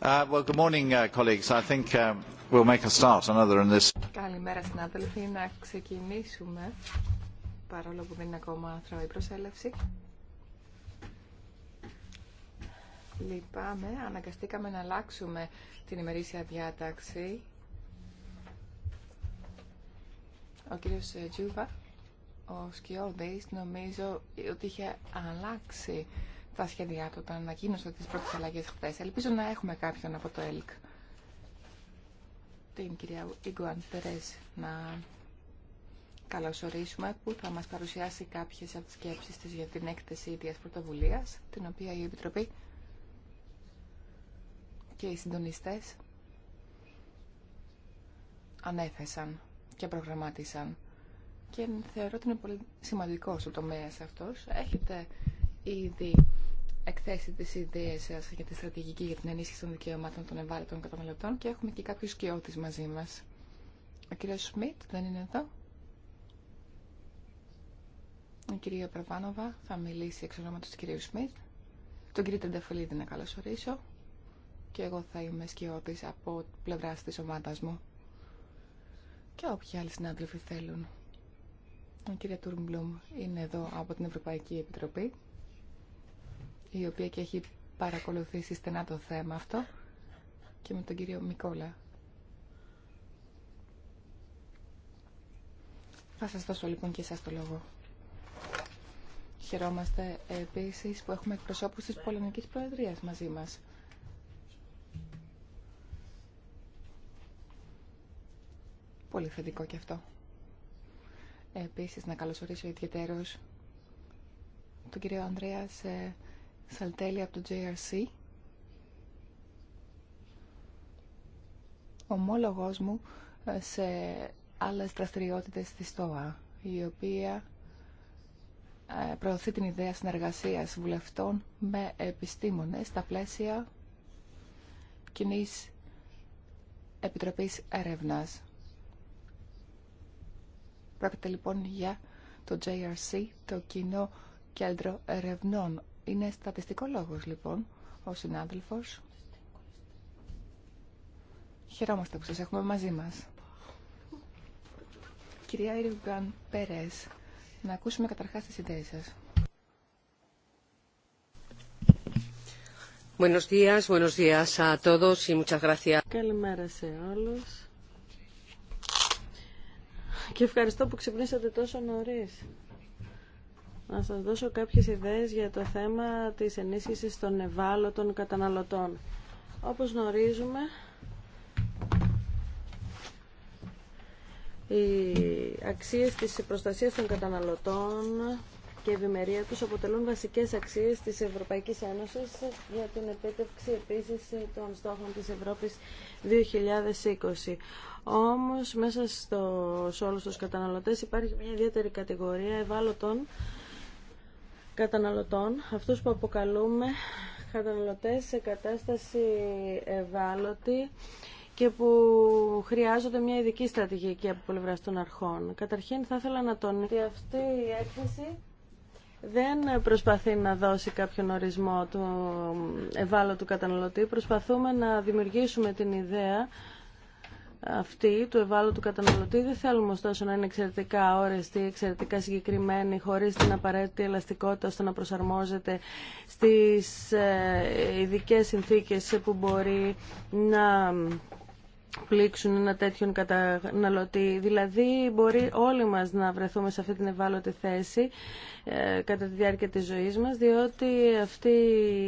Καλημέρα, συνάδελφοι. Να ξεκινήσουμε, παρόλο που δεν είναι ακόμα η προσέλευση. Λυπάμαι, αναγκαστήκαμε να αλλάξουμε την ημερήσια διάταξη. Ο κύριος Τζούβα, ο Σκιώδης, νομίζω ότι είχε αλλάξει τα σχέδιά του, όταν ανακοίνωσε τις πρώτες αλλαγές χθες. Ελπίζω να έχουμε κάποιον από το ΕΛΚ. Την κυρία Ιγκουάν να καλωσορίσουμε που θα μας παρουσιάσει κάποιες από τις σκέψεις της για την έκθεση ίδιας πρωτοβουλίας, την οποία η Επιτροπή και οι συντονιστές ανέθεσαν και προγραμμάτισαν και θεωρώ ότι είναι πολύ σημαντικό ο τομέα αυτό. Έχετε ήδη εκθέσει τις ιδέε σα για τη στρατηγική για την ενίσχυση των δικαιωμάτων των ευάλωτων καταναλωτών και έχουμε και κάποιου σκιώτες μαζί μα. Ο κύριο Σμιτ δεν είναι εδώ. Η κυρία Πραβάνοβα θα μιλήσει εξ ονόματος του κυρίου Σμιτ. Τον κύριο Τεντεφολίδη να καλωσορίσω. Και εγώ θα είμαι σκιώτης από πλευρά τη ομάδα μου. Και όποιοι άλλοι συνάδελφοι θέλουν. Ο κυρία Τουρμπλουμ είναι εδώ από την Ευρωπαϊκή Επιτροπή η οποία και έχει παρακολουθήσει στενά το θέμα αυτό και με τον κύριο Μικόλα. Θα σας δώσω λοιπόν και εσάς το λόγο. Χαιρόμαστε επίσης που έχουμε εκπροσώπους της Πολωνικής Προεδρίας μαζί μας. Πολύ θετικό και αυτό. Επίσης να καλωσορίσω ιδιαίτερος τον κύριο Ανδρέα ε, Σαλτέλη από το JRC. Ομόλογός μου ε, σε άλλες δραστηριότητες της ΣΤΟΑ η οποία ε, προωθεί την ιδέα συνεργασίας βουλευτών με επιστήμονες στα πλαίσια κοινή Επιτροπής Έρευνας. Πρόκειται λοιπόν για το JRC, το Κοινό Κέντρο Ερευνών είναι στατιστικό λόγος λοιπόν ο συνάδελφος. Χαιρόμαστε που σας έχουμε μαζί μας. Κυρία Ιρουγκάν Πέρες, να ακούσουμε καταρχάς τις ιδέες σας. Buenos días, buenos días a todos y muchas gracias. Καλημέρα σε όλους. Και ευχαριστώ που ξυπνήσατε τόσο νωρίς να σας δώσω κάποιες ιδέες για το θέμα της ενίσχυσης των ευάλωτων καταναλωτών. Όπως γνωρίζουμε, οι αξίες της προστασίας των καταναλωτών και η ευημερία τους αποτελούν βασικές αξίες της Ευρωπαϊκής Ένωσης για την επίτευξη επίσης των στόχων της Ευρώπης 2020. Όμως μέσα στο, σε όλους τους καταναλωτές υπάρχει μια ιδιαίτερη κατηγορία ευάλωτων καταναλωτών, αυτούς που αποκαλούμε καταναλωτές σε κατάσταση ευάλωτη και που χρειάζονται μια ειδική στρατηγική από πλευρά των αρχών. Καταρχήν θα ήθελα να τονίσω ότι αυτή η έκθεση δεν προσπαθεί να δώσει κάποιον ορισμό του ευάλωτου καταναλωτή. Προσπαθούμε να δημιουργήσουμε την ιδέα αυτή του ευάλωτου καταναλωτή. Δεν θέλουμε ωστόσο να είναι εξαιρετικά όρεστη, εξαιρετικά συγκεκριμένη, χωρί την απαραίτητη ελαστικότητα ώστε να προσαρμόζεται στις ε, ειδικέ συνθήκες που μπορεί να πλήξουν ένα τέτοιον καταναλωτή. Δηλαδή μπορεί όλοι μας να βρεθούμε σε αυτή την ευάλωτη θέση ε, κατά τη διάρκεια της ζωής μας, διότι αυτή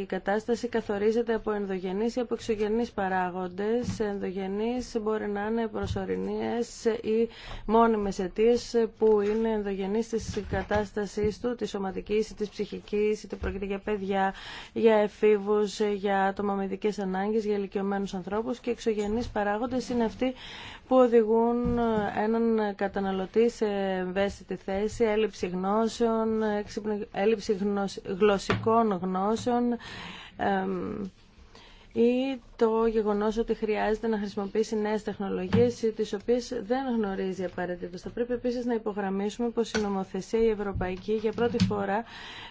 η κατάσταση καθορίζεται από ενδογενείς ή από εξωγενείς παράγοντες. Ενδογενείς μπορεί να είναι προσωρινές ή μόνιμες αιτίε που είναι ενδογενείς της κατάστασής του, της σωματικής ή της ψυχικής, είτε πρόκειται για παιδιά, για εφήβους, για άτομα με ειδικές ανάγκες, για ηλικιωμένους ανθρώπους και εξωγενείς παράγοντες είναι αυτοί που οδηγούν έναν καταναλωτή σε ευαίσθητη θέση, έλλειψη γνώσεων, έλλειψη γλωσσικών γνώσεων ή το γεγονός ότι χρειάζεται να χρησιμοποιήσει νέες τεχνολογίες τις οποίες δεν γνωρίζει απαραίτητο. Θα πρέπει επίσης να υπογραμμίσουμε πως η νομοθεσία η ευρωπαϊκή για πρώτη φορά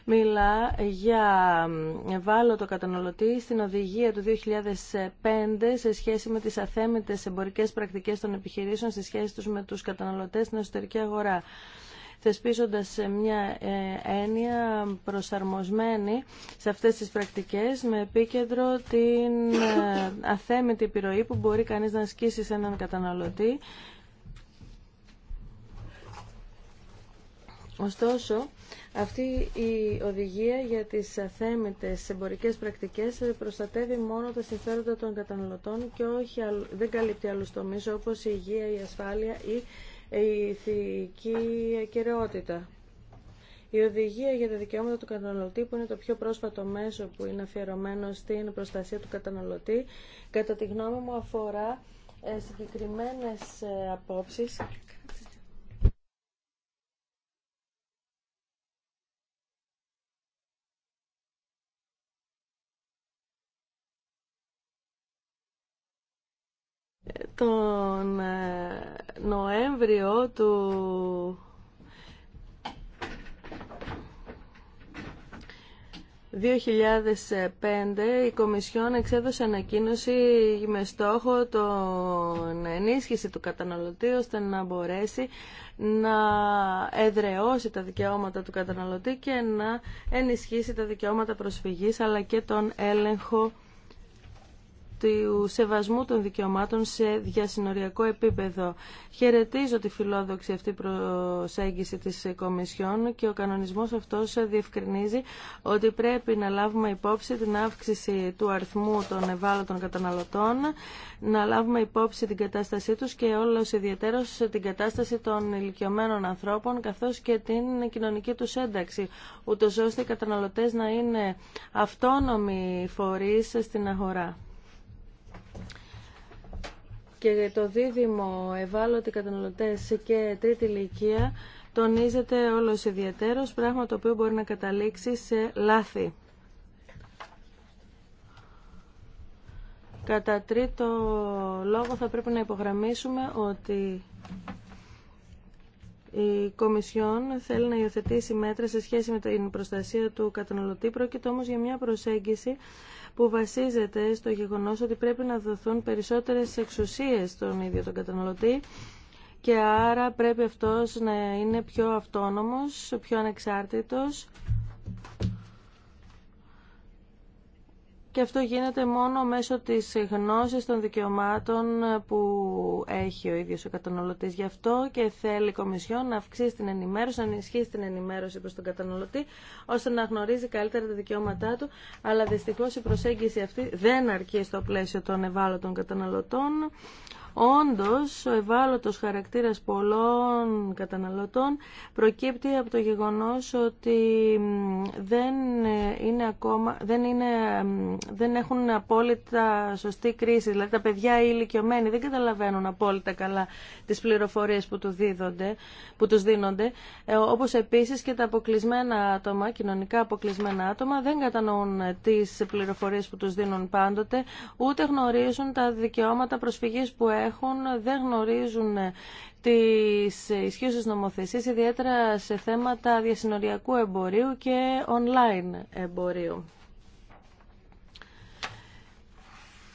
μιλά για το καταναλωτή στην οδηγία του 2005 σε σχέση με τις αθέμητες εμπορικές πρακτικές των επιχειρήσεων σε σχέση τους με τους καταναλωτές στην εσωτερική αγορά θεσπίζοντας μια ε, έννοια προσαρμοσμένη σε αυτές τις πρακτικές με επίκεντρο την ε, αθέμητη επιρροή που μπορεί κανείς να ασκήσει σε έναν καταναλωτή. Ωστόσο, αυτή η οδηγία για τις αθέμητες εμπορικές πρακτικές προστατεύει μόνο τα συμφέροντα των καταναλωτών και όχι, δεν καλύπτει άλλους τομείς όπως η υγεία, η ασφάλεια ή η ηθική κυριότητα. Η οδηγία για τα δικαιώματα του καταναλωτή, που είναι το πιο πρόσφατο μέσο που είναι αφιερωμένο στην προστασία του καταναλωτή, κατά τη γνώμη μου αφορά ε, συγκεκριμένες ε, απόψεις ε, των Νοέμβριο του 2005 η Κομισιόν εξέδωσε ανακοίνωση με στόχο την ενίσχυση του καταναλωτή ώστε να μπορέσει να εδρεώσει τα δικαιώματα του καταναλωτή και να ενισχύσει τα δικαιώματα προσφυγής αλλά και τον έλεγχο του σεβασμού των δικαιωμάτων σε διασυνοριακό επίπεδο. Χαιρετίζω τη φιλόδοξη αυτή προσέγγιση της Κομισιόν και ο κανονισμός αυτός διευκρινίζει ότι πρέπει να λάβουμε υπόψη την αύξηση του αριθμού των ευάλωτων καταναλωτών, να λάβουμε υπόψη την κατάστασή τους και όλος ιδιαίτερος την κατάσταση των ηλικιωμένων ανθρώπων καθώς και την κοινωνική τους ένταξη, ούτως ώστε οι καταναλωτές να είναι αυτόνομοι φορείς στην αγορά και το δίδυμο ευάλωτοι καταναλωτέ και τρίτη ηλικία τονίζεται όλο ιδιαίτερο, πράγμα το οποίο μπορεί να καταλήξει σε λάθη. Κατά τρίτο λόγο θα πρέπει να υπογραμμίσουμε ότι η Κομισιόν θέλει να υιοθετήσει μέτρα σε σχέση με την προστασία του καταναλωτή. Πρόκειται όμως για μια προσέγγιση που βασίζεται στο γεγονός ότι πρέπει να δοθούν περισσότερες εξουσίες στον ίδιο τον καταναλωτή και άρα πρέπει αυτός να είναι πιο αυτόνομος, πιο ανεξάρτητος και αυτό γίνεται μόνο μέσω της γνώσης των δικαιωμάτων που έχει ο ίδιος ο καταναλωτής. Γι' αυτό και θέλει η Κομισιόν να αυξήσει την ενημέρωση, να ενισχύσει την ενημέρωση προς τον καταναλωτή, ώστε να γνωρίζει καλύτερα τα δικαιώματά του, αλλά δυστυχώς η προσέγγιση αυτή δεν αρκεί στο πλαίσιο των ευάλωτων καταναλωτών. Όντως, ο ευάλωτος χαρακτήρας πολλών καταναλωτών προκύπτει από το γεγονός ότι δεν ε, είναι ακόμα, δεν, είναι, δεν έχουν απόλυτα σωστή κρίση. Δηλαδή τα παιδιά οι ηλικιωμένοι δεν καταλαβαίνουν απόλυτα καλά τις πληροφορίες που, του δίδονται, που τους δίνονται. Ε, όπως επίσης και τα αποκλεισμένα άτομα, κοινωνικά αποκλεισμένα άτομα, δεν κατανοούν τις πληροφορίες που τους δίνουν πάντοτε, ούτε γνωρίζουν τα δικαιώματα προσφυγής που έχουν έχουν δεν γνωρίζουν τις ισχύουσες νομοθεσίες, ιδιαίτερα σε θέματα διασυνοριακού εμπορίου και online εμπορίου.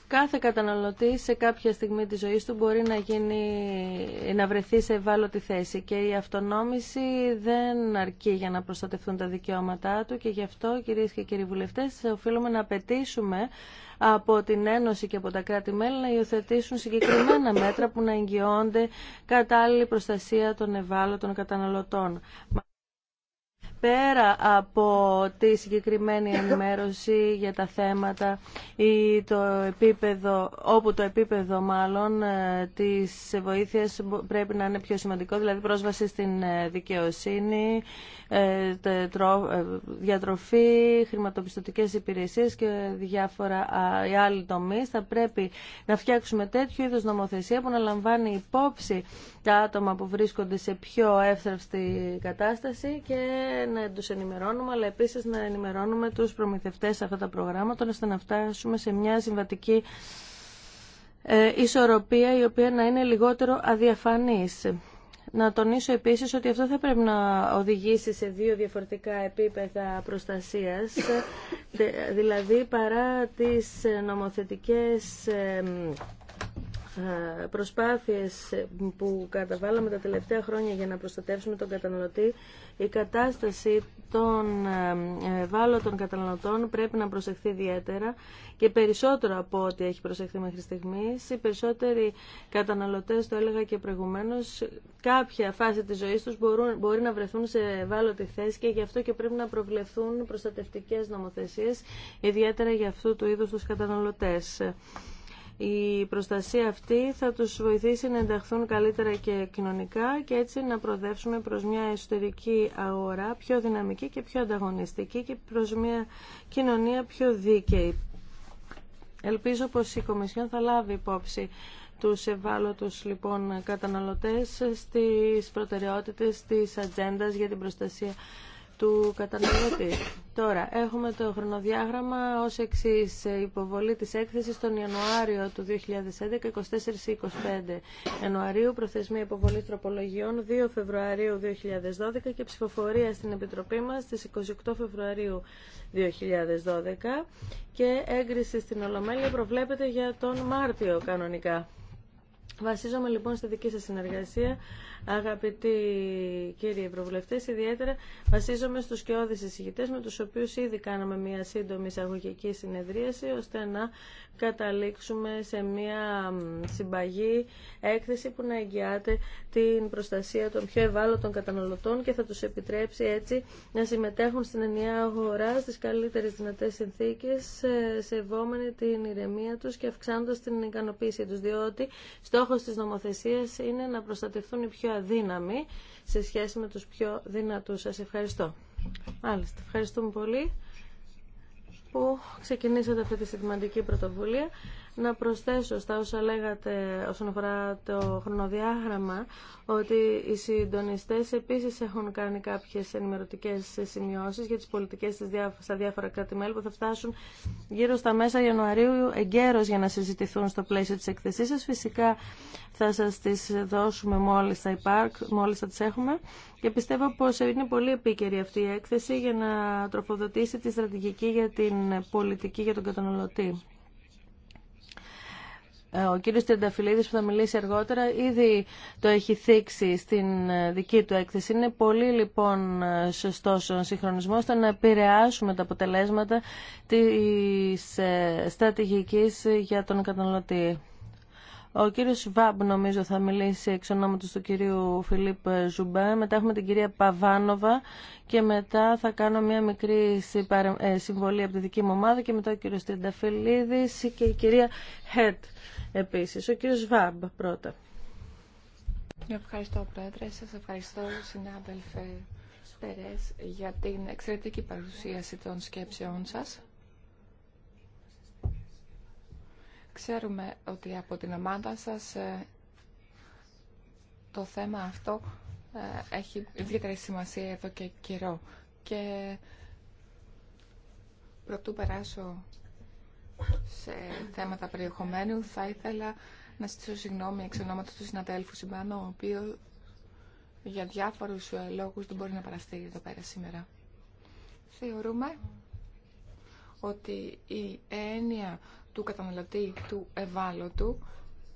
Κάθε καταναλωτή σε κάποια στιγμή της ζωής του μπορεί να, γίνει, να βρεθεί σε ευάλωτη θέση και η αυτονόμηση δεν αρκεί για να προστατευτούν τα δικαιώματά του και γι' αυτό κυρίες και κύριοι βουλευτές οφείλουμε να απαιτήσουμε από την Ένωση και από τα κράτη-μέλη να υιοθετήσουν συγκεκριμένα μέτρα που να εγγυώνται κατάλληλη προστασία των ευάλωτων καταναλωτών πέρα από τη συγκεκριμένη ενημέρωση για τα θέματα ή το επίπεδο, όπου το επίπεδο μάλλον ε, της βοήθειας πρέπει να είναι πιο σημαντικό, δηλαδή πρόσβαση στην ε, δικαιοσύνη, ε, διατροφή, χρηματοπιστωτικές υπηρεσίες και διάφορα άλλοι τομείς. Θα πρέπει να φτιάξουμε τέτοιο είδους νομοθεσία που να λαμβάνει υπόψη τα άτομα που βρίσκονται σε πιο εύθραυστη κατάσταση και να του ενημερώνουμε, αλλά επίσης να ενημερώνουμε τους προμηθευτέ σε αυτά τα προγράμματα, ώστε να φτάσουμε σε μια συμβατική ε, ισορροπία η οποία να είναι λιγότερο αδιαφανής. Να τονίσω επίσης ότι αυτό θα πρέπει να οδηγήσει σε δύο διαφορετικά επίπεδα προστασίας, ε, δηλαδή παρά τις νομοθετικές ε, προσπάθειες ε, που καταβάλαμε τα τελευταία χρόνια για να προστατεύσουμε τον καταναλωτή, η κατάσταση των ε, ε, ευάλωτων καταναλωτών πρέπει να προσεχθεί ιδιαίτερα και περισσότερο από ό,τι έχει προσεχθεί μέχρι στιγμή. Οι περισσότεροι καταναλωτέ, το έλεγα και προηγουμένω, κάποια φάση τη ζωή του μπορεί να βρεθούν σε ευάλωτη θέση και γι' αυτό και πρέπει να προβλεφθούν προστατευτικέ νομοθεσίε, ιδιαίτερα για αυτού του είδου του καταναλωτέ. Η προστασία αυτή θα τους βοηθήσει να ενταχθούν καλύτερα και κοινωνικά και έτσι να προδεύσουμε προς μια εσωτερική αγορά πιο δυναμική και πιο ανταγωνιστική και προς μια κοινωνία πιο δίκαιη. Ελπίζω πως η Κομισιόν θα λάβει υπόψη τους ευάλωτους λοιπόν καταναλωτές στις προτεραιότητες της ατζέντα για την προστασία του καταναλωτή. Τώρα, έχουμε το χρονοδιάγραμμα ως εξής. Υποβολή της έκθεσης τον Ιανουάριο του 2011, 24-25 Ιανουαρίου, προθεσμία υποβολή τροπολογιών 2 Φεβρουαρίου 2012 και ψηφοφορία στην Επιτροπή μας στις 28 Φεβρουαρίου 2012 και έγκριση στην Ολομέλεια προβλέπεται για τον Μάρτιο κανονικά. Βασίζομαι λοιπόν στη δική σας συνεργασία Αγαπητοί κύριοι Ευρωβουλευτές, ιδιαίτερα βασίζομαι στους σκιώδεις εισηγητές με τους οποίους ήδη κάναμε μια σύντομη εισαγωγική συνεδρίαση ώστε να καταλήξουμε σε μια συμπαγή έκθεση που να εγγυάται την προστασία των πιο ευάλωτων καταναλωτών και θα τους επιτρέψει έτσι να συμμετέχουν στην ενιαία αγορά στις καλύτερες δυνατές συνθήκες σεβόμενοι την ηρεμία τους και αυξάνοντας την ικανοποίησή τους διότι στόχος της νομοθεσίας είναι να προστατευτούν οι πιο δύναμη σε σχέση με τους πιο δυνατούς. Σας ευχαριστώ. Μάλιστα, ευχαριστούμε πολύ που ξεκινήσατε αυτή τη σημαντική πρωτοβουλία να προσθέσω στα όσα λέγατε όσον αφορά το χρονοδιάγραμμα ότι οι συντονιστές επίσης έχουν κάνει κάποιες ενημερωτικές σημειώσεις για τις πολιτικές στα διάφορα κράτη-μέλη που θα φτάσουν γύρω στα μέσα Ιανουαρίου εγκαίρως για να συζητηθούν στο πλαίσιο της εκθεσής σας. Φυσικά θα σας τις δώσουμε μόλις θα υπάρχουν, μόλις θα τις έχουμε και πιστεύω πως είναι πολύ επίκαιρη αυτή η έκθεση για να τροφοδοτήσει τη στρατηγική για την πολιτική για τον κατανολωτή. Ε, ο κύριος Τρενταφυλλίδης που θα μιλήσει αργότερα ήδη το έχει θίξει στην ε, δική του έκθεση. Είναι πολύ λοιπόν ε, σωστός ο συγχρονισμός στο να επηρεάσουμε τα αποτελέσματα της στρατηγικής για τον καταναλωτή. Ο κύριος Βάμπ νομίζω θα μιλήσει εξ ονόματος του κυρίου Φιλίπ Ζουμπέ. Μετά έχουμε την κυρία Παβάνοβα και μετά θα κάνω μια μικρή συμβολή από τη δική μου ομάδα και μετά ο κύριος Τριανταφυλλίδης και η κυρία Χέτ επίσης. Ο κύριος Βάμπ πρώτα. Ευχαριστώ Πρόεδρε, σας ευχαριστώ συνάδελφε Περές για την εξαιρετική παρουσίαση των σκέψεών σας. Ξέρουμε ότι από την ομάδα σας ε, το θέμα αυτό ε, έχει ιδιαίτερη σημασία εδώ και καιρό. Και πρωτού περάσω σε θέματα περιεχομένου, θα ήθελα να ζητήσω συγγνώμη εξ ονόματος του συναδέλφου Συμπάνο, ο οποίο για διάφορους ε, λόγους δεν μπορεί να παραστεί εδώ πέρα σήμερα. Θεωρούμε ότι η έννοια του καταναλωτή, του ευάλωτου,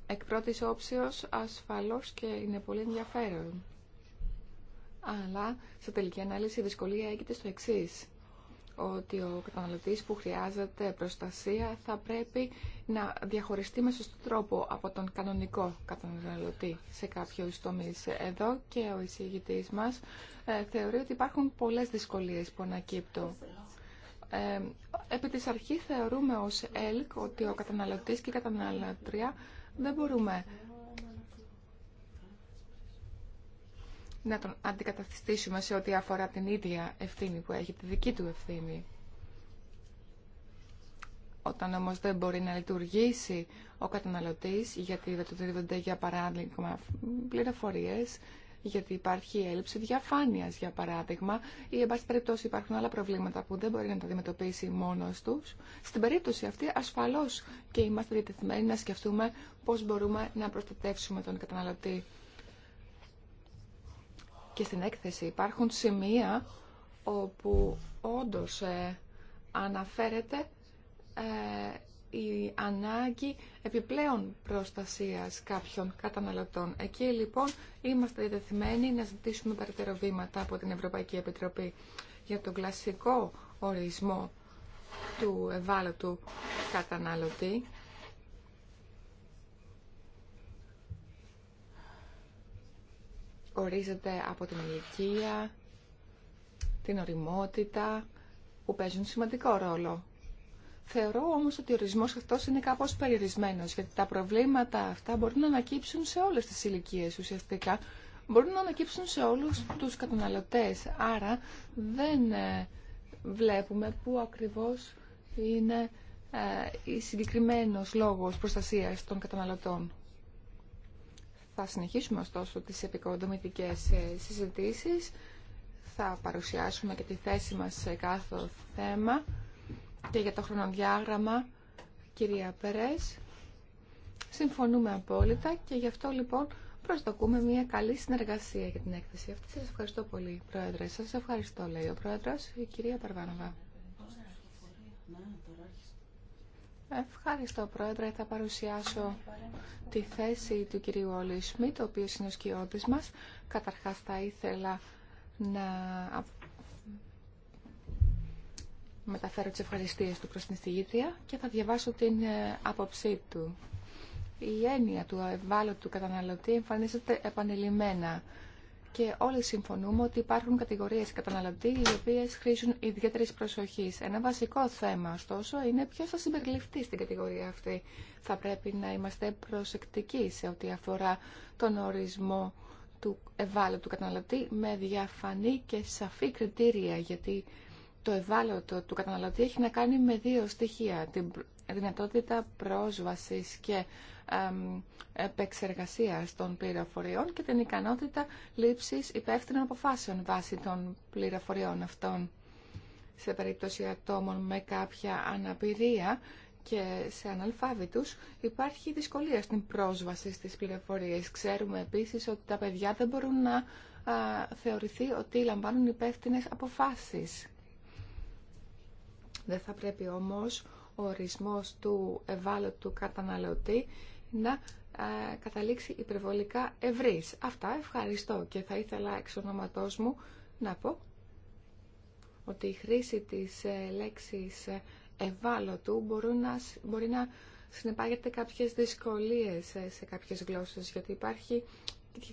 εκ πρώτης όψεως ασφαλώς και είναι πολύ ενδιαφέρον. Αλλά, σε τελική ανάλυση, η δυσκολία έγινε στο εξής ότι ο καταναλωτή που χρειάζεται προστασία θα πρέπει να διαχωριστεί με σωστό τρόπο από τον κανονικό καταναλωτή σε κάποιο τομεί. Εδώ και ο μα μας ε, θεωρεί ότι υπάρχουν πολλέ δυσκολίε που ανακύπτουν. Ε, επί της αρχής θεωρούμε ως ΕΛΚ ότι ο καταναλωτής και η καταναλωτρία δεν μπορούμε να τον αντικαταστήσουμε σε ό,τι αφορά την ίδια ευθύνη που έχει, τη δική του ευθύνη. Όταν όμως δεν μπορεί να λειτουργήσει ο καταναλωτής, γιατί δεν του δίδονται για παράδειγμα πληροφορίες, γιατί υπάρχει έλλειψη διαφάνειας για παράδειγμα ή εν πάση περιπτώσει υπάρχουν άλλα προβλήματα που δεν μπορεί να τα αντιμετωπίσει μόνος τους. Στην περίπτωση αυτή ασφαλώς και είμαστε διατεθειμένοι να σκεφτούμε πώς μπορούμε να προστατεύσουμε τον καταναλωτή και στην έκθεση υπάρχουν σημεία όπου όντως ε, αναφέρεται ε, η ανάγκη επιπλέον προστασίας κάποιων καταναλωτών. Εκεί λοιπόν είμαστε δεδεθειμένοι να ζητήσουμε περαιτέρω βήματα από την Ευρωπαϊκή Επιτροπή για τον κλασικό ορισμό του ευάλωτου καταναλωτή ορίζεται από την ηλικία, την οριμότητα, που παίζουν σημαντικό ρόλο. Θεωρώ όμως ότι ο ορισμός αυτός είναι κάπως περιορισμένος, γιατί τα προβλήματα αυτά μπορούν να ανακύψουν σε όλες τις ηλικίε ουσιαστικά, μπορούν να ανακύψουν σε όλους τους καταναλωτές. Άρα δεν ε, βλέπουμε πού ακριβώς είναι ε, η συγκεκριμένος λόγος προστασίας των καταναλωτών. Θα συνεχίσουμε ωστόσο τις επικοδομητικές ε, συζητήσεις. Θα παρουσιάσουμε και τη θέση μας σε κάθε θέμα και για το χρονοδιάγραμμα, κυρία Περές. Συμφωνούμε απόλυτα και γι' αυτό λοιπόν προσδοκούμε μια καλή συνεργασία για την έκθεση αυτή. Σας ευχαριστώ πολύ, Πρόεδρε. Σας ευχαριστώ, λέει ο Πρόεδρος, η κυρία Παρβάνοβα. Ευχαριστώ, Πρόεδρε. Θα παρουσιάσω τη θέση του κυρίου Όλη Σμιτ, ο οποίος είναι ο σκιώδης μας. Καταρχάς, θα ήθελα να μεταφέρω τις ευχαριστίες του προς την θηγητρία και θα διαβάσω την ε, άποψή του. Η έννοια του ευάλωτου καταναλωτή εμφανίζεται επανειλημμένα και όλοι συμφωνούμε ότι υπάρχουν κατηγορίες καταναλωτή οι οποίες χρήζουν ιδιαίτερη προσοχή. Ένα βασικό θέμα, ωστόσο, είναι ποιος θα συμπεριληφθεί στην κατηγορία αυτή. Θα πρέπει να είμαστε προσεκτικοί σε ό,τι αφορά τον ορισμό του ευάλωτου καταναλωτή με διαφανή και σαφή κριτήρια, γιατί το ευάλωτο του καταναλωτή έχει να κάνει με δύο στοιχεία. Την δυνατότητα πρόσβασης και επεξεργασίας των πληροφοριών και την ικανότητα λήψης υπεύθυνων αποφάσεων βάσει των πληροφοριών αυτών. Σε περίπτωση ατόμων με κάποια αναπηρία και σε αναλφάβητους υπάρχει δυσκολία στην πρόσβαση στις πληροφορίες. Ξέρουμε επίσης ότι τα παιδιά δεν μπορούν να θεωρηθεί ότι λαμβάνουν υπεύθυνε αποφάσεις. Δεν θα πρέπει όμως ορισμός του ευάλωτου καταναλωτή να ε, καταλήξει υπερβολικά ευρύς. Αυτά ευχαριστώ και θα ήθελα εξ ονόματός μου να πω ότι η χρήση της ε, λέξης ε, ευάλωτου μπορεί να, μπορεί να συνεπάγεται κάποιες δυσκολίες σε κάποιες γλώσσες, γιατί υπάρχει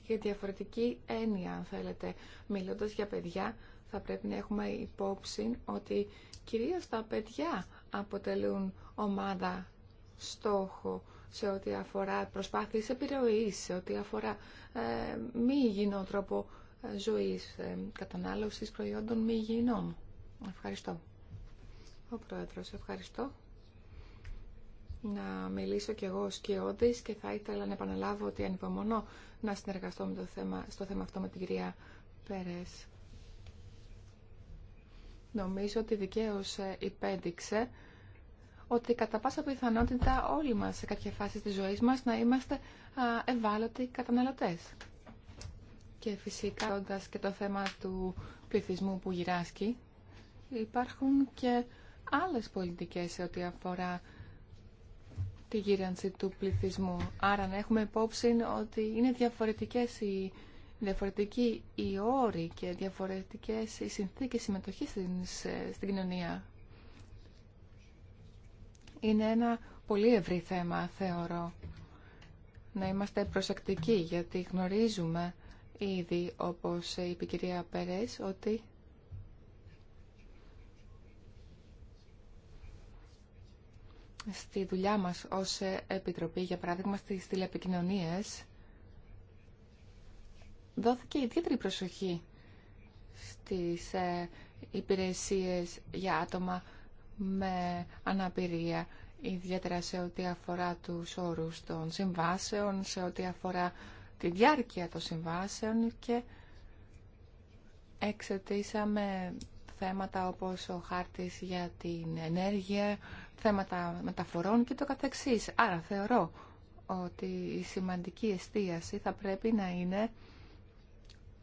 και διαφορετική έννοια, αν θέλετε. Μιλώντας για παιδιά, θα πρέπει να έχουμε υπόψη ότι κυρίως τα παιδιά αποτελούν ομάδα στόχο σε ό,τι αφορά προσπάθειες επιρροής, σε ό,τι αφορά ε, μη υγιεινό τρόπο ε, ζωής, ε, κατανάλωσης προϊόντων μη υγιεινών. Ευχαριστώ. Ο Πρόεδρος, ευχαριστώ. Να μιλήσω κι εγώ ως και θα ήθελα να επαναλάβω ότι ανυπομονώ να συνεργαστώ με το θέμα, στο θέμα αυτό με την κυρία Πέρες. Νομίζω ότι δικαίως ε, υπέδειξε ότι κατά πάσα πιθανότητα όλοι μας σε κάποια φάση της ζωής μας να είμαστε ευάλωτοι καταναλωτές. Και φυσικά, όντας και το θέμα του πληθυσμού που γυράσκει, υπάρχουν και άλλες πολιτικές σε ό,τι αφορά τη γύρανση του πληθυσμού. Άρα να έχουμε υπόψη ότι είναι διαφορετικές οι διαφορετικοί οι όροι και διαφορετικές οι συνθήκες συμμετοχής στην, κοινωνία. Είναι ένα πολύ ευρύ θέμα, θεωρώ. Να είμαστε προσεκτικοί, γιατί γνωρίζουμε ήδη, όπως είπε η κυρία Περές, ότι στη δουλειά μας ως Επιτροπή, για παράδειγμα στις τηλεπικοινωνίες, δόθηκε ιδιαίτερη προσοχή στις ε, υπηρεσίες για άτομα με αναπηρία, ιδιαίτερα σε ό,τι αφορά τους όρους των συμβάσεων, σε ό,τι αφορά τη διάρκεια των συμβάσεων και εξετήσαμε θέματα όπως ο χάρτης για την ενέργεια, θέματα μεταφορών και το καθεξής. Άρα θεωρώ ότι η σημαντική εστίαση θα πρέπει να είναι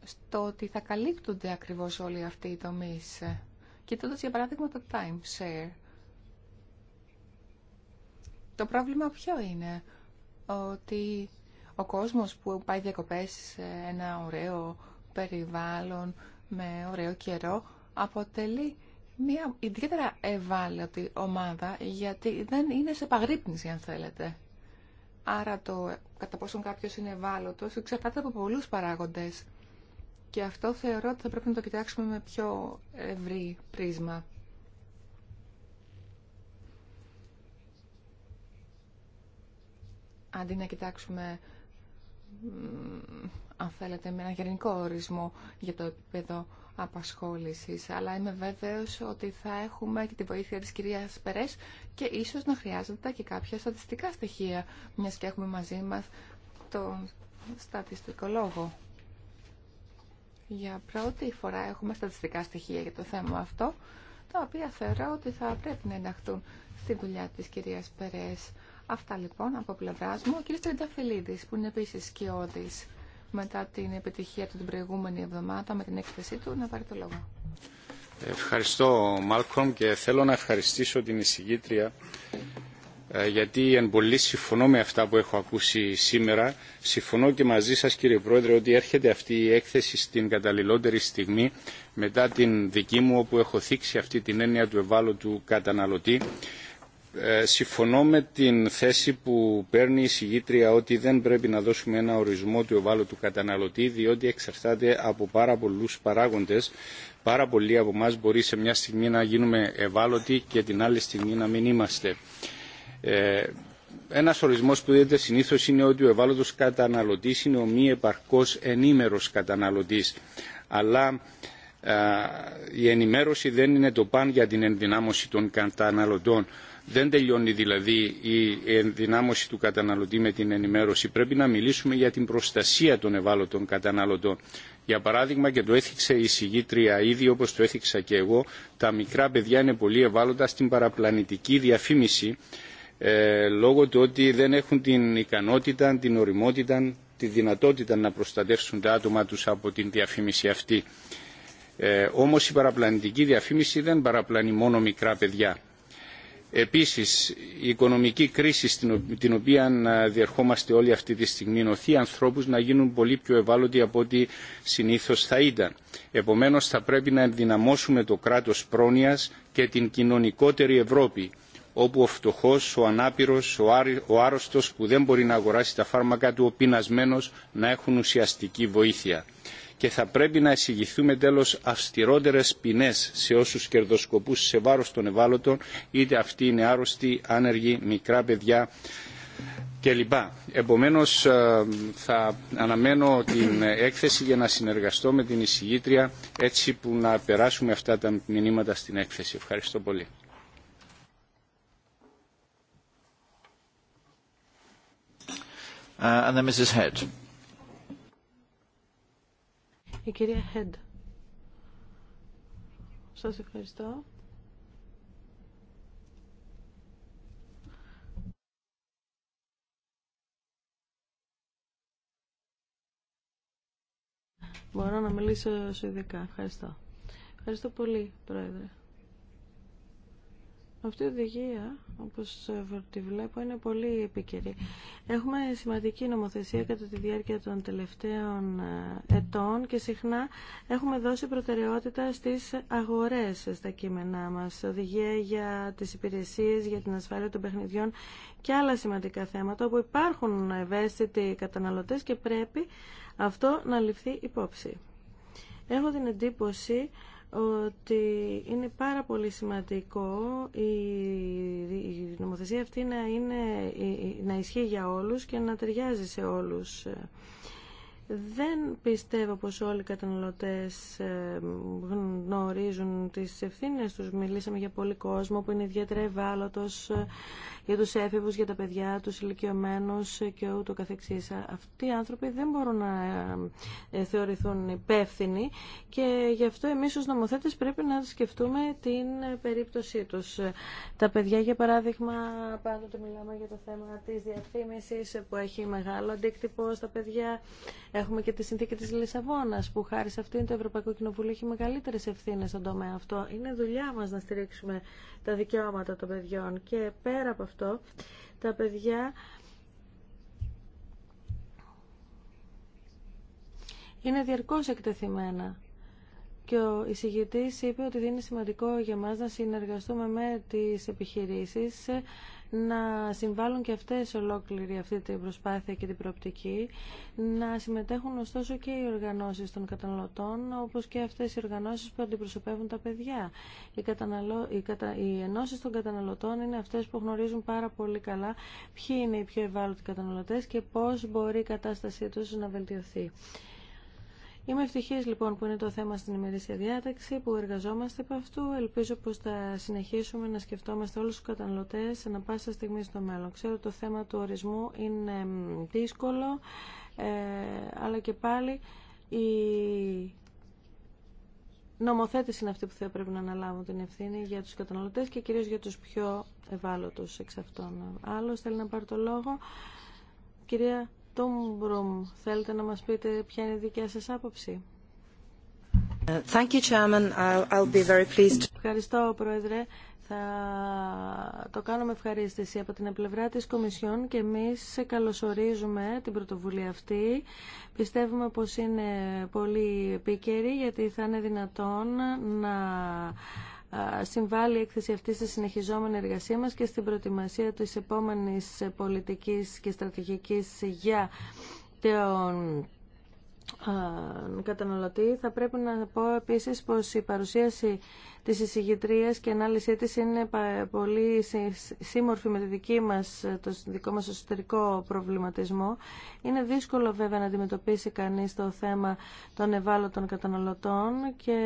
στο ότι θα καλύπτονται ακριβώς όλοι αυτοί οι τομείς. Κοιτώντας για παράδειγμα το share. Το πρόβλημα ποιο είναι, ότι ο κόσμος που πάει διακοπές σε ένα ωραίο περιβάλλον με ωραίο καιρό αποτελεί μια ιδιαίτερα ευάλωτη ομάδα γιατί δεν είναι σε παγρύπνηση αν θέλετε. Άρα το κατά πόσον κάποιος είναι ευάλωτος εξαρτάται από πολλούς παράγοντες. Και αυτό θεωρώ ότι θα πρέπει να το κοιτάξουμε με πιο ευρύ πρίσμα. Αντί να κοιτάξουμε, αν θέλετε, με ένα γενικό ορισμό για το επίπεδο απασχόλησης. Αλλά είμαι βέβαιος ότι θα έχουμε και τη βοήθεια της κυρίας Περές και ίσως να χρειάζεται και κάποια στατιστικά στοιχεία, μιας και έχουμε μαζί μας τον στατιστικό λόγο για πρώτη φορά έχουμε στατιστικά στοιχεία για το θέμα αυτό, τα οποία θεωρώ ότι θα πρέπει να ενταχθούν στη δουλειά της κυρίας Περές. Αυτά λοιπόν από πλευρά μου. Ο κύριος Τρενταφυλλίδης, που είναι επίσης σκιώδης μετά την επιτυχία του την προηγούμενη εβδομάδα με την έκθεσή του, να πάρει το λόγο. Ευχαριστώ Μάλκομ και θέλω να ευχαριστήσω την εισηγήτρια ε, γιατί εν πολύ συμφωνώ με αυτά που έχω ακούσει σήμερα. Συμφωνώ και μαζί σας κύριε Πρόεδρε ότι έρχεται αυτή η έκθεση στην καταλληλότερη στιγμή μετά την δική μου όπου έχω θίξει αυτή την έννοια του ευάλωτου καταναλωτή. Ε, συμφωνώ με την θέση που παίρνει η συγγήτρια ότι δεν πρέπει να δώσουμε ένα ορισμό του ευάλωτου καταναλωτή διότι εξαρτάται από πάρα πολλούς παράγοντες. Πάρα πολλοί από εμά μπορεί σε μια στιγμή να γίνουμε ευάλωτοι και την άλλη στιγμή να μην είμαστε. Ε, Ένα ορισμό που δίνεται συνήθω είναι ότι ο ευάλωτο καταναλωτή είναι ο μη επαρκώ ενήμερο καταναλωτή. Αλλά η ενημέρωση δεν είναι το παν για την ενδυνάμωση των καταναλωτών. Δεν τελειώνει δηλαδή η ενδυνάμωση του καταναλωτή με την ενημέρωση. Πρέπει να μιλήσουμε για την προστασία των ευάλωτων καταναλωτών. Για παράδειγμα, και το έθιξε η συγγήτρια ήδη, όπως το έθιξα και εγώ, τα μικρά παιδιά είναι πολύ ευάλωτα στην παραπλανητική διαφήμιση ε, λόγω του ότι δεν έχουν την ικανότητα, την οριμότητα, τη δυνατότητα να προστατεύσουν τα άτομα τους από την διαφήμιση αυτή. Ε, όμως η παραπλανητική διαφήμιση δεν παραπλανεί μόνο μικρά παιδιά. Επίσης, η οικονομική κρίση στην, την οποία ε, διερχόμαστε όλοι αυτή τη στιγμή νοθεί ανθρώπους να γίνουν πολύ πιο ευάλωτοι από ό,τι συνήθως θα ήταν. Επομένως, θα πρέπει να ενδυναμώσουμε το κράτος πρόνοιας και την κοινωνικότερη Ευρώπη όπου ο φτωχό, ο ανάπηρο, ο άρρωστο που δεν μπορεί να αγοράσει τα φάρμακα του, ο πεινασμένο να έχουν ουσιαστική βοήθεια. Και θα πρέπει να εισηγηθούμε τέλο αυστηρότερε ποινέ σε όσου κερδοσκοπούν σε βάρο των ευάλωτων, είτε αυτοί είναι άρρωστοι, άνεργοι, μικρά παιδιά κλπ. Επομένω, ε, θα αναμένω την έκθεση για να συνεργαστώ με την εισηγήτρια έτσι που να περάσουμε αυτά τα μηνύματα στην έκθεση. Ευχαριστώ πολύ. Uh, and then Mrs. Head. Η κυρία Head. Σας ευχαριστώ. Μπορώ να μιλήσω σου ειδικά. Ευχαριστώ. Ευχαριστώ πολύ, Πρόεδρε. Αυτή η οδηγία, όπως τη βλέπω, είναι πολύ επίκαιρη. Έχουμε σημαντική νομοθεσία κατά τη διάρκεια των τελευταίων ε, ετών και συχνά έχουμε δώσει προτεραιότητα στις αγορές στα κείμενά μας. Οδηγία για τις υπηρεσίες, για την ασφάλεια των παιχνιδιών και άλλα σημαντικά θέματα όπου υπάρχουν ευαίσθητοι καταναλωτές και πρέπει αυτό να ληφθεί υπόψη. Έχω την εντύπωση ότι είναι πάρα πολύ σημαντικό η νομοθεσία αυτή να, είναι, να ισχύει για όλους και να ταιριάζει σε όλους. Δεν πιστεύω πως όλοι οι καταναλωτές ε, γνωρίζουν τις ευθύνες τους. Μιλήσαμε για πολύ κόσμο που είναι ιδιαίτερα ευάλωτος ε, για τους έφηβους, για τα παιδιά, τους ηλικιωμένου και ούτω καθεξής. Αυτοί οι άνθρωποι δεν μπορούν να ε, θεωρηθούν υπεύθυνοι και γι' αυτό εμείς ως νομοθέτες πρέπει να σκεφτούμε την ε, περίπτωσή τους. Τα παιδιά, για παράδειγμα, πάντοτε μιλάμε για το θέμα της διαφήμιση που έχει μεγάλο αντίκτυπο στα παιδιά. Έχουμε και τη συνθήκη της Λισαβόνας που χάρη σε αυτήν το Ευρωπαϊκό Κοινοβούλιο έχει μεγαλύτερες ευθύνες στον τομέα αυτό. Είναι δουλειά μας να στηρίξουμε τα δικαιώματα των παιδιών και πέρα από αυτό τα παιδιά είναι διαρκώς εκτεθειμένα. Και ο εισηγητής είπε ότι είναι σημαντικό για μας να συνεργαστούμε με τις επιχειρήσεις να συμβάλλουν και αυτές ολόκληρη αυτή την προσπάθεια και την προοπτική, να συμμετέχουν ωστόσο και οι οργανώσεις των καταναλωτών, όπως και αυτές οι οργανώσεις που αντιπροσωπεύουν τα παιδιά. Οι, καταναλω... οι ενώσεις των καταναλωτών είναι αυτές που γνωρίζουν πάρα πολύ καλά ποιοι είναι οι πιο ευάλωτοι καταναλωτές και πώς μπορεί η κατάστασή τους να βελτιωθεί. Είμαι ευτυχής λοιπόν που είναι το θέμα στην ημερήσια διάταξη, που εργαζόμαστε από αυτού. Ελπίζω πως θα συνεχίσουμε να σκεφτόμαστε όλους τους καταναλωτές να πάσα στιγμή στο μέλλον. Ξέρω το θέμα του ορισμού είναι δύσκολο, ε, αλλά και πάλι η νομοθέτηση είναι αυτή που θα πρέπει να αναλάβουν την ευθύνη για τους καταναλωτές και κυρίως για τους πιο ευάλωτους εξ αυτών. Άλλος θέλει να πάρει το λόγο. Κυρία Τόμπρομ, θέλετε να μας πείτε ποια είναι η δικιά σας άποψη. Ευχαριστώ, Πρόεδρε. Θα το κάνουμε ευχαρίστηση από την πλευρά της Κομισιόν και εμείς σε καλωσορίζουμε την πρωτοβουλία αυτή. Πιστεύουμε πως είναι πολύ επίκαιρη γιατί θα είναι δυνατόν να συμβάλλει η έκθεση αυτή στη συνεχιζόμενη εργασία μας και στην προετοιμασία της επόμενης πολιτικής και στρατηγικής για τον καταναλωτή. Θα πρέπει να πω επίσης πως η παρουσίαση της εισηγητρίας και ανάλυση της είναι πολύ σύμμορφη με τη δική μας, το δικό μας εσωτερικό προβληματισμό. Είναι δύσκολο βέβαια να αντιμετωπίσει κανείς το θέμα των ευάλωτων καταναλωτών και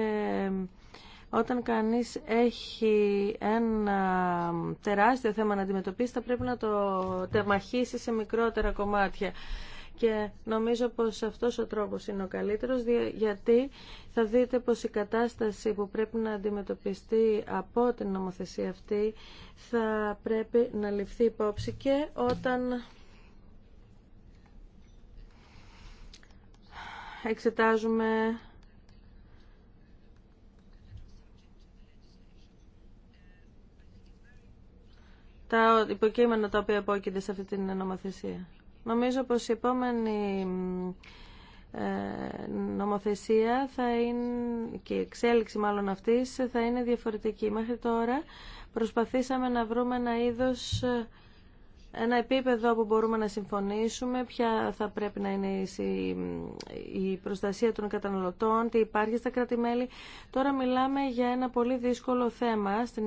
όταν κανείς έχει ένα τεράστιο θέμα να αντιμετωπίσει, θα πρέπει να το τεμαχίσει σε μικρότερα κομμάτια. Και νομίζω πως αυτός ο τρόπος είναι ο καλύτερος, γιατί θα δείτε πως η κατάσταση που πρέπει να αντιμετωπιστεί από την νομοθεσία αυτή θα πρέπει να ληφθεί υπόψη και όταν εξετάζουμε τα υποκείμενα τα οποία υπόκεινται σε αυτή την νομοθεσία. Νομίζω πως η επόμενη ε, νομοθεσία θα είναι, και η εξέλιξη μάλλον αυτής θα είναι διαφορετική. Μέχρι τώρα προσπαθήσαμε να βρούμε ένα είδος ε, ένα επίπεδο που μπορούμε να συμφωνήσουμε, ποια θα πρέπει να είναι η προστασία των καταναλωτών, τι υπάρχει στα κράτη-μέλη. Τώρα μιλάμε για ένα πολύ δύσκολο θέμα στην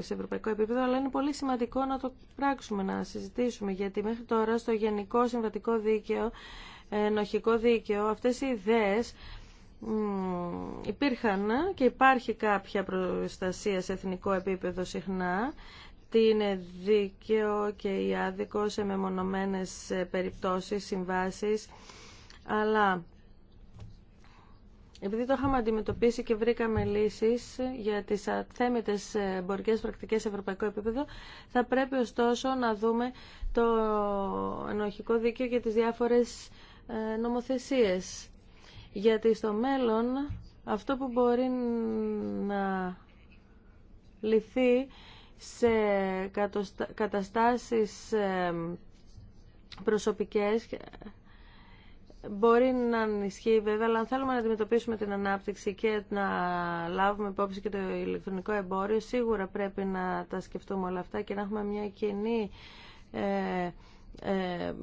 σε ευρωπαϊκό επίπεδο, αλλά είναι πολύ σημαντικό να το πράξουμε, να συζητήσουμε, γιατί μέχρι τώρα στο γενικό συμβατικό δίκαιο, ε, ενοχικό δίκαιο, αυτές οι ιδέες υπήρχαν και υπάρχει κάποια προστασία σε εθνικό επίπεδο συχνά τι είναι δίκαιο και ή άδικο σε μεμονωμένες ε, περιπτώσεις, συμβάσεις, αλλά επειδή το είχαμε αντιμετωπίσει και βρήκαμε λύσεις για τις αθέμητες ε, εμπορικές πρακτικές σε ευρωπαϊκό επίπεδο, θα πρέπει ωστόσο να δούμε το ενοχικό δίκαιο για τις διάφορες ε, νομοθεσίες. Γιατί στο μέλλον αυτό που μπορεί να λυθεί σε καταστάσεις προσωπικές μπορεί να ισχύει βέβαια, αλλά αν θέλουμε να αντιμετωπίσουμε την ανάπτυξη και να λάβουμε υπόψη και το ηλεκτρονικό εμπόριο, σίγουρα πρέπει να τα σκεφτούμε όλα αυτά και να έχουμε μια κοινή ε, ε,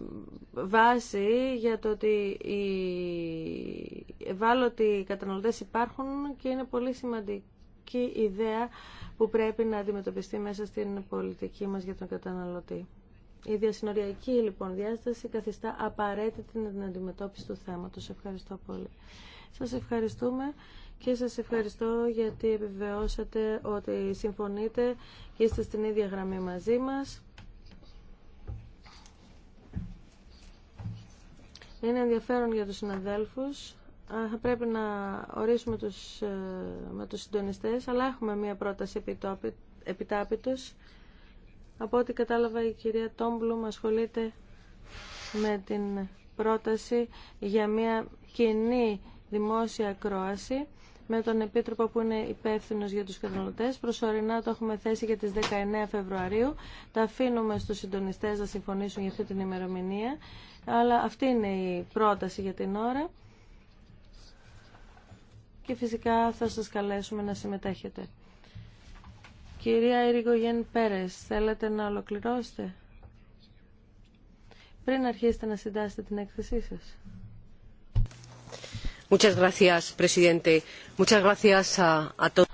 βάση για το ότι οι ευάλωτοι καταναλωτές υπάρχουν και είναι πολύ σημαντικό βασική ιδέα που πρέπει να αντιμετωπιστεί μέσα στην πολιτική μας για τον καταναλωτή. Η διασυνοριακή λοιπόν διάσταση καθιστά απαραίτητη την αντιμετώπιση του θέματος. Ευχαριστώ πολύ. Σας ευχαριστούμε και σας ευχαριστώ γιατί επιβεβαιώσατε ότι συμφωνείτε και είστε στην ίδια γραμμή μαζί μας. Είναι ενδιαφέρον για τους συναδέλφους θα πρέπει να ορίσουμε τους, ε, με τους συντονιστές, αλλά έχουμε μία πρόταση επιτάπητος. Από ό,τι κατάλαβα η κυρία Τόμπλουμ ασχολείται με την πρόταση για μία κοινή δημόσια ακρόαση με τον Επίτροπο που είναι υπεύθυνο για τους καταναλωτές. Προσωρινά το έχουμε θέσει για τις 19 Φεβρουαρίου. Τα αφήνουμε στους συντονιστές να συμφωνήσουν για αυτή την ημερομηνία. Αλλά αυτή είναι η πρόταση για την ώρα και φυσικά θα σας καλέσουμε να συμμετέχετε. Κυρία Ιρηγογέν Πέρες, θέλετε να ολοκληρώσετε πριν αρχίσετε να συντάσετε την έκθεσή σας.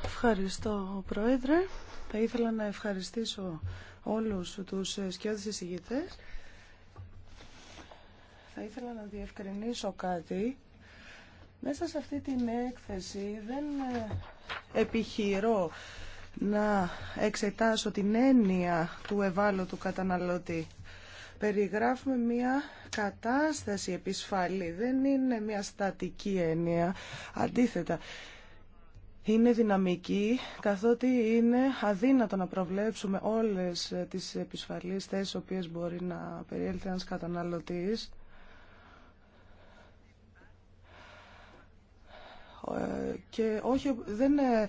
Ευχαριστώ, Πρόεδρε. Θα ήθελα να ευχαριστήσω όλους τους σκιώδης εισηγητές. Θα ήθελα να διευκρινίσω κάτι. Μέσα σε αυτή την έκθεση δεν ε, επιχειρώ να εξετάσω την έννοια του ευάλωτου καταναλωτή. Περιγράφουμε μια κατάσταση επισφαλή. Δεν είναι μια στατική έννοια. Αντίθετα, είναι δυναμική, καθότι είναι αδύνατο να προβλέψουμε όλες τις επισφαλείς θέσεις οποίες μπορεί να περιέλθει ένας καταναλωτής. και όχι, δεν ε,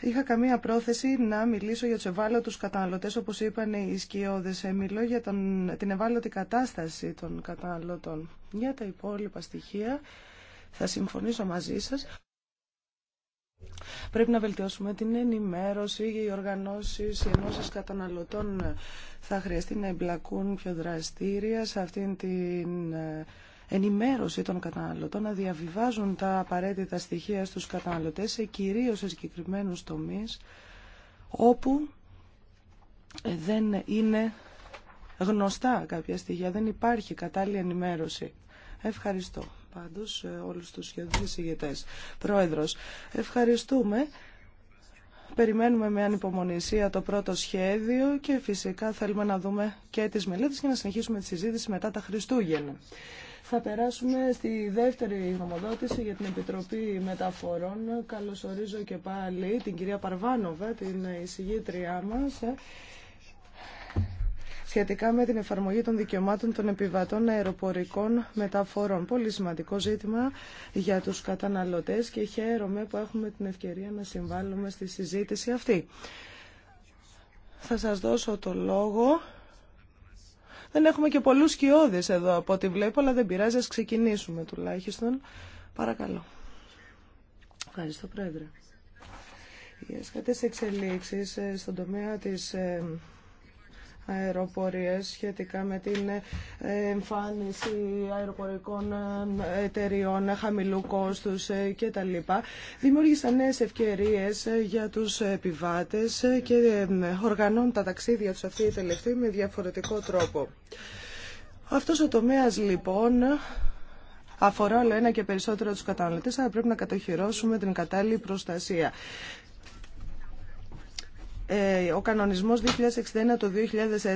Είχα καμία πρόθεση να μιλήσω για τους ευάλωτους καταναλωτές. Όπως είπαν οι σκιώδε. Ε, μιλώ για τον, την ευάλωτη κατάσταση των καταναλωτών. Για τα υπόλοιπα στοιχεία θα συμφωνήσω μαζί σας. Πρέπει να βελτιώσουμε την ενημέρωση, οι οργανώσεις, οι ενώσεις καταναλωτών θα χρειαστεί να εμπλακούν πιο δραστήρια σε αυτήν την ε, ενημέρωση των καταναλωτών, να διαβιβάζουν τα απαραίτητα στοιχεία στους καταναλωτές, κυρίως σε συγκεκριμένους τομείς, όπου δεν είναι γνωστά κάποια στοιχεία, δεν υπάρχει κατάλληλη ενημέρωση. Ευχαριστώ πάντως ε, όλους τους σχεδόν ηγετές. Πρόεδρος, ευχαριστούμε. Περιμένουμε με ανυπομονησία το πρώτο σχέδιο και φυσικά θέλουμε να δούμε και τις μελέτες και να συνεχίσουμε τη συζήτηση μετά τα Χριστούγεννα. Θα περάσουμε στη δεύτερη γνωμοδότηση για την Επιτροπή Μεταφορών. Καλωσορίζω και πάλι την κυρία Παρβάνοβα, την εισηγήτριά μας ε, σχετικά με την εφαρμογή των δικαιωμάτων των επιβατών αεροπορικών μεταφορών. Πολύ σημαντικό ζήτημα για τους καταναλωτές και χαίρομαι που έχουμε την ευκαιρία να συμβάλλουμε στη συζήτηση αυτή. Θα σας δώσω το λόγο δεν έχουμε και πολλούς σκιώδεις εδώ από ό,τι βλέπω, αλλά δεν πειράζει, ας ξεκινήσουμε τουλάχιστον. Παρακαλώ. Ευχαριστώ, Πρόεδρε. Οι ασκατές εξελίξεις ε, στον τομέα της ε, αεροπορίες σχετικά με την ε, εμφάνιση αεροπορικών ε, εταιριών χαμηλού κόστους ε, κτλ. Δημιούργησαν νέες ευκαιρίες για τους επιβάτες και οργανώνουν τα ταξίδια τους αυτή η τελευταία με διαφορετικό τρόπο. Αυτός ο τομέας λοιπόν αφορά όλο ένα και περισσότερο τους καταναλωτές, αλλά πρέπει να κατοχυρώσουμε την κατάλληλη προστασία. Ε, ο κανονισμός 2061 το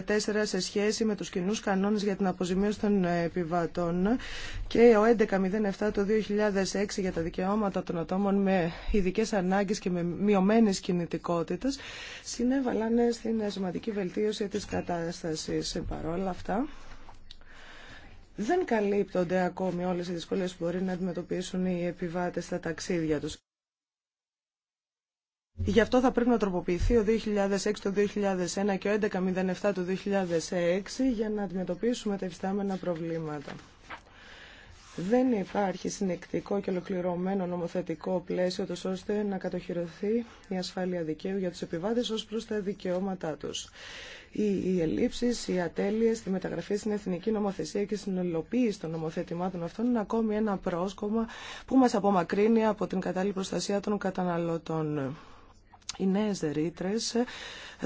2004 σε σχέση με τους κοινού κανόνες για την αποζημίωση των επιβατών και ο 1107 το 2006 για τα δικαιώματα των ατόμων με ειδικέ ανάγκες και με μειωμένης κινητικότητας συνέβαλαν στην σημαντική βελτίωση της κατάστασης. Παρόλα αυτά, δεν καλύπτονται ακόμη όλες οι δυσκολίες που μπορεί να αντιμετωπίσουν οι επιβάτες στα ταξίδια τους. Γι' αυτό θα πρέπει να τροποποιηθεί ο 2006, το 2001 και ο 1107 το 2006 για να αντιμετωπίσουμε τα υφιστάμενα προβλήματα. Δεν υπάρχει συνεκτικό και ολοκληρωμένο νομοθετικό πλαίσιο ώστε να κατοχυρωθεί η ασφάλεια δικαίου για τους επιβάτες ως προς τα δικαιώματά τους. Οι, οι ελλείψεις, οι ατέλειες, τη μεταγραφή στην εθνική νομοθεσία και στην ολοποίηση των νομοθετημάτων αυτών είναι ακόμη ένα πρόσκομα που μας απομακρύνει από την κατάλληλη προστασία των καταναλωτών οι νέες ρήτρες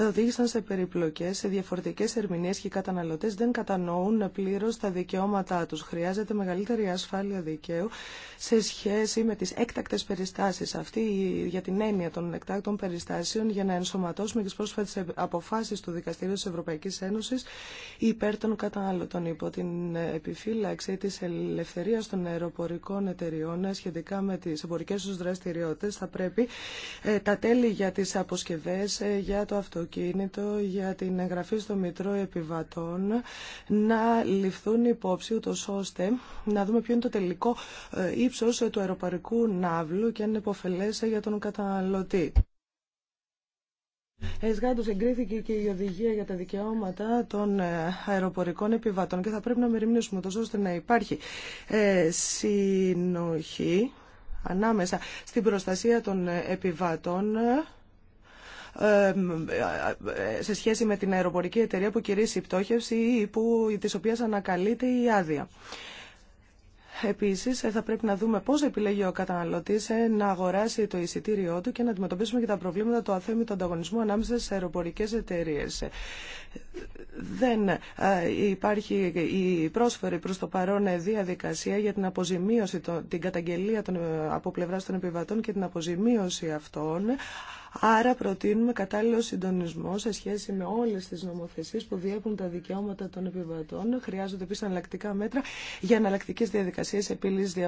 οδήγησαν σε περιπλοκές, σε διαφορετικέ ερμηνείε και οι καταναλωτέ δεν κατανοούν πλήρω τα δικαιώματά του. Χρειάζεται μεγαλύτερη ασφάλεια δικαίου σε σχέση με τι έκτακτε περιστάσει. Αυτή για την έννοια των εκτάκτων περιστάσεων για να ενσωματώσουμε τι πρόσφατες αποφάσει του Δικαστήριου της Ευρωπαϊκής Ένωσης υπέρ των καταναλωτών υπό την επιφύλαξη τη ελευθερία των αεροπορικών εταιριών σχετικά με τι εμπορικέ του δραστηριότητε, θα πρέπει ε, τα τέλη για τις αποσκευές, ε, για το αυτοκίνητο αυτοκίνητο για την εγγραφή στο Μητρό Επιβατών να ληφθούν υπόψη ούτως ώστε να δούμε ποιο είναι το τελικό ε, ύψος ε, του αεροπαρικού ναύλου και αν είναι υποφελές ε, για τον καταναλωτή. Εσγάντω εγκρίθηκε και η οδηγία για τα δικαιώματα των αεροπορικών επιβατών και θα πρέπει να μεριμνήσουμε τόσο ώστε να υπάρχει συνοχή ανάμεσα στην προστασία των επιβατών σε σχέση με την αεροπορική εταιρεία που κηρύσσει η πτώχευση ή που, της οποίας ανακαλείται η άδεια. Επίσης, θα πρέπει να δούμε πώς επιλέγει ο καταναλωτής να αγοράσει το εισιτήριό του και να αντιμετωπίσουμε και τα προβλήματα του αθέμητου ανταγωνισμού ανάμεσα σε αεροπορικές εταιρείες. Δεν ε, υπάρχει η πρόσφερη προς το παρόν διαδικασία για την αποζημίωση, την καταγγελία ε, από πλευράς των επιβατών και την αποζημίωση αυτών. Άρα προτείνουμε κατάλληλο συντονισμό σε σχέση με όλε τι νομοθεσίε που διέπουν τα δικαιώματα των επιβατών. Χρειάζονται επίση αναλλακτικά μέτρα για αναλλακτικέ διαδικασίε επίλυση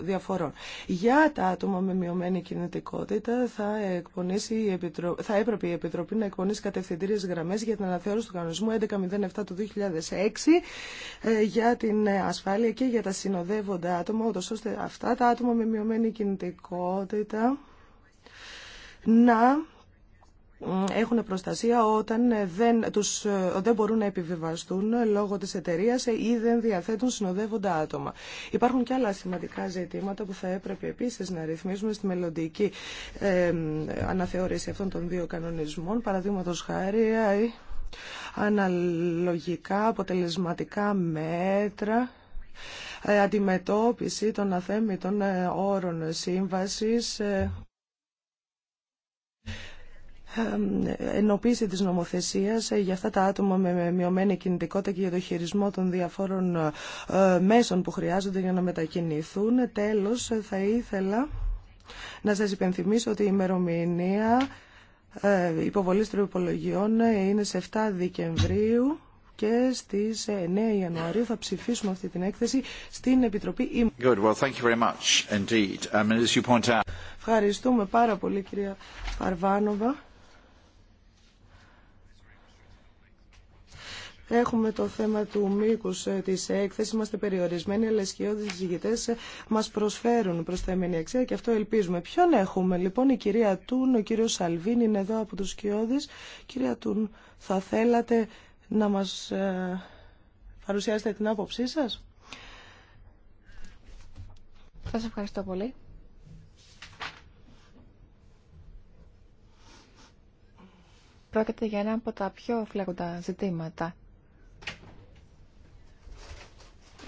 διαφορών. Για τα άτομα με μειωμένη κινητικότητα θα, εκπονήσει η Επιτρο... θα έπρεπε η Επιτροπή να εκπονήσει κατευθυντήριε γραμμέ για την αναθεώρηση του κανονισμού 1107 του 2006 ε, για την ασφάλεια και για τα συνοδεύοντα άτομα, ώστε αυτά τα άτομα με μειωμένη κινητικότητα να έχουν προστασία όταν δεν, τους, ε, δεν μπορούν να επιβιβαστούν λόγω της εταιρεία ή δεν διαθέτουν συνοδεύοντα άτομα. Υπάρχουν και άλλα σημαντικά ζητήματα που θα έπρεπε επίσης να ρυθμίσουμε στη μελλοντική ε, αναθεώρηση αυτών των δύο κανονισμών. Παραδείγματο χάρη, ε, αναλογικά αποτελεσματικά μέτρα αντιμετώπιση των αθέμητων όρων σύμβασης ε, ενοποίηση της νομοθεσίας ε, για αυτά τα άτομα με μειωμένη κινητικότητα και για το χειρισμό των διαφόρων ε, μέσων που χρειάζονται για να μετακινηθούν. Τέλος, θα ήθελα να σας υπενθυμίσω ότι η ημερομηνία υποβολής τροπολογιών είναι σε 7 Δεκεμβρίου και στις 9 Ιανουαρίου θα ψηφίσουμε αυτή την έκθεση στην Επιτροπή Good. Ευχαριστούμε πάρα πολύ κυρία Παρβάνοβα. Έχουμε το θέμα του μήκου ε, τη έκθεση. Είμαστε περιορισμένοι, αλλά σκιώδει συζητητέ ε, μα προσφέρουν προ τα αξία και αυτό ελπίζουμε. Ποιον έχουμε λοιπόν, η κυρία Τούν, ο κύριο Σαλβίν είναι εδώ από του σκιώδει. Κυρία Τούν, θα θέλατε να μα ε, παρουσιάσετε την άποψή σα. Σα ευχαριστώ πολύ. Πρόκειται για ένα από τα πιο φλέγοντα ζητήματα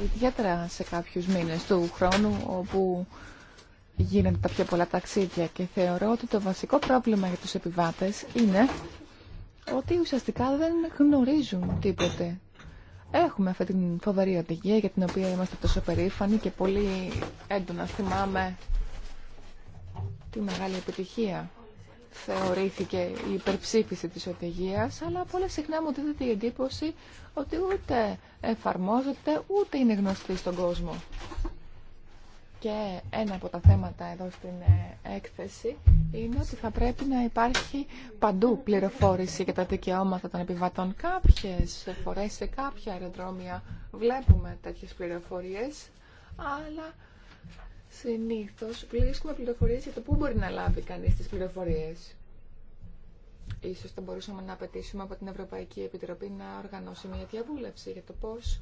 ιδιαίτερα σε κάποιους μήνες του χρόνου όπου γίνονται τα πιο πολλά ταξίδια και θεωρώ ότι το βασικό πρόβλημα για τους επιβάτες είναι ότι ουσιαστικά δεν γνωρίζουν τίποτε. Έχουμε αυτή την φοβερή οδηγία για την οποία είμαστε τόσο περήφανοι και πολύ έντονα θυμάμαι τη μεγάλη επιτυχία θεωρήθηκε η υπερψήφιση της οδηγίας, αλλά πολύ συχνά μου δίδεται η εντύπωση ότι ούτε εφαρμόζεται, ούτε είναι γνωστή στον κόσμο. Και ένα από τα θέματα εδώ στην ε, έκθεση είναι ότι θα πρέπει να υπάρχει παντού πληροφόρηση για τα δικαιώματα των επιβατών. Κάποιες φορές σε κάποια αεροδρόμια βλέπουμε τέτοιες πληροφορίες, αλλά συνήθως βρίσκουμε πληροφορίες για το πού μπορεί να λάβει κανείς τις πληροφορίες. Ίσως θα μπορούσαμε να απαιτήσουμε από την Ευρωπαϊκή Επιτροπή να οργανώσει μια διαβούλευση για το πώς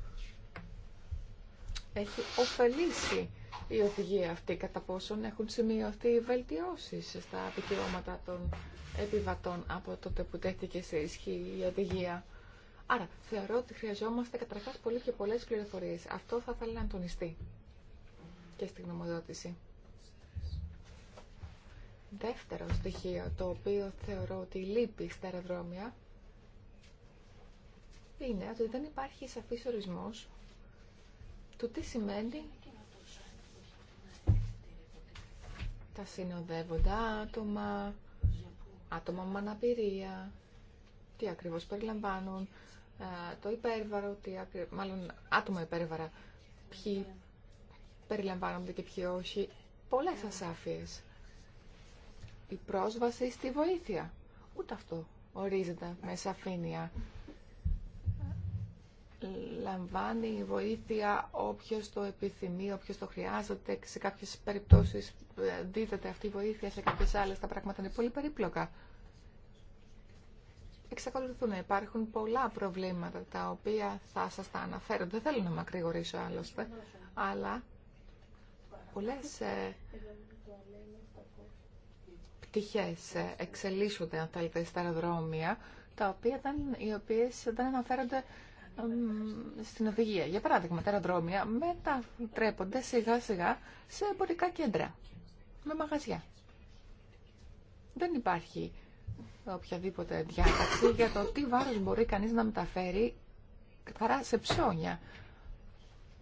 έχει ωφελήσει η οδηγία αυτή, κατά πόσον έχουν σημειωθεί βελτιώσεις στα δικαιώματα των επιβατών από τότε που τέθηκε σε ισχύ η οδηγία. Άρα, θεωρώ ότι χρειαζόμαστε καταρχάς πολύ και πολλές πληροφορίες. Αυτό θα ήθελα να τονιστεί και στη γνωμοδότηση. Δεύτερο στοιχείο, το οποίο θεωρώ ότι λείπει στα αεροδρόμια, είναι ότι δεν υπάρχει σαφής ορισμός του τι σημαίνει τα συνοδεύοντα άτομα, άτομα με αναπηρία, τι ακριβώς περιλαμβάνουν, ε, το υπέρβαρο, τι, μάλλον άτομα υπέρβαρα, ποιοι περιλαμβάνονται και ποιοι όχι, πολλές ασάφειε. Η πρόσβαση στη βοήθεια. Ούτε αυτό ορίζεται με σαφήνεια. Λαμβάνει η βοήθεια όποιο το επιθυμεί, όποιο το χρειάζεται. Σε κάποιες περιπτώσεις ε, δίδεται αυτή η βοήθεια, σε κάποιες άλλες τα πράγματα είναι πολύ περίπλοκα. Εξακολουθούν να υπάρχουν πολλά προβλήματα τα οποία θα σα τα αναφέρω. Δεν θέλω να μακρηγορήσω άλλωστε, αλλά πολλές ε, πτυχές ε, εξελίσσονται, αν θέλετε, στα αεροδρόμια, τα οποία οι οποίες δεν αναφέρονται στην οδηγία. Για παράδειγμα, τα αεροδρόμια μετατρέπονται σιγά-σιγά σε εμπορικά κέντρα, με μαγαζιά. Δεν υπάρχει οποιαδήποτε διάταξη για το τι βάρος μπορεί κανείς να μεταφέρει καθαρά σε ψώνια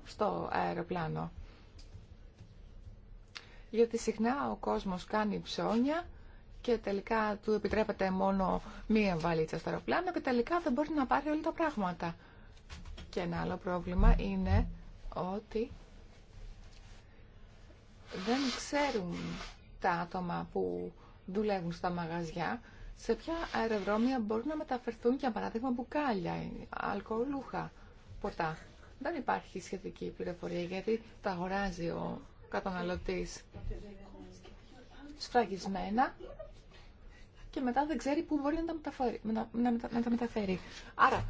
στο αεροπλάνο γιατί συχνά ο κόσμος κάνει ψώνια και τελικά του επιτρέπεται μόνο μία βαλίτσα στο αεροπλάνο και τελικά δεν μπορεί να πάρει όλα τα πράγματα. Και ένα άλλο πρόβλημα είναι ότι δεν ξέρουν τα άτομα που δουλεύουν στα μαγαζιά σε ποια αεροδρόμια μπορούν να μεταφερθούν για παράδειγμα μπουκάλια, αλκοολούχα, ποτά. Δεν υπάρχει σχετική πληροφορία γιατί τα αγοράζει ο καταναλωτής σφραγισμένα και μετά δεν ξέρει πού μπορεί να τα, μεταφέρει, να, να τα μεταφέρει. Άρα,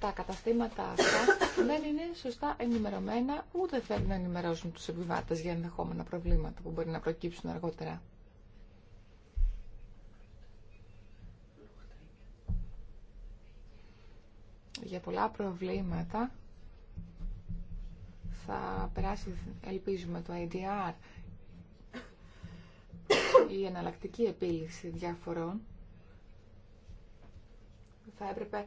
τα καταστήματα αυτά δεν είναι σωστά ενημερωμένα, ούτε θέλουν να ενημερώσουν τους επιβάτες για ενδεχόμενα προβλήματα που μπορεί να προκύψουν αργότερα. Για πολλά προβλήματα θα περάσει, ελπίζουμε, το IDR η εναλλακτική επίλυση διαφορών θα έπρεπε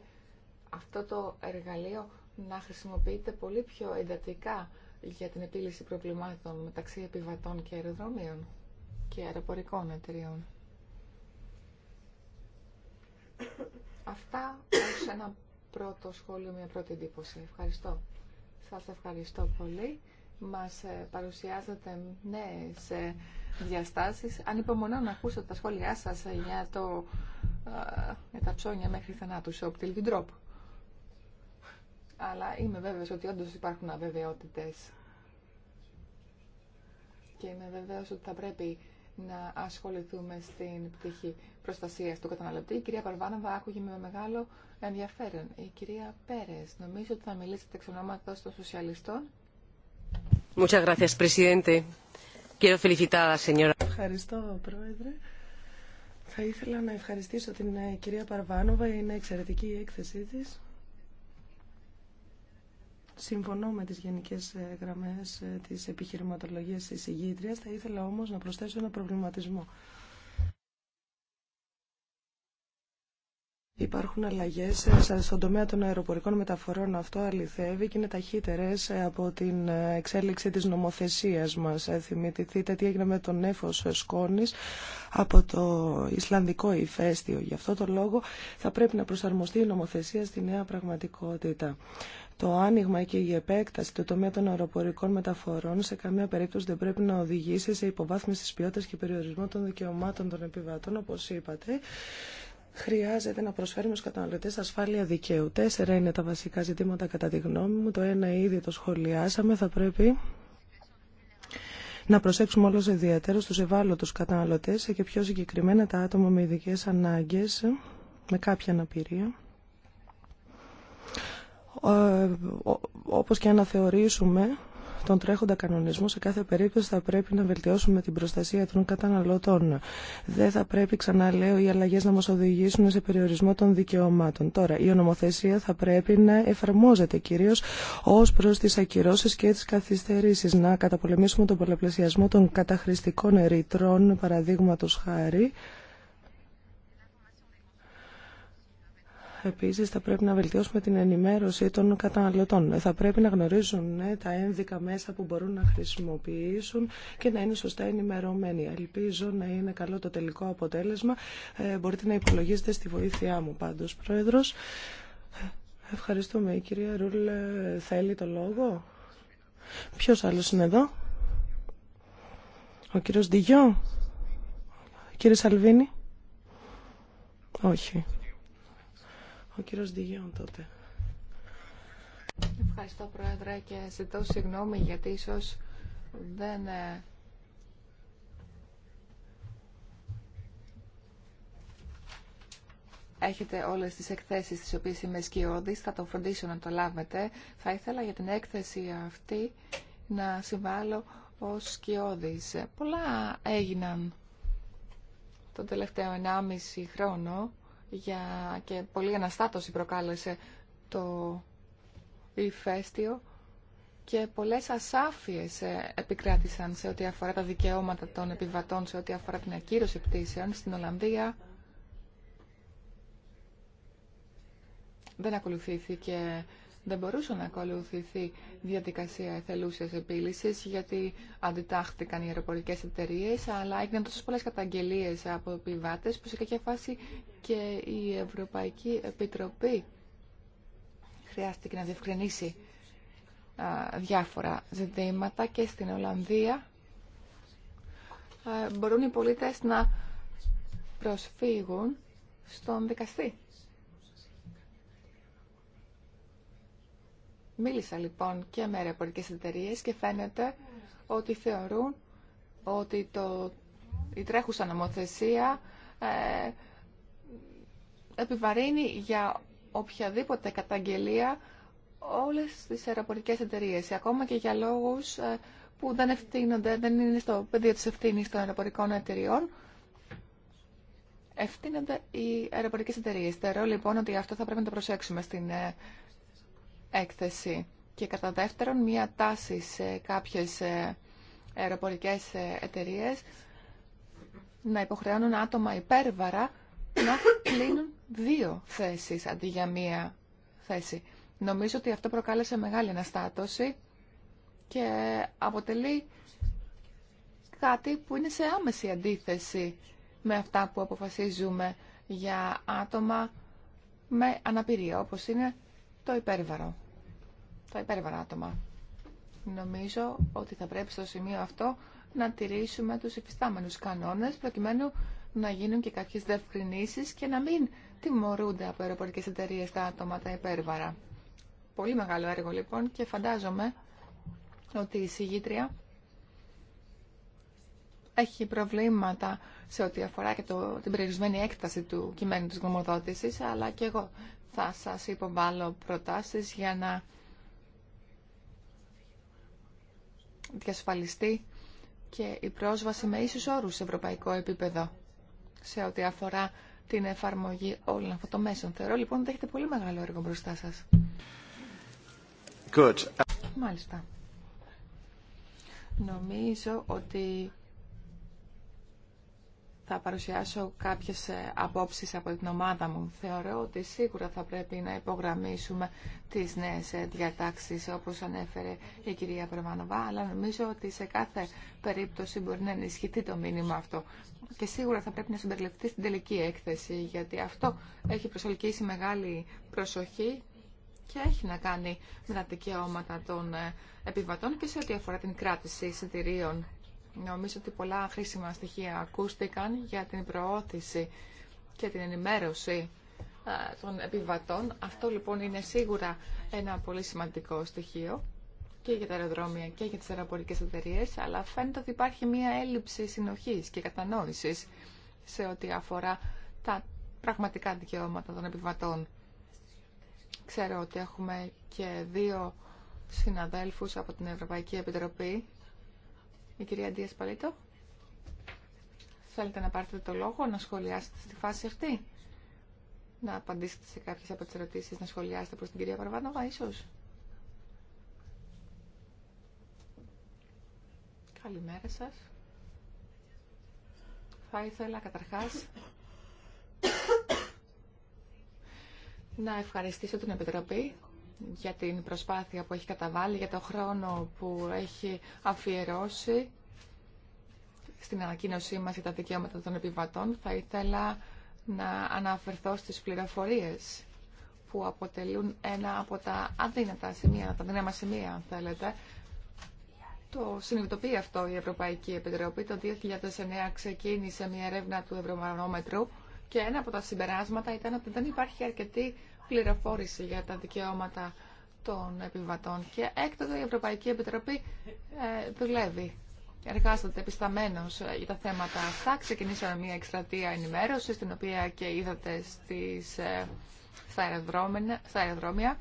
αυτό το εργαλείο να χρησιμοποιείται πολύ πιο εντατικά για την επίλυση προβλημάτων μεταξύ επιβατών και αεροδρομίων και αεροπορικών εταιριών. Αυτά ως ένα πρώτο σχόλιο, μια πρώτη εντύπωση. Ευχαριστώ. Σας ευχαριστώ πολύ. Μας ε, παρουσιάζετε νέες ε, διαστάσεις. Ανυπομονώ να ακούσω τα σχόλιά σας ε, για, το, για τα ψώνια μέχρι θανάτου σε οπτήλ τρόπο. Αλλά είμαι βέβαιος ότι όντως υπάρχουν αβεβαιότητες. Και είμαι βέβαιος ότι θα πρέπει να ασχοληθούμε στην πτυχή προστασία του καταναλωτή. Η κυρία Παρβάνοβα άκουγε με μεγάλο ενδιαφέρον. Η κυρία Πέρε, νομίζω ότι θα μιλήσετε εξ ονόματο των Σοσιαλιστών. Ευχαριστώ, Πρόεδρε. Θα ήθελα να ευχαριστήσω την ε, κυρία Παρβάνοβα. Είναι εξαιρετική η έκθεσή της. Συμφωνώ με τις γενικές ε, γραμμές ε, της επιχειρηματολογίας της εισηγήτριας. Θα ήθελα όμως να προσθέσω ένα προβληματισμό. Υπάρχουν αλλαγέ ε, στον τομέα των αεροπορικών μεταφορών. Αυτό αληθεύει και είναι ταχύτερε από την εξέλιξη τη νομοθεσία μα. Θυμηθείτε τι έγινε με τον έφο σκόνη από το Ισλανδικό ηφαίστειο. Γι' αυτό το λόγο θα πρέπει να προσαρμοστεί η νομοθεσία στη νέα πραγματικότητα. Το άνοιγμα και η επέκταση του τομέα των αεροπορικών μεταφορών σε καμία περίπτωση δεν πρέπει να οδηγήσει σε υποβάθμιση τη ποιότητα και περιορισμό των δικαιωμάτων των επιβατών, όπω είπατε. Χρειάζεται να προσφέρουμε στου καταναλωτέ ασφάλεια δικαίου. Τέσσερα είναι τα βασικά ζητήματα κατά τη γνώμη μου. Το ένα ήδη το σχολιάσαμε. Θα πρέπει να προσέξουμε όλο ιδιαίτερο του ευάλωτου καταναλωτέ και πιο συγκεκριμένα τα άτομα με ειδικέ ανάγκε, με κάποια αναπηρία. Ε, όπως και θεωρήσουμε τον τρέχοντα κανονισμό, σε κάθε περίπτωση θα πρέπει να βελτιώσουμε την προστασία των καταναλωτών. Δεν θα πρέπει, ξαναλέω, οι αλλαγές να μας οδηγήσουν σε περιορισμό των δικαιωμάτων. Τώρα, η ονομοθεσία θα πρέπει να εφαρμόζεται κυρίως ως προς τις ακυρώσεις και τις καθυστερήσει. Να καταπολεμήσουμε τον πολλαπλασιασμό των καταχρηστικών ερήτρων, παραδείγματο χάρη Επίση, θα πρέπει να βελτιώσουμε την ενημέρωση των καταναλωτών. Θα πρέπει να γνωρίζουν ναι, τα ένδικα μέσα που μπορούν να χρησιμοποιήσουν και να είναι σωστά ενημερωμένοι. Ελπίζω να είναι καλό το τελικό αποτέλεσμα. Ε, μπορείτε να υπολογίσετε στη βοήθειά μου πάντως, Πρόεδρος. Ευχαριστούμε. Η κυρία Ρούλ ε, θέλει το λόγο. Ποιος άλλος είναι εδώ? Ο κύριος Ντιγιό? Κύριε Σαλβίνη? Όχι. Ο κύριος Διγέων τότε. Ευχαριστώ Πρόεδρε και ζητώ συγγνώμη γιατί ίσως δεν ε, έχετε όλες τις εκθέσεις τις οποίες είμαι σκιώδης, θα το φροντίσω να το λάβετε. Θα ήθελα για την έκθεση αυτή να συμβάλλω ως σκιώδης. Πολλά έγιναν τον τελευταίο 1,5 χρόνο για... και πολλή αναστάτωση προκάλεσε το ηφαίστειο και πολλές ασάφειες ε, επικράτησαν σε ό,τι αφορά τα δικαιώματα των επιβατών, σε ό,τι αφορά την ακύρωση πτήσεων στην Ολλανδία. Δεν ακολουθήθηκε δεν μπορούσε να ακολουθηθεί διαδικασία εθελούσιας επίλυσης γιατί αντιτάχθηκαν οι αεροπορικές εταιρείες αλλά έγιναν τόσες πολλές καταγγελίες από επιβάτες που σε κάποια φάση και η Ευρωπαϊκή Επιτροπή χρειάστηκε να διευκρινίσει διάφορα ζητήματα και στην Ολλανδία μπορούν οι πολίτες να προσφύγουν στον δικαστή Μίλησα λοιπόν και με αεροπορικές εταιρείε και φαίνεται ότι θεωρούν ότι το, η τρέχουσα νομοθεσία ε, επιβαρύνει για οποιαδήποτε καταγγελία όλες τις αεροπορικές εταιρείε, ακόμα και για λόγους ε, που δεν ευθύνονται, δεν είναι στο πεδίο της ευθύνη των αεροπορικών εταιριών, ευθύνονται οι αεροπορικές εταιρείε. Θεωρώ λοιπόν ότι αυτό θα πρέπει να το προσέξουμε στην ε, έκθεση. Και κατά δεύτερον, μία τάση σε κάποιες ε, αεροπορικές ε, εταιρείες να υποχρεώνουν άτομα υπέρβαρα να κλείνουν δύο θέσεις αντί για μία θέση. Νομίζω ότι αυτό προκάλεσε μεγάλη αναστάτωση και αποτελεί κάτι που είναι σε άμεση αντίθεση με αυτά που αποφασίζουμε για άτομα με αναπηρία, όπως είναι το υπέρβαρο τα υπέρβαρα άτομα. Νομίζω ότι θα πρέπει στο σημείο αυτό να τηρήσουμε τους υφιστάμενους κανόνες προκειμένου να γίνουν και κάποιες δευκρινήσεις και να μην τιμωρούνται από αεροπορικές εταιρείε τα άτομα τα υπέρβαρα. Πολύ μεγάλο έργο λοιπόν και φαντάζομαι ότι η συγγήτρια έχει προβλήματα σε ό,τι αφορά και την περιορισμένη έκταση του κειμένου της γνωμοδότησης, αλλά και εγώ θα σας υποβάλω προτάσεις για να διασφαλιστεί και η πρόσβαση με ίσους όρους σε ευρωπαϊκό επίπεδο σε ό,τι αφορά την εφαρμογή όλων αυτών των μέσων. Θεωρώ λοιπόν ότι έχετε πολύ μεγάλο έργο μπροστά σας. Good. Μάλιστα. Νομίζω ότι θα παρουσιάσω κάποιες ε, απόψεις από την ομάδα μου. Θεωρώ ότι σίγουρα θα πρέπει να υπογραμμίσουμε τις νέες ε, διατάξεις όπως ανέφερε η κυρία Περμανοβά, αλλά νομίζω ότι σε κάθε περίπτωση μπορεί να ενισχυθεί το μήνυμα αυτό. Και σίγουρα θα πρέπει να συμπεριληφθεί στην τελική έκθεση, γιατί αυτό έχει προσελκύσει μεγάλη προσοχή και έχει να κάνει με τα δικαιώματα των ε, επιβατών και σε ό,τι αφορά την κράτηση εισιτηρίων Νομίζω ότι πολλά χρήσιμα στοιχεία ακούστηκαν για την προώθηση και την ενημέρωση ε, των επιβατών. Αυτό λοιπόν είναι σίγουρα ένα πολύ σημαντικό στοιχείο και για τα αεροδρόμια και για τις αεροπορικές εταιρείε, αλλά φαίνεται ότι υπάρχει μία έλλειψη συνοχής και κατανόησης σε ό,τι αφορά τα πραγματικά δικαιώματα των επιβατών. Ξέρω ότι έχουμε και δύο συναδέλφους από την Ευρωπαϊκή Επιτροπή η κυρία Ντίας Παλίτο. Θέλετε να πάρετε το λόγο, να σχολιάσετε στη φάση αυτή. Να απαντήσετε σε κάποιες από τις ερωτήσεις, να σχολιάσετε προς την κυρία Παρβάνοβα, ίσως. Καλημέρα σας. Θα ήθελα καταρχάς να ευχαριστήσω την Επιτροπή για την προσπάθεια που έχει καταβάλει, για το χρόνο που έχει αφιερώσει στην ανακοίνωσή μας για τα δικαιώματα των επιβατών. Θα ήθελα να αναφερθώ στις πληροφορίες που αποτελούν ένα από τα αδύνατα σημεία, τα δυνάμα σημεία αν θέλετε. Το συνειδητοποιεί αυτό η Ευρωπαϊκή Επιτροπή. Το 2009 ξεκίνησε μια έρευνα του Ευρωμαρόμετρου και ένα από τα συμπεράσματα ήταν ότι δεν υπάρχει αρκετή πληροφόρηση για τα δικαιώματα των επιβατών και έκτοτε η Ευρωπαϊκή Επιτροπή ε, δουλεύει. Εργάζεται επισταμένο ε, για τα θέματα αυτά. Ξεκινήσαμε μια εκστρατεία ενημέρωση, την οποία και είδατε στις, ε, στα, στα αεροδρόμια.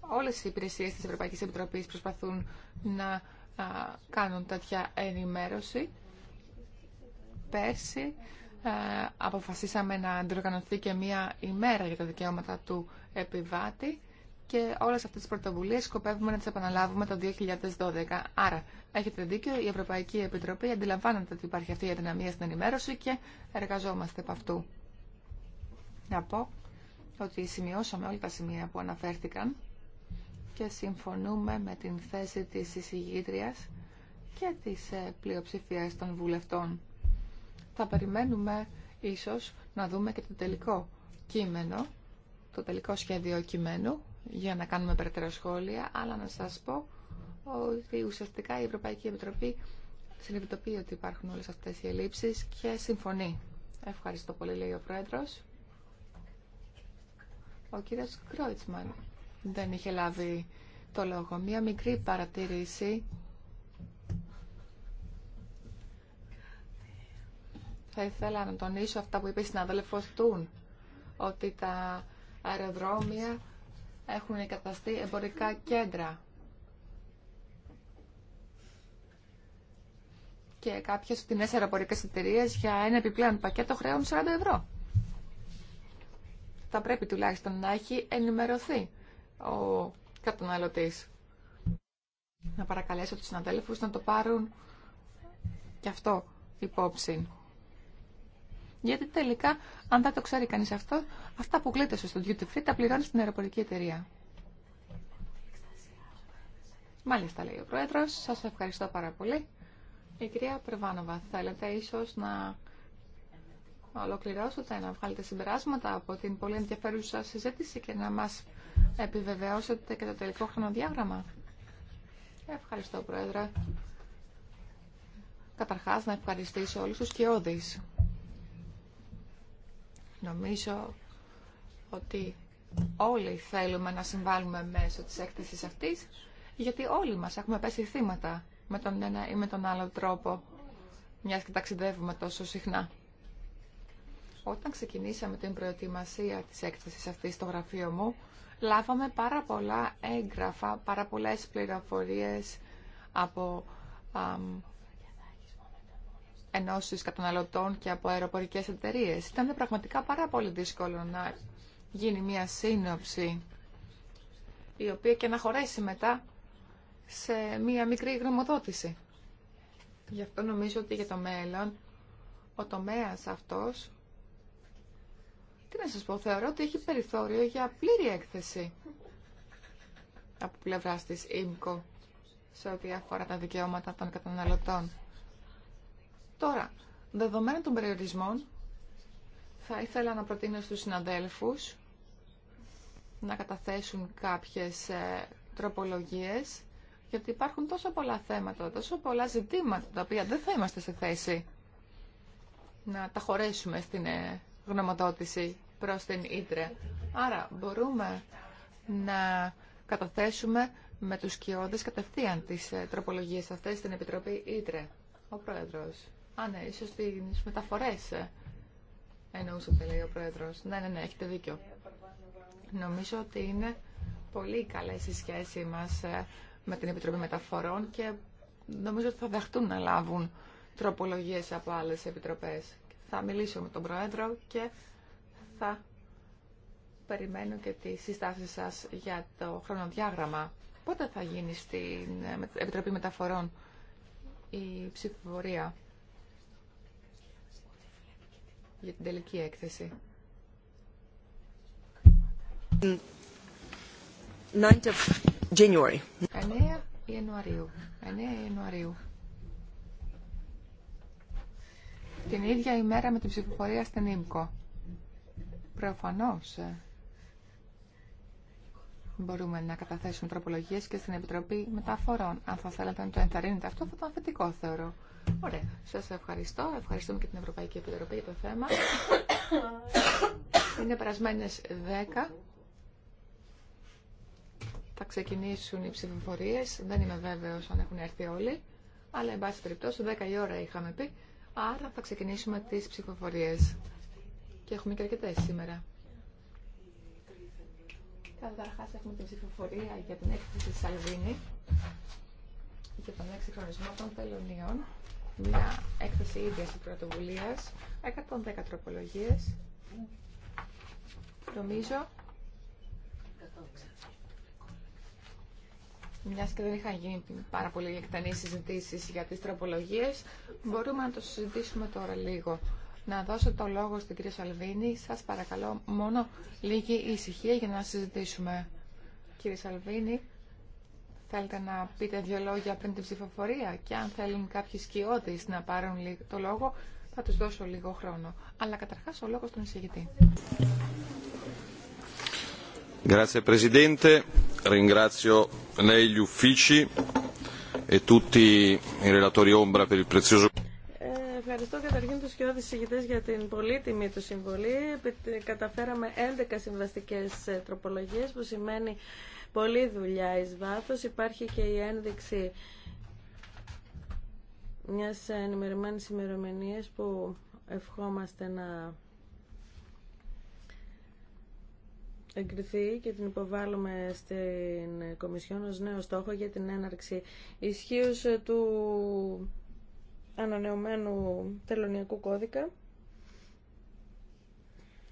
Όλε οι υπηρεσίε τη Ευρωπαϊκή Επιτροπή προσπαθούν να κάνουν τέτοια ενημέρωση. Πέρσι ε, αποφασίσαμε να αντιοργανωθεί και μία ημέρα για τα δικαιώματα του επιβάτη και όλες αυτές τις πρωτοβουλίες σκοπεύουμε να τις επαναλάβουμε το 2012. Άρα, έχετε δίκιο, η Ευρωπαϊκή Επιτροπή αντιλαμβάνεται ότι υπάρχει αυτή η αδυναμία στην ενημέρωση και εργαζόμαστε από αυτού. Να πω ότι σημειώσαμε όλα τα σημεία που αναφέρθηκαν και συμφωνούμε με την θέση της εισηγήτριας και της ε, πλειοψηφίας των βουλευτών θα περιμένουμε ίσως να δούμε και το τελικό κείμενο, το τελικό σχέδιο κειμένου για να κάνουμε περαιτέρω σχόλια, αλλά να σας πω ότι ουσιαστικά η Ευρωπαϊκή Επιτροπή συνειδητοποιεί ότι υπάρχουν όλες αυτές οι ελλείψεις και συμφωνεί. Ευχαριστώ πολύ, λέει ο Πρόεδρος. Ο κύριος Κρόιτσμαν δεν είχε λάβει το λόγο. Μία μικρή παρατήρηση Θα ήθελα να τονίσω αυτά που είπε η συναδέλφο Τούν, ότι τα αεροδρόμια έχουν εγκαταστεί εμπορικά κέντρα. Και κάποιες φτηνές αεροπορικές εταιρείες για ένα επιπλέον πακέτο χρέων 40 ευρώ. Θα πρέπει τουλάχιστον να έχει ενημερωθεί ο καταναλωτής. Να παρακαλέσω τους συναδέλφους να το πάρουν και αυτό υπόψη. Γιατί τελικά, αν δεν το ξέρει κανεί αυτό, αυτά που κλείτωσε στο duty free τα πληρώνει στην αεροπορική εταιρεία. Μάλιστα, λέει ο Πρόεδρο, σα ευχαριστώ πάρα πολύ. Η κυρία Πρεβάνοβα, θέλετε ίσω να ολοκληρώσετε, να βγάλετε συμπεράσματα από την πολύ ενδιαφέρουσα συζήτηση και να μας επιβεβαιώσετε και το τελικό χρονοδιάγραμμα. Ευχαριστώ, Πρόεδρε. Καταρχάς, να ευχαριστήσω όλους τους κοιόδης Νομίζω ότι όλοι θέλουμε να συμβάλλουμε μέσω της έκθεσης αυτής, γιατί όλοι μας έχουμε πέσει θύματα με τον ένα ή με τον άλλο τρόπο, μιας και ταξιδεύουμε τόσο συχνά. Όταν ξεκινήσαμε την προετοιμασία της έκθεσης αυτής στο γραφείο μου, λάβαμε πάρα πολλά έγγραφα, πάρα πολλές πληροφορίες από ενώσεις καταναλωτών και από αεροπορικές εταιρείες. Ήταν πραγματικά πάρα πολύ δύσκολο να γίνει μια σύνοψη η οποία και να χωρέσει μετά σε μια μικρή γνωμοδότηση. Γι' αυτό νομίζω ότι για το μέλλον ο τομέας αυτός τι να σας πω, θεωρώ ότι έχει περιθώριο για πλήρη έκθεση από πλευράς της ΙΜΚΟ σε ό,τι αφορά τα δικαιώματα των καταναλωτών. Τώρα, δεδομένων των περιορισμών, θα ήθελα να προτείνω στους συναδέλφους να καταθέσουν κάποιες ε, τροπολογίες, γιατί υπάρχουν τόσο πολλά θέματα, τόσο πολλά ζητήματα, τα οποία δεν θα είμαστε σε θέση να τα χωρέσουμε στην ε, γνωμοδότηση προς την Ήτρε. Άρα μπορούμε να καταθέσουμε με τους κοιόδες κατευθείαν τις ε, τροπολογίες αυτές στην Επιτροπή Ήτρε. Ο Πρόεδρος. Α, ναι, ίσως τις μεταφορές ε, εννοούσατε, λέει ο Πρόεδρος. Ναι, ναι, ναι, έχετε δίκιο. Νομίζω ότι είναι πολύ καλές η σχέση μας ε, με την Επιτροπή Μεταφορών και νομίζω ότι θα δεχτούν να λάβουν τροπολογίες από άλλες επιτροπές. Θα μιλήσω με τον Πρόεδρο και θα περιμένω και τις συστάσεις σας για το χρονοδιάγραμμα. Πότε θα γίνει στην ε, Επιτροπή Μεταφορών η ψηφοφορία για την τελική έκθεση. 9 Ιανουαρίου. Την ίδια ημέρα με την ψηφοφορία στην ΙΜΚΟ. Προφανώς ε, μπορούμε να καταθέσουμε τροπολογίες και στην Επιτροπή Μεταφορών. Αν θα θέλατε να το ενθαρρύνετε αυτό θα ήταν θετικό θεωρώ. Ωραία. Σα ευχαριστώ. Ευχαριστούμε και την Ευρωπαϊκή Επιτροπή για το θέμα. Είναι περασμένε 10. Θα ξεκινήσουν οι ψηφοφορίε. Δεν είμαι βέβαιο αν έχουν έρθει όλοι. Αλλά, εν πάση περιπτώσει, 10 η ώρα είχαμε πει. Άρα θα ξεκινήσουμε τι ψηφοφορίε. Και έχουμε και αρκετέ σήμερα. Καταρχά, έχουμε την ψηφοφορία για την έκθεση τη Σαλβίνη και τον εξυγχρονισμό των τελωνίων μια έκθεση ίδιας πρωτοβουλίας, 110 τροπολογίες. Νομίζω, μιας και δεν είχαν γίνει πάρα πολύ εκτενεί συζητήσει για τις τροπολογίες, μπορούμε να το συζητήσουμε τώρα λίγο. Να δώσω το λόγο στην κυρία Σαλβίνη. Σας παρακαλώ μόνο λίγη ησυχία για να συζητήσουμε. Κύριε Σαλβίνη, Θέλετε να πείτε δύο λόγια πριν την ψηφοφορία και αν θέλουν κάποιοι σκιώτες να πάρουν το λόγο θα τους δώσω λίγο χρόνο. Αλλά καταρχάς ο λόγος των εισηγητή. Grazie Presidente, ringrazio lei uffici e tutti i relatori ombra per il prezioso ε, Ευχαριστώ καταρχήν τους κοιόδης ηγητές για την πολύτιμη του συμβολή. Καταφέραμε 11 συμβαστικές ε, τροπολογίες που σημαίνει Πολύ δουλειά εις βάθος. Υπάρχει και η ένδειξη μιας ενημερωμένης ημερομηνία που ευχόμαστε να εγκριθεί και την υποβάλλουμε στην Κομισιόν ως νέο στόχο για την έναρξη ισχύους του ανανεωμένου τελωνιακού κώδικα.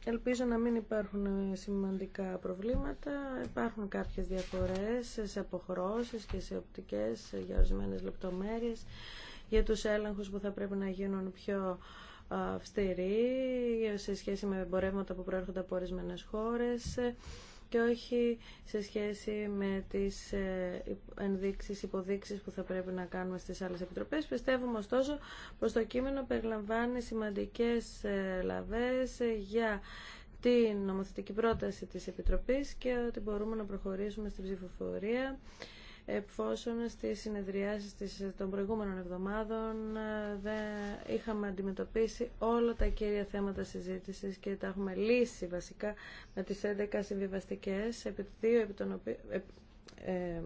Ελπίζω να μην υπάρχουν σημαντικά προβλήματα. Υπάρχουν κάποιες διαφορές σε αποχρώσεις και σε οπτικές για ορισμένε λεπτομέρειες για τους έλεγχους που θα πρέπει να γίνουν πιο αυστηροί σε σχέση με εμπορεύματα που προέρχονται από ορισμένε χώρες και όχι σε σχέση με τις ε, ενδείξεις, υποδείξεις που θα πρέπει να κάνουμε στις άλλες επιτροπές. Πιστεύουμε ωστόσο πως το κείμενο περιλαμβάνει σημαντικές ε, λαβές για την νομοθετική πρόταση της Επιτροπής και ότι μπορούμε να προχωρήσουμε στην ψηφοφορία εφόσον στις συνεδριάσεις της, ε, των προηγούμενων εβδομάδων ε, δεν είχαμε αντιμετωπίσει όλα τα κύρια θέματα συζήτησης και τα έχουμε λύσει βασικά με τις 11 συμβιβαστικές, επί δύο επί ε,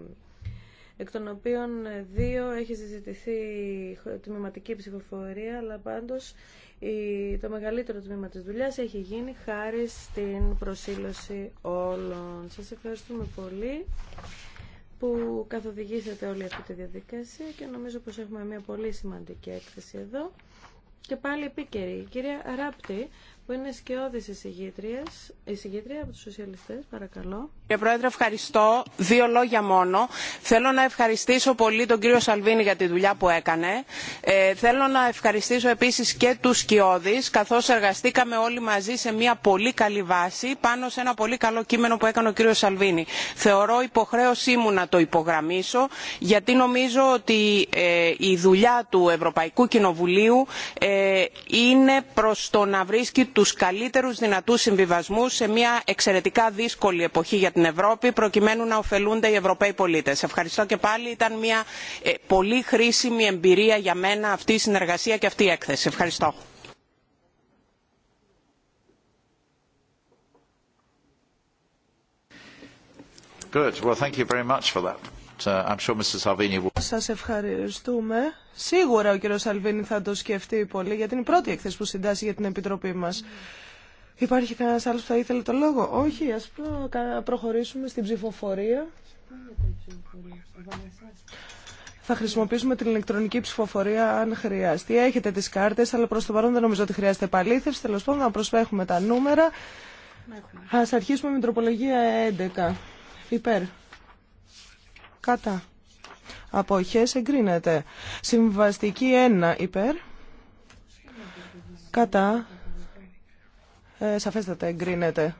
εκ των οποίων δύο έχει συζητηθεί τμήματική ψηφοφορία, αλλά πάντως το μεγαλύτερο τμήμα της δουλειάς έχει γίνει χάρη στην προσήλωση όλων. Σας ευχαριστούμε πολύ που καθοδηγήσατε όλη αυτή τη διαδικασία και νομίζω πως έχουμε μια πολύ σημαντική έκθεση εδώ και πάλι επίκαιρη. Η κυρία Ράπτη που είναι σκιώδης εισηγήτρια από τους σοσιαλιστές, παρακαλώ. Κύριε Πρόεδρε, ευχαριστώ. Δύο λόγια μόνο. Θέλω να ευχαριστήσω πολύ τον κύριο Σαλβίνη για τη δουλειά που έκανε. Ε, θέλω να ευχαριστήσω επίσης και τους Σκιώδης, καθώς εργαστήκαμε όλοι μαζί σε μια πολύ καλή βάση, πάνω σε ένα πολύ καλό κείμενο που έκανε ο κύριος Σαλβίνη. Θεωρώ υποχρέωσή μου να το υπογραμμίσω, γιατί νομίζω ότι ε, η δουλειά του Ευρωπαϊκού Κοινοβουλίου ε, είναι προς το να βρίσκει τους καλύτερους δυνατούς συμβιβασμούς σε μια εξαιρετικά δύσκολη εποχή για την ευρώπη προκειμένου να ωφελούνται οι ευρωπαίοι πολίτες. ευχαριστώ και πάλι ήταν μια ε, πολύ χρήσιμη εμπειρία για μένα αυτή η συνεργασία και αυτή η έκθεση. ευχαριστώ. Good. Well, thank you very much for that. Uh, I'm sure Mr. Σας ευχαριστούμε. Σίγουρα ο κύριος Σαλβίνη θα το σκεφτεί πολύ, γιατί είναι η πρώτη εκθέση που συντάσσει για την Επιτροπή μας. Υπάρχει κανένα άλλο που θα ήθελε το λόγο. Όχι, ας προχωρήσουμε στην ψηφοφορία. Θα χρησιμοποιήσουμε την ηλεκτρονική ψηφοφορία αν χρειαστεί. Έχετε τι κάρτε, αλλά προ το παρόν δεν νομίζω ότι χρειάζεται επαλήθευση. Τελό πάντων, να προσπέχουμε τα νούμερα. Α αρχίσουμε με τροπολογία 11. Υπέρ. Κατά. Αποχές εγκρίνεται. Συμβαστική 1. Υπέρ. Κατά. Ε, σαφέστατα εγκρίνεται.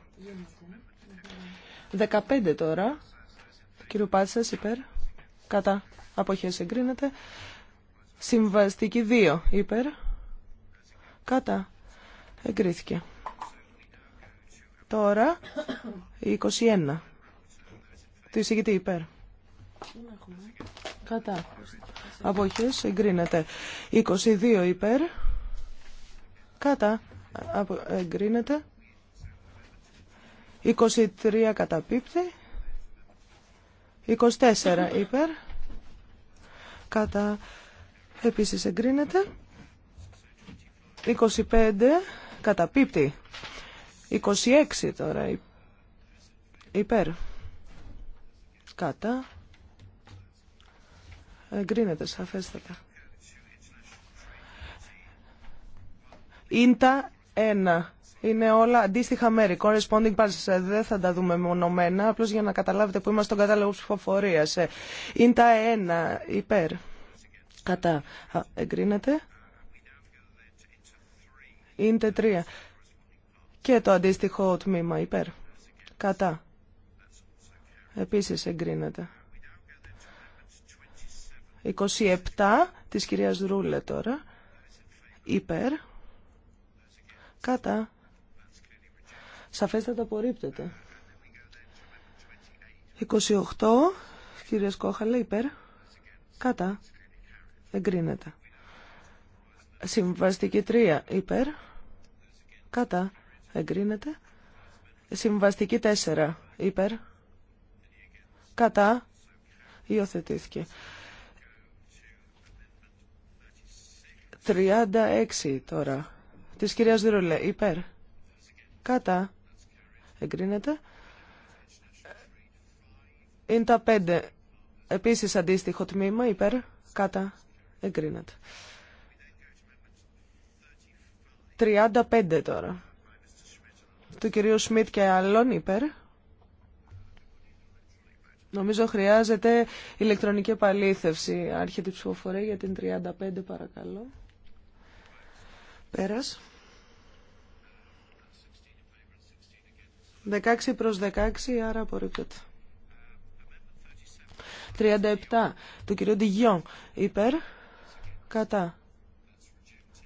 15 τώρα. Κύριο Πάτσα, υπέρ. Κατά. Αποχέ εγκρίνεται. Συμβαστική 2, υπέρ. Κατά. Εγκρίθηκε. Τώρα, 21. Του εισηγητή υπέρ. Κατά. Αποχές εγκρίνεται. 22 υπέρ. Κατά εγκρίνεται. 23 καταπίπτει. 24 υπέρ. Κατά επίσης εγκρίνεται. 25 καταπίπτει. 26 τώρα υπέρ. Κατά. Εγκρίνεται σαφέστατα. Ίντα ένα. Είναι όλα αντίστοιχα μέρη. Corresponding parts. Ε, δεν θα τα δούμε μονομένα, απλώ για να καταλάβετε που είμαστε στον κατάλογο ψηφοφορία. Ε, είναι τα ένα υπέρ. Κατά. εγκρίνεται. Είναι τρία. Και το αντίστοιχο τμήμα υπέρ. Κατά. Επίσης εγκρίνεται. 27 της κυρίας Ρούλε τώρα. Υπέρ. Κατά. Σαφέστατα απορρίπτεται. 28. Κύριε Σκόχαλε, υπέρ. Κατά. Εγκρίνεται. Συμβαστική 3. Υπέρ. Κατά. Εγκρίνεται. Συμβαστική 4. Υπέρ. Κατά. Υιοθετήθηκε. 36 τώρα της κυρίας Δουρολέ. Υπέρ. Κατά. Εγκρίνεται. Είναι τα πέντε. Επίσης αντίστοιχο τμήμα. Υπέρ. Κατά. Εγκρίνεται. 35 τώρα. Του κυρίου Σμιτ και άλλων υπέρ. Νομίζω χρειάζεται ηλεκτρονική επαλήθευση. Άρχεται η ψηφοφορία για την 35 παρακαλώ. Πέρας. 16 προς 16, άρα απορρίπτεται. 37 του κυρίου Ντιγιόν υπέρ κατά.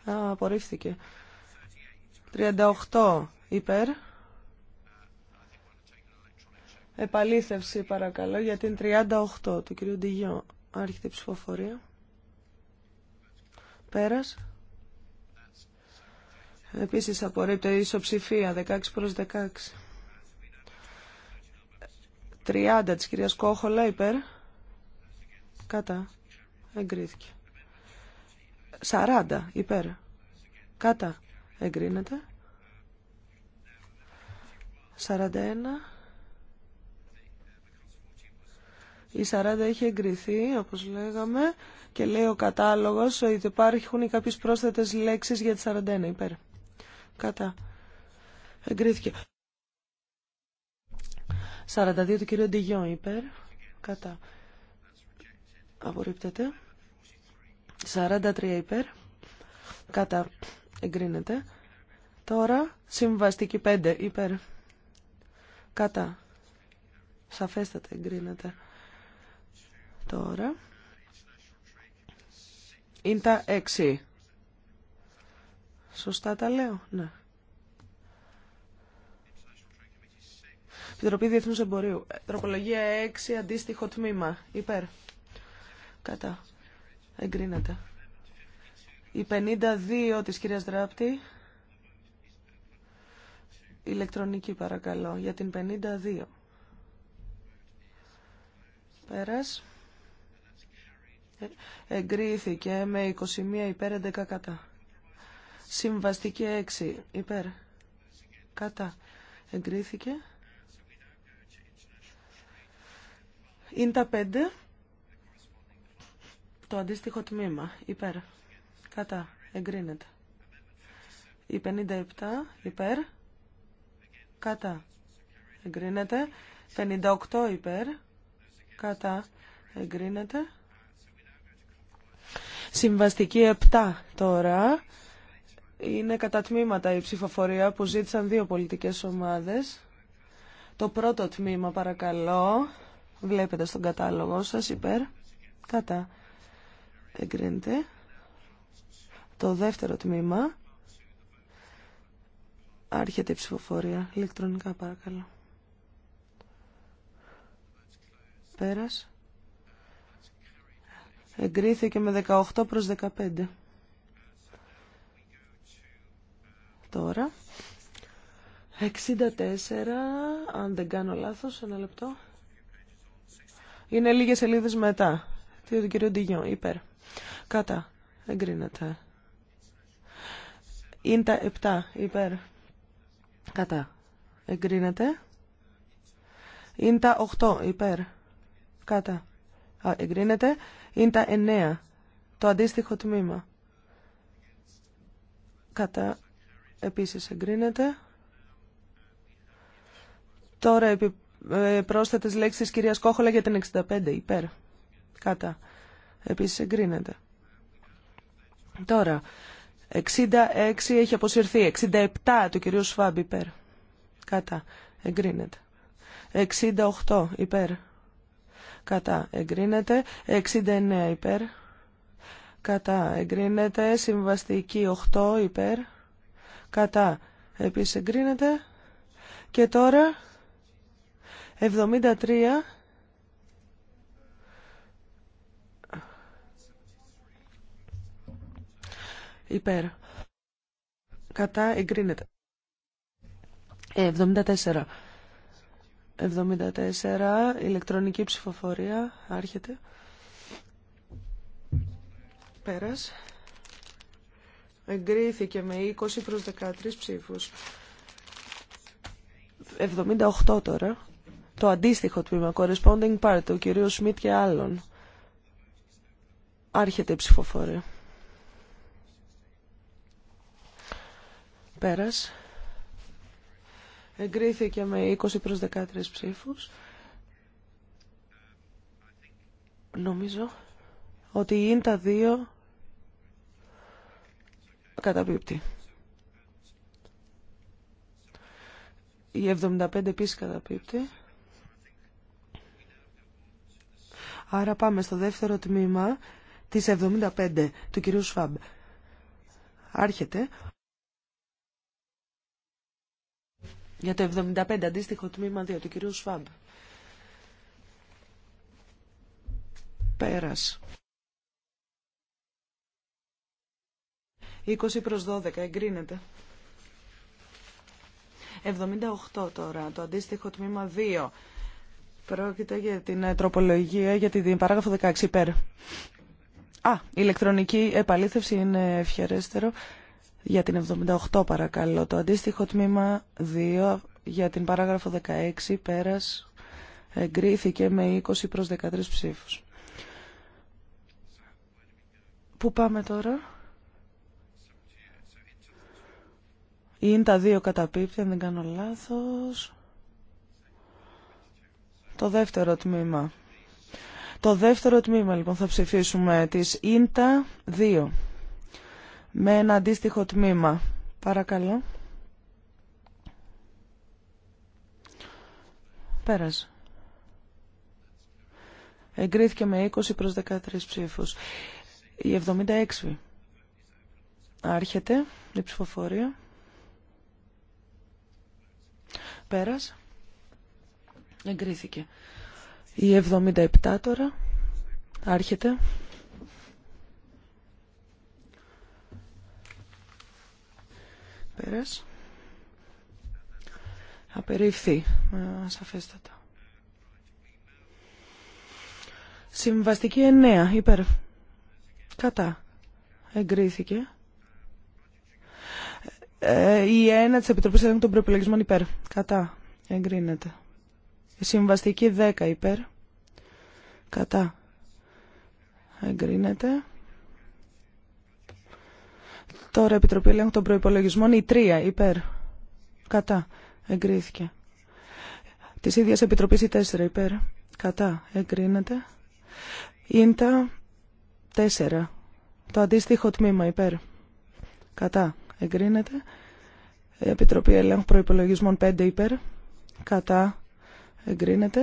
Α, απορρίφθηκε. 38 υπέρ. Επαλήθευση παρακαλώ για την 38 του κυρίου Ντιγιόν. Άρχεται η ψηφοφορία. Πέρας. Επίσης απορρίπτεται η ισοψηφία 16 προς 16. 30 της κυρίας Κόχολα υπέρ. Κατά. Εγκρίθηκε. 40 υπέρ. Κατά. Εγκρίνεται. 41. Η 40 έχει εγκριθεί, όπως λέγαμε, και λέει ο κατάλογος ότι υπάρχουν κάποιες πρόσθετες λέξεις για τη 41 υπέρ. Κατά. Εγκρίθηκε. 42 του κυρίου Ντιγιόν υπέρ. Κατά. Απορρίπτεται. 43 υπέρ. Κατά. Εγκρίνεται. Τώρα συμβαστική 5 υπέρ. Κατά. Σαφέστατα εγκρίνεται. Τώρα. Είναι τα 6 Σωστά τα λέω, ναι. Επιτροπή Διεθνούς Εμπορίου. Ε, τροπολογία 6, αντίστοιχο τμήμα. Υπέρ. Κατά. Εγκρίνεται. Η 52 της κυρίας Δράπτη. Ηλεκτρονική παρακαλώ, για την 52. Πέρας. Ε, εγκρίθηκε με 21 υπέρ 11 κατά. Συμβαστική 6. Υπέρ. Κατά. Εγκρίθηκε. Είναι τα 5. Το αντίστοιχο τμήμα. Υπέρ. Κατά. Εγκρίνεται. Η 57. Υπέρ. Κατά. Εγκρίνεται. 58. Υπέρ. Κατά. Εγκρίνεται. Συμβαστική 7 τώρα είναι κατά τμήματα η ψηφοφορία που ζήτησαν δύο πολιτικές ομάδες. Το πρώτο τμήμα παρακαλώ, βλέπετε στον κατάλογο σας, υπέρ, κατά, εγκρίνεται. Το δεύτερο τμήμα, άρχεται η ψηφοφορία, ηλεκτρονικά παρακαλώ. Πέρας. Εγκρίθηκε με 18 προς 15. τώρα. 64, αν δεν κάνω λάθος, ένα λεπτό. Είναι λίγες σελίδες μετά. Τι του κύριο Ντιγιό, υπέρ. Κατά, εγκρίνεται. Είναι τα 7, υπέρ. Κατά, εγκρίνεται. Είναι τα 8, υπέρ. Κατά, εγκρίνεται. Είναι τα 9, το αντίστοιχο τμήμα. Κατά, Επίσης εγκρίνεται. Τώρα επί, ε, πρόσθετες λέξεις κυρίας Κόχολα για την 65 υπέρ. Κατά. Επίσης εγκρίνεται. Τώρα, 66 έχει αποσυρθεί. 67 του κυρίου Σφάμπ υπέρ. Κατά. Εγκρίνεται. 68 υπέρ. Κατά. Εγκρίνεται. 69 υπέρ. Κατά. Εγκρίνεται. Συμβαστική 8 υπέρ κατά επίσης εγκρίνεται και τώρα 73 υπέρ κατά εγκρίνεται 74 74 ηλεκτρονική ψηφοφορία άρχεται πέρας Εγκρίθηκε με 20 προς 13 ψήφους. 78 τώρα. Το αντίστοιχο τμήμα, corresponding part, ο κύριο Σμιτ και άλλων. Άρχεται η ψηφοφορία. Πέρας. Εγκρίθηκε με 20 προς 13 ψήφους. Νομίζω ότι είναι τα δύο καταπίπτει. Η 75 επίσης καταπίπτει. Άρα πάμε στο δεύτερο τμήμα της 75 του κυρίου Σφάμπ. Άρχεται. Για το 75 αντίστοιχο τμήμα 2 του κυρίου Σφάμπ. Πέρας. 20 προς 12 εγκρίνεται. 78 τώρα, το αντίστοιχο τμήμα 2. Πρόκειται για την ε, τροπολογία για την παράγραφο 16 πέρα Α, ηλεκτρονική επαλήθευση είναι ευχερέστερο. Για την 78 παρακαλώ. Το αντίστοιχο τμήμα 2 για την παράγραφο 16 πέρας εγκρίθηκε με 20 προς 13 ψήφους. Πού πάμε τώρα? Είναι τα δύο καταπίπτει, αν δεν κάνω λάθος. Το δεύτερο τμήμα. Το δεύτερο τμήμα, λοιπόν, θα ψηφίσουμε τις ίντα 2. Με ένα αντίστοιχο τμήμα. Παρακαλώ. Πέρασε. Εγκρίθηκε με 20 προς 13 ψήφους. Η 76. Άρχεται η ψηφοφορία. Πέρας. Εγκρίθηκε. Η 77 τώρα. Άρχεται. Πέρας. Απεριφθεί. Σαφέστατα. Συμβαστική 9. Υπέρ. Κατά. Εγκρίθηκε. Ε, η ένα της Επιτροπής Ελέγχου των Προπολογισμών υπέρ. Κατά. Εγκρίνεται. Η συμβαστική 10 υπέρ. Κατά. Εγκρίνεται. Τώρα Επιτροπή Ελέγχου των Προπολογισμών η 3 υπέρ. Κατά. Εγκρίθηκε. Τη ίδια Επιτροπή η 4 υπέρ. Κατά. Εγκρίνεται. τα 4. Το αντίστοιχο τμήμα υπέρ. Κατά εγκρίνεται. Επιτροπή Ελέγχου Προϋπολογισμών 5 υπέρ, κατά, εγκρίνεται.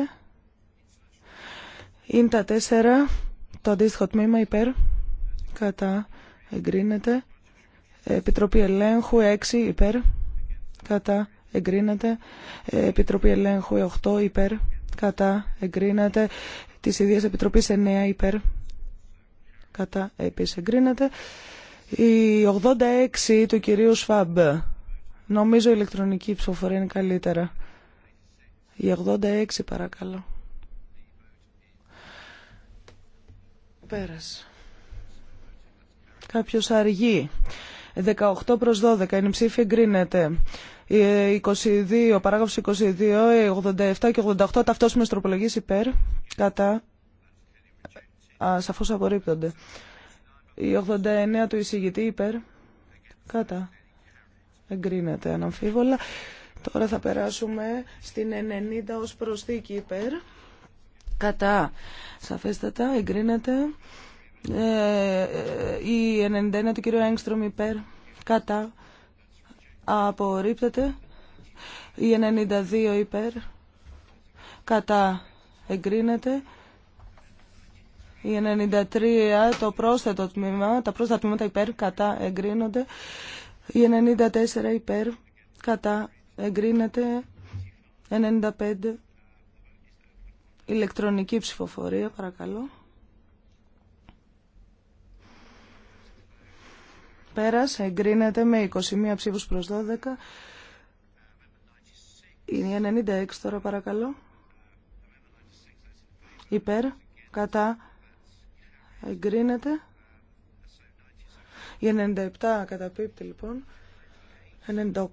Είναι τα 4, το αντίστοιχο τμήμα υπέρ, κατά, εγκρίνεται. Επιτροπή Ελέγχου 6 υπέρ, κατά, εγκρίνεται. Επιτροπή Ελέγχου 8 υπέρ, κατά, εγκρίνεται. Της Ιδίας Επιτροπής 9 υπέρ, κατά, επίσης εγκρίνεται. Η 86 του κυρίου Σφαμπ. Νομίζω η ηλεκτρονική ψηφοφορία είναι καλύτερα. Η 86 παρακαλώ. Πέρασε. Κάποιος αργεί. 18 προς 12. Είναι ψήφι εγκρίνεται. 22, ε, παράγραφος 22, 87 ε, και 88 ταυτόσιμες τροπολογίες υπέρ. Κατά. Α, σαφώς απορρίπτονται. Η 89 του εισηγητή υπέρ. Κατά. Εγκρίνεται αναμφίβολα. Τώρα θα περάσουμε στην 90 ως προσθήκη υπέρ. Κατά. Σαφέστατα εγκρίνεται. Ε, ε η 91 του κύριου Έγκστρομ υπέρ. Κατά. Απορρίπτεται. Η 92 υπέρ. Κατά. Εγκρίνεται. Η 93 το πρόσθετο τμήμα, τα πρόσθετα τμήματα υπέρ κατά εγκρίνονται. Η 94 υπέρ κατά εγκρίνεται. 95 ηλεκτρονική ψηφοφορία παρακαλώ. Πέρας εγκρίνεται με 21 ψήφους προς 12. Η 96 τώρα παρακαλώ. Υπέρ, κατά, εγκρίνεται. Η 97 καταπίπτει λοιπόν. 98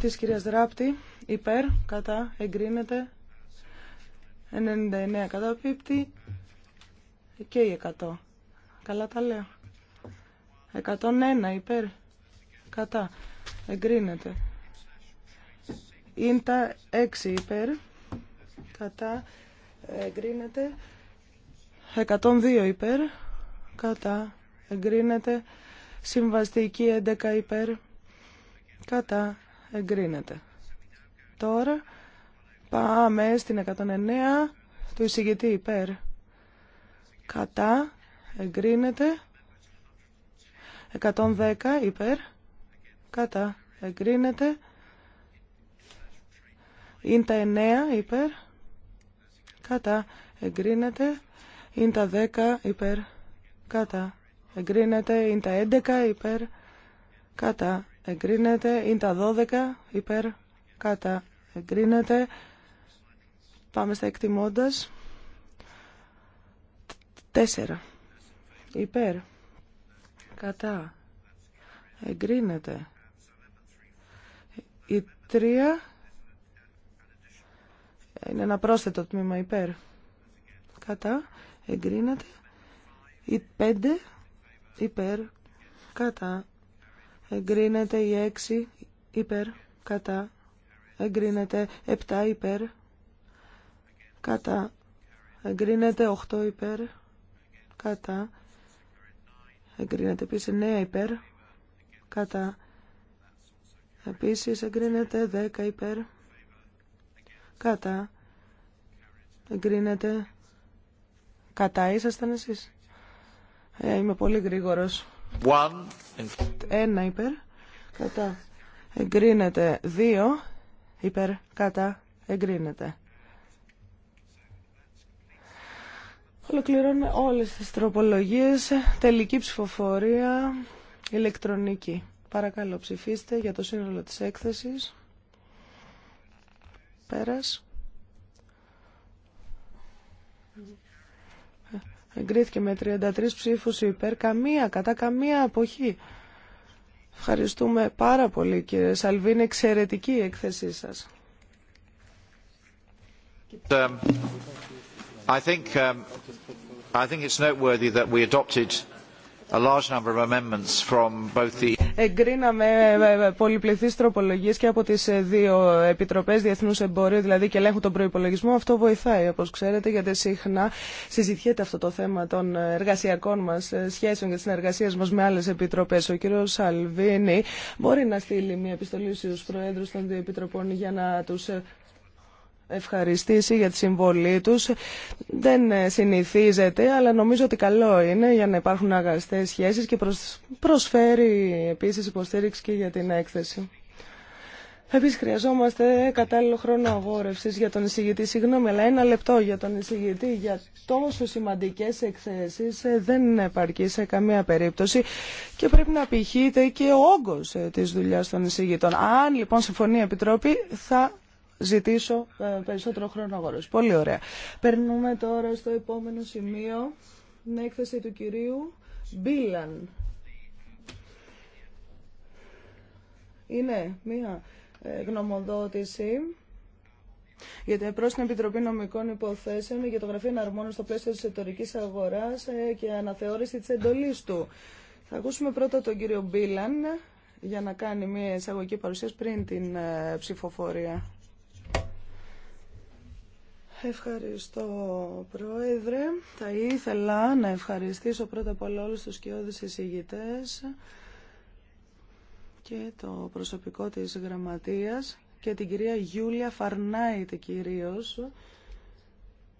της κυρίας Δράπτη υπέρ κατά εγκρίνεται. 99 καταπίπτει και η 100. Καλά τα λέω. 101 υπέρ κατά εγκρίνεται. Είναι τα 6 υπέρ κατά εγκρίνεται. 102 υπέρ, κατά, εγκρίνεται. Συμβαστική 11 υπέρ, κατά, εγκρίνεται. Τώρα πάμε στην 109 του εισηγητή υπέρ, κατά, εγκρίνεται. 110 υπέρ, κατά, εγκρίνεται. Είναι τα 9 υπέρ, κατά, εγκρίνεται. Είναι τα 10 υπέρ κατά εγκρίνεται. Είναι τα 11 υπέρ κατά εγκρίνεται. Είναι τα 12 υπέρ κατά εγκρίνεται. Πάμε στα εκτιμώντα. 4 υπέρ κατά εγκρίνεται. Η 3 είναι ένα πρόσθετο τμήμα υπέρ. Κατά εγκρίνεται. Η 5 υπέρ κατά εγκρίνεται. Η 6 υπέρ κατά εγκρίνεται. 7 υπέρ κατά εγκρίνεται. 8 υπέρ κατά εγκρίνεται. Επίση 9 υπέρ κατά Επίση εγκρίνεται 10 υπέρ κατά εγκρίνεται Κατά ήσασταν εσεί? Ε, είμαι πολύ γρήγορο. Ένα υπέρ. Κατά. Εγκρίνεται. Δύο υπέρ. Κατά. Εγκρίνεται. Ολοκληρώνουμε όλες τις τροπολογίες. Τελική ψηφοφορία ηλεκτρονική. Παρακαλώ ψηφίστε για το σύνολο της έκθεσης. Πέρας. Εγκρίθηκε με 33 ψήφους υπέρ, καμία, κατά καμία αποχή. Ευχαριστούμε πάρα πολύ κύριε Σαλβίν. εξαιρετική η έκθεσή σας. Um, I think, um, I think it's Εγκρίναμε πολυπληθείς τροπολογίες και από τις ε, δύο επιτροπές διεθνούς εμπορίου, δηλαδή και ελέγχου τον προϋπολογισμό. Αυτό βοηθάει, όπως ξέρετε, γιατί συχνά συζητιέται αυτό το θέμα των εργασιακών μας ε, σχέσεων και της συνεργασίας μας με άλλες επιτροπές. Ο κύριος Σαλβίνη μπορεί να στείλει μια επιστολή στους Προέδρους των δύο επιτροπών για να τους ε, ευχαριστήσει για τη συμβολή τους. Δεν ε, συνηθίζεται, αλλά νομίζω ότι καλό είναι για να υπάρχουν αγαστές σχέσεις και προσφέρει επίσης υποστήριξη και για την έκθεση. Επίση χρειαζόμαστε κατάλληλο χρόνο αγόρευση για τον εισηγητή. Συγγνώμη, αλλά ένα λεπτό για τον εισηγητή. Για τόσο σημαντικέ εκθέσει ε, δεν επαρκεί σε καμία περίπτωση και πρέπει να πηχείται και ο όγκο ε, τη δουλειά των εισηγητών. Αν λοιπόν συμφωνεί η Επιτροπή θα ζητήσω ε, περισσότερο χρόνο αγορός. Πολύ ωραία. Περνούμε τώρα στο επόμενο σημείο, την έκθεση του κυρίου Μπίλαν. Είναι μία ε, γνωμοδότηση για προς την Επιτροπή Νομικών Υποθέσεων για το Γραφείο Εναρμόνων στο πλαίσιο τη αγοράς αγορά ε, και αναθεώρηση της εντολής του. Θα ακούσουμε πρώτα τον κύριο Μπίλαν για να κάνει μια εισαγωγική παρουσίαση πριν την ψηφοφορία. Ευχαριστώ, Πρόεδρε. Θα ήθελα να ευχαριστήσω πρώτα απ' όλα όλους τους κοιόδης εισηγητές και το προσωπικό της γραμματείας και την κυρία Γιούλια Φαρνάιτ κυρίως.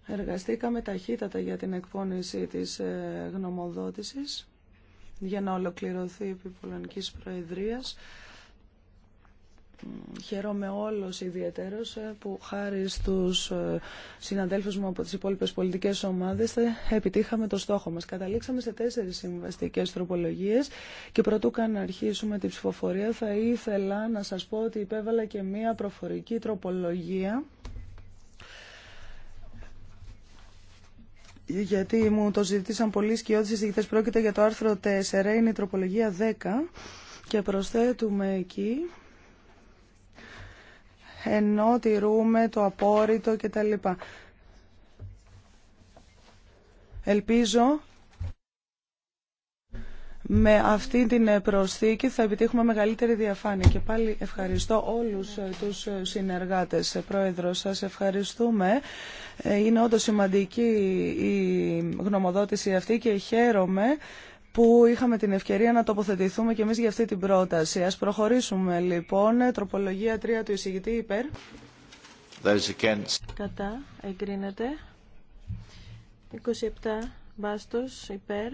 Εργαστήκαμε ταχύτατα για την εκπόνηση της ε, γνωμοδότησης για να ολοκληρωθεί η Επιπολωνικής Προεδρίας χαίρομαι όλος ιδιαίτερος ε, που χάρη στους ε, συναδέλφους μου από τις υπόλοιπες πολιτικές ομάδες ε, επιτύχαμε το στόχο μας. Καταλήξαμε σε τέσσερις συμβαστικές τροπολογίες και πρωτού καν αρχίσουμε την ψηφοφορία θα ήθελα να σας πω ότι υπέβαλα και μία προφορική τροπολογία γιατί μου το ζητήσαν πολλοί σκιώδεις εισηγητές. Πρόκειται για το άρθρο 4, είναι η τροπολογία 10 και προσθέτουμε εκεί ενώ τηρούμε το απόρριτο κτλ. Ελπίζω με αυτή την προσθήκη θα επιτύχουμε μεγαλύτερη διαφάνεια. Και πάλι ευχαριστώ όλους τους συνεργάτες. Πρόεδρο, σας ευχαριστούμε. Ε, είναι όντως σημαντική η γνωμοδότηση αυτή και χαίρομαι που είχαμε την ευκαιρία να τοποθετηθούμε και εμείς για αυτή την πρόταση. Ας προχωρήσουμε λοιπόν. Τροπολογία 3 του εισηγητή υπέρ. Κατά. Εγκρίνεται. 27. Μπάστος υπέρ.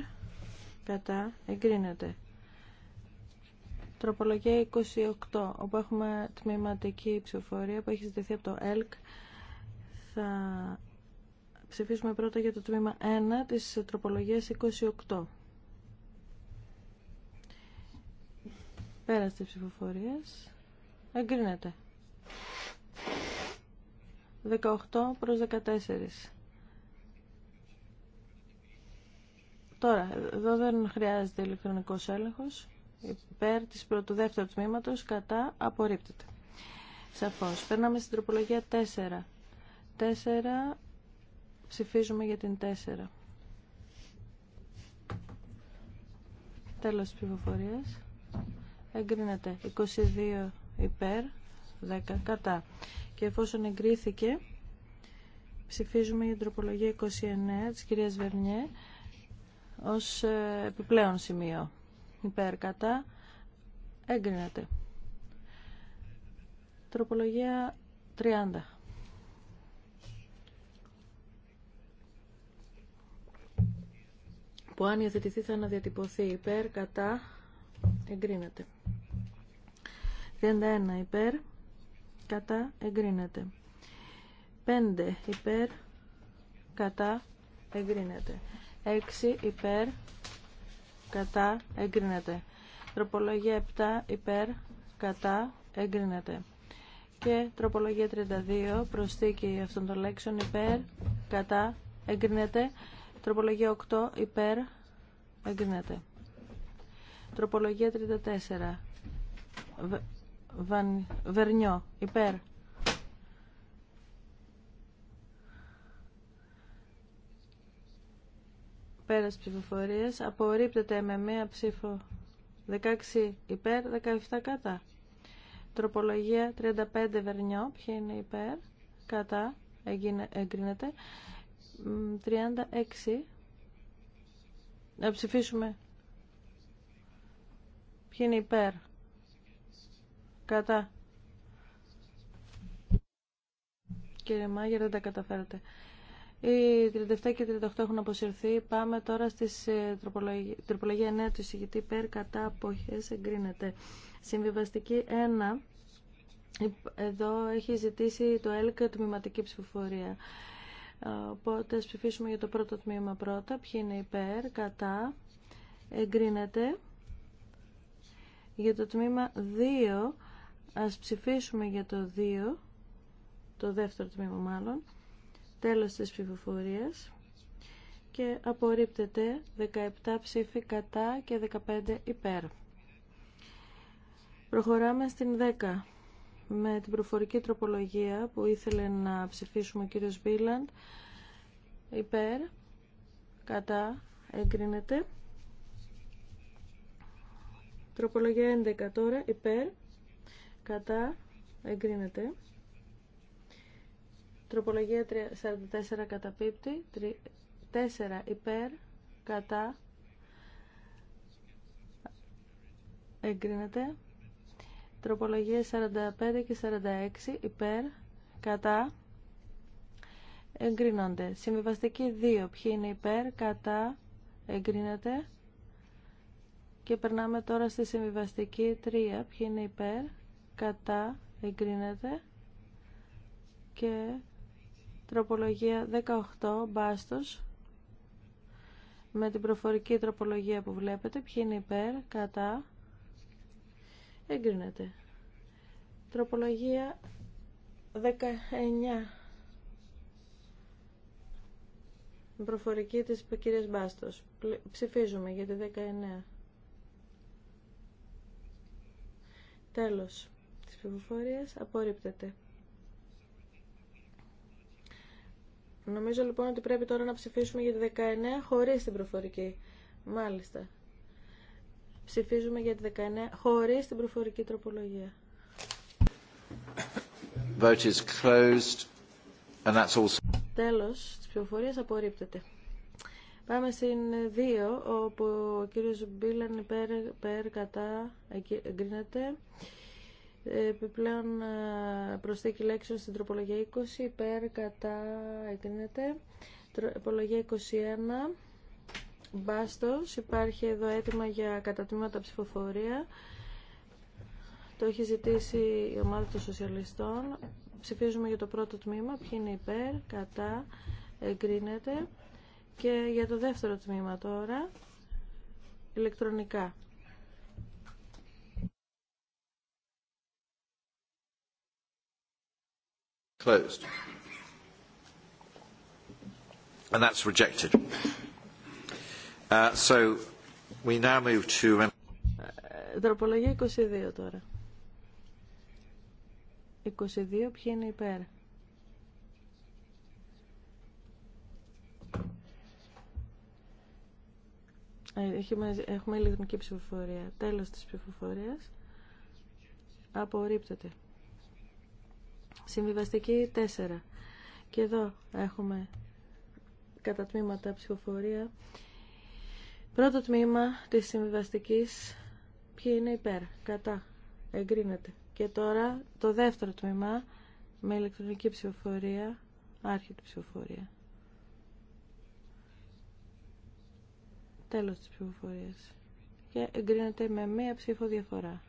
Κατά. Εγκρίνεται. Τροπολογία 28, όπου έχουμε τμήματική ψηφοφορία που έχει ζητηθεί από το ΕΛΚ. Θα ψηφίσουμε πρώτα για το τμήμα 1 της τροπολογίας 28. Πέρασε της ψηφοφορία. Εγκρίνεται. 18 προς 14. Τώρα, εδώ δεν χρειάζεται ηλεκτρονικός έλεγχος. Υπέρ της πρώτου δεύτερου τμήματος, κατά, απορρίπτεται. Σαφώς. Περνάμε στην τροπολογία 4. 4. Ψηφίζουμε για την 4. Τέλος της ψηφοφορίας εγκρίνεται 22 υπέρ 10 κατά και εφόσον εγκρίθηκε ψηφίζουμε η τροπολογία 29 της κυρίας Βερνιέ ως ε, επιπλέον σημείο υπέρ κατά εγκρίνεται τροπολογία 30 που αν υιοθετηθεί θα αναδιατυπωθεί υπέρ, κατά, εγκρίνεται. 31 υπέρ κατά εγκρίνεται 5 υπέρ κατά εγκρίνεται 6 υπέρ κατά εγκρίνεται τροπολογία 7 υπέρ κατά εγκρίνεται και τροπολογία 32 προσθήκη αυτών των λέξεων υπέρ κατά εγκρίνεται τροπολογία 8 υπέρ εγκρίνεται τροπολογία 34 Βαν... Βερνιό, υπέρ. Πέρας ψηφοφορίες. απορρίπτεται με μία ψήφο 16 υπέρ, 17 κατά. Τροπολογία 35 Βερνιό, ποια είναι υπέρ, κατά, εγκρίνεται. 36, να ψηφίσουμε. Ποια είναι υπέρ. Κατά. Κύριε Μάγερ, δεν τα καταφέρατε. Οι 37 και 38 έχουν αποσυρθεί. Πάμε τώρα στη ε, τροπολογία 9 του εισηγητή περ κατά αποχές εγκρίνεται. Συμβιβαστική 1. Εδώ έχει ζητήσει το ΕΛΚ τμηματική ψηφοφορία. Οπότε ας ψηφίσουμε για το πρώτο τμήμα πρώτα. Ποιοι είναι υπέρ, κατά, εγκρίνεται. Για το τμήμα 2 Ας ψηφίσουμε για το 2, το δεύτερο τμήμα μάλλον, τέλος της ψηφοφορίας και απορρίπτεται 17 ψήφοι κατά και 15 υπέρ. Προχωράμε στην 10 με την προφορική τροπολογία που ήθελε να ψηφίσουμε ο κύριος Βίλαντ υπέρ, κατά, εγκρίνεται. Τροπολογία 11 τώρα, υπέρ, κατά εγκρίνεται. Τροπολογία 44 καταπίπτει, 4 υπέρ κατά εγκρίνεται. Τροπολογία 45 και 46 υπέρ κατά εγκρίνονται. Συμβιβαστική 2 ποιοι είναι υπέρ κατά εγκρίνεται. Και περνάμε τώρα στη συμβιβαστική 3 ποιοι είναι υπέρ κατά εγκρίνεται και τροπολογία 18 μπάστος με την προφορική τροπολογία που βλέπετε ποιοι είναι υπέρ, κατά εγκρίνεται τροπολογία 19 προφορική της κυρίας Μπάστος ψηφίζουμε για τη 19 τέλος ψηφοφορίας απορρίπτεται. Νομίζω λοιπόν ότι πρέπει τώρα να ψηφίσουμε για τη 19 χωρίς την προφορική. Μάλιστα. Ψηφίζουμε για τη 19 χωρίς την προφορική τροπολογία. Vote is closed. And that's also... Τέλος της ψηφοφορίας απορρίπτεται. Πάμε στην 2, όπου ο κύριος Μπίλαν υπέρ, υπέρ κατά εγκρίνεται. Επιπλέον ε, προσθήκη λέξεων στην τροπολογία 20, υπέρ κατά εγκρίνεται. Τροπολογία 21, μπάστος, υπάρχει εδώ έτοιμα για κατατμήματα ψηφοφορία. Το έχει ζητήσει η ομάδα των σοσιαλιστών. Ψηφίζουμε για το πρώτο τμήμα, ποιοι είναι υπέρ, κατά, εγκρίνεται. Και για το δεύτερο τμήμα τώρα, ηλεκτρονικά. Closed. And that's rejected. Uh, so we now move to. Τροπολογία 22 τώρα. 22 ποιοι είναι υπέρ. Ε, έχουμε, έχουμε ηλεκτρονική ψηφοφορία. Τέλος της ψηφοφορίας. Απορρίπτεται. Συμβιβαστική 4. Και εδώ έχουμε κατά τμήματα ψηφοφορία. Πρώτο τμήμα της συμβιβαστικής, ποιοι είναι υπέρ, κατά, εγκρίνεται. Και τώρα το δεύτερο τμήμα με ηλεκτρονική ψηφοφορία, άρχιτη ψηφοφορία. Τέλος της ψηφοφορίας. Και εγκρίνεται με μία ψήφο διαφορά.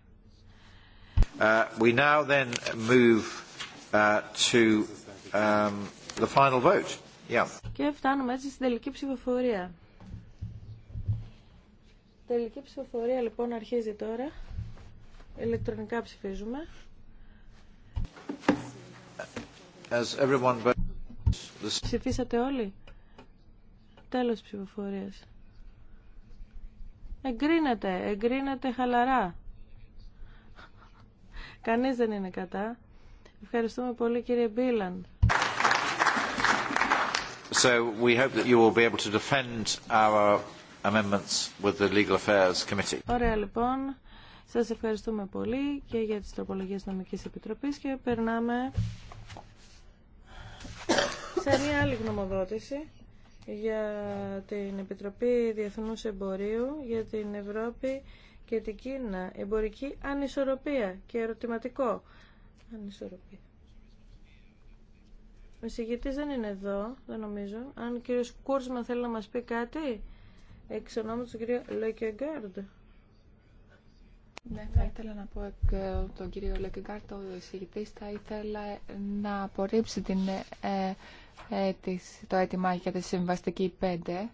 Uh, we Uh, um, final Και φτάνουμε έτσι στην τελική ψηφοφορία. Τελική ψηφοφορία λοιπόν αρχίζει τώρα. Ηλεκτρονικά ψηφίζουμε. As Ψηφίσατε όλοι. Τέλος ψηφοφορίας. Εγκρίνεται, εγκρίνεται χαλαρά. Κανείς δεν είναι κατά. Ευχαριστούμε πολύ κύριε Μπίλαν. So we hope that you will be able to defend our amendments with the Legal Affairs Committee. Ωραία λοιπόν. Σας ευχαριστούμε πολύ και για τις τροπολογίες νομικής επιτροπής και περνάμε σε μια άλλη γνωμοδότηση για την Επιτροπή Διεθνούς Εμπορίου για την Ευρώπη και την Κίνα. Εμπορική ανισορροπία και ερωτηματικό ανισορροπία. Ο εισηγητής δεν είναι εδώ, δεν νομίζω. Αν ο κύριος Κούρσμα θέλει να μας πει κάτι, εξ ονόματος του κυρίου Λεκεγκάρντ. Ναι, θα ήθελα να πω ε, τον κύριο Λεκεγκάρντ, ο εισηγητής θα ήθελα να απορρίψει ε, ε, το αίτημα για τη συμβαστική 5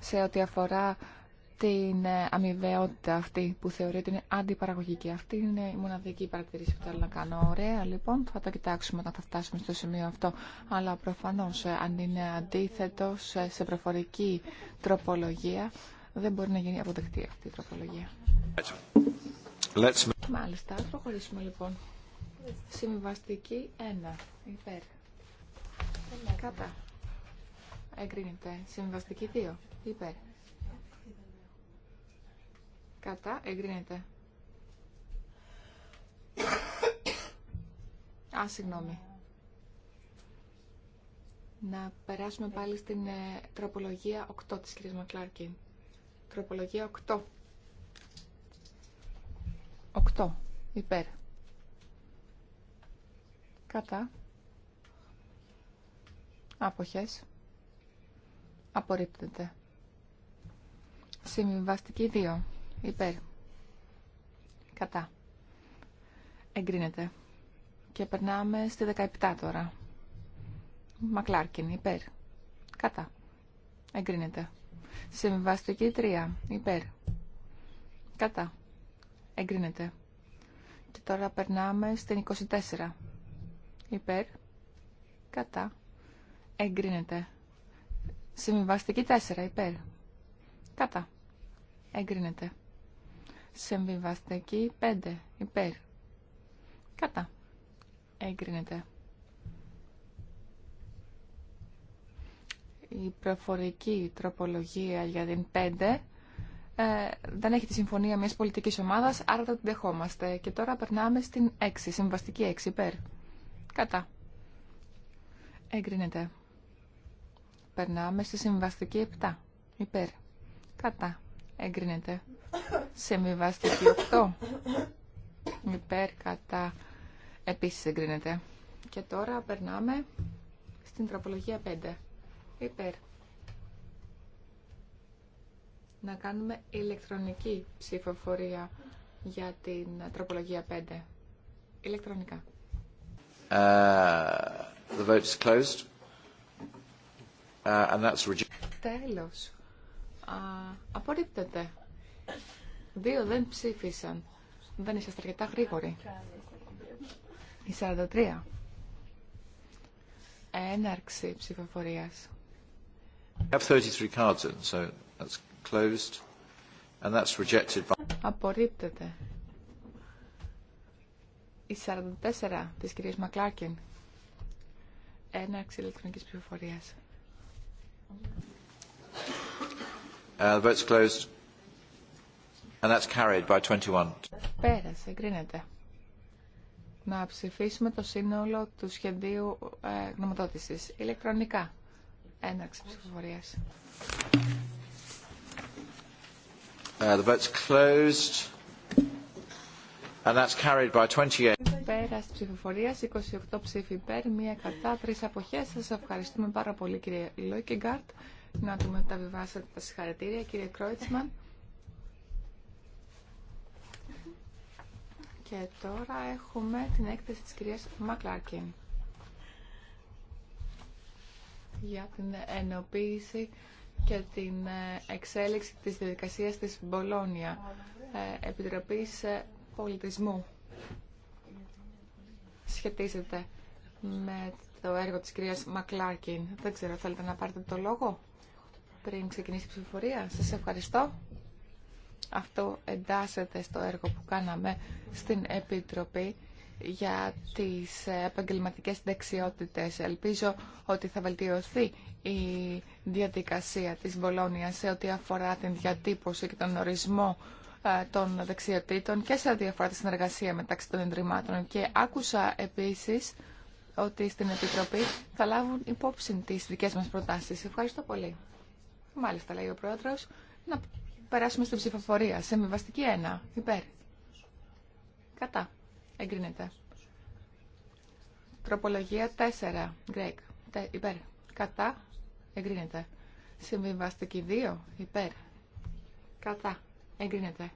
σε ό,τι αφορά την αμοιβαιότητα αυτή που θεωρεί ότι είναι αντιπαραγωγική. Αυτή είναι η μοναδική παρατηρήση που θέλω να κάνω. Ωραία, λοιπόν, θα το κοιτάξουμε όταν θα φτάσουμε στο σημείο αυτό. Αλλά προφανώς, αν είναι αντίθετο σε προφορική τροπολογία, δεν μπορεί να γίνει αποδεκτή αυτή η τροπολογία. Let's... Μάλιστα, προχωρήσουμε λοιπόν. Συμβαστική 1. Υπέρ. Κατά. Εγκρίνεται. Συμβαστική 2. Υπέρ. Κατά. Εγκρίνεται. Α, συγγνώμη. Να περάσουμε πάλι στην ε, τροπολογία 8 της κυρίας Μακλάρκη. Τροπολογία 8. 8. Υπέρ. Κατά. Άποχες. Απορρίπτεται. Συμβιβαστική 2. Υπέρ. Κατά. Εγκρίνεται. Και περνάμε στη 17 τώρα. Μακλάρκιν. Υπέρ. Κατά. Εγκρίνεται. Συμβαστική 3. Υπέρ. Κατά. Εγκρίνεται. Και τώρα περνάμε στην 24. Υπέρ. Κατά. Εγκρίνεται. Συμβιβαστική 4. Υπέρ. Κατά. Εγκρίνεται. Συμβιβαστική 5 υπέρ. Κατά. Έγκρινεται. Η προφορική τροπολογία για την 5 ε, δεν έχει τη συμφωνία μιας πολιτικής ομάδας, άρα δεν την δεχόμαστε. Και τώρα περνάμε στην 6, συμβαστική 6 υπέρ. Κατά. Έγκρινεται. Περνάμε στη συμβαστική 7 υπέρ. Κατά εγκρίνεται. Συμβιβαστική 8 υπέρ κατά επίσης εγκρίνεται. Και τώρα περνάμε στην τροπολογία 5 υπέρ. Να κάνουμε ηλεκτρονική ψηφοφορία για την τροπολογία 5. Ηλεκτρονικά. Uh, the vote is closed. Uh, and that's... Τέλος. Α, απορρίπτεται. Δύο δεν ψήφισαν. Δεν είσαστε αρκετά γρήγοροι. Η 43. Έναρξη ψηφοφορία. Have 33 so that's closed. And that's rejected by... Απορρίπτεται. Η 44 της κυρίας Μακλάρκιν. Έναρξη ηλεκτρονική ψηφοφορία. The uh, vote's closed. And that's carried by 21. Πέρασε, εγκρίνεται. Να ψηφίσουμε το σύνολο του σχεδίου ε, γνωμοδότησης ηλεκτρονικά. Έναρξη ψηφοφορίας. Uh, the vote's closed. And that's carried by 28. Πέρας ψηφοφορία, 28 ψήφοι υπέρ, μία κατά, τρεις αποχές. Σας ευχαριστούμε πάρα πολύ κύριε Λόικεγκάρτ να του μεταβιβάσετε τα συγχαρητήρια, κύριε Κρόιτσμαν. Και τώρα έχουμε την έκθεση της κυρίας Μακλάρκιν για την ενοποίηση και την ε, εξέλιξη της διαδικασίας της Μπολόνια, ε, Επιτροπής ε, Πολιτισμού. Σχετίζεται με το έργο της κυρίας Μακλάρκιν. Δεν ξέρω, θέλετε να πάρετε το λόγο πριν ξεκινήσει η ψηφοφορία. Σας ευχαριστώ. Αυτό εντάσσεται στο έργο που κάναμε στην Επιτροπή για τις επαγγελματικές δεξιότητες. Ελπίζω ότι θα βελτιωθεί η διαδικασία της Μπολόνια σε ό,τι αφορά την διατύπωση και τον ορισμό ε, των δεξιοτήτων και σε ό,τι αφορά τη συνεργασία μεταξύ των Ιδρυμάτων. Και άκουσα επίσης ότι στην Επιτροπή θα λάβουν υπόψη τις δικές μας προτάσεις. Ευχαριστώ πολύ. Μάλιστα, λέει ο πρόεδρο. να περάσουμε στην ψηφοφορία. Σε μεβαστική 1. Υπέρ. Κατά. Εγκρίνεται. Τροπολογία 4. Γκρέκ. Υπέρ. Κατά. Εγκρίνεται. Συμβιβαστική 2. Υπέρ. Κατά. Εγκρίνεται.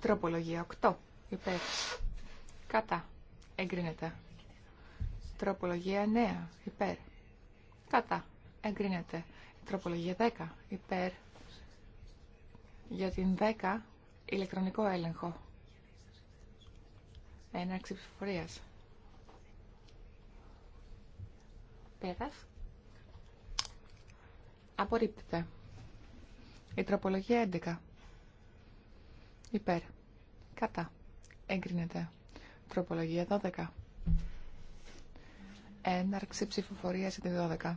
Τροπολογία 8. Υπέρ. Κατά. Εγκρίνεται. Τροπολογία 9. Υπέρ. Κατά εγκρίνεται. Η τροπολογία 10 υπέρ για την 10 ηλεκτρονικό έλεγχο. Έναρξη ψηφοφορία. Πέρα. Απορρίπτεται. Η τροπολογία 11. Υπέρ. Κατά. Εγκρίνεται. Τροπολογία 12. Έναρξη ψηφοφορία για την 12.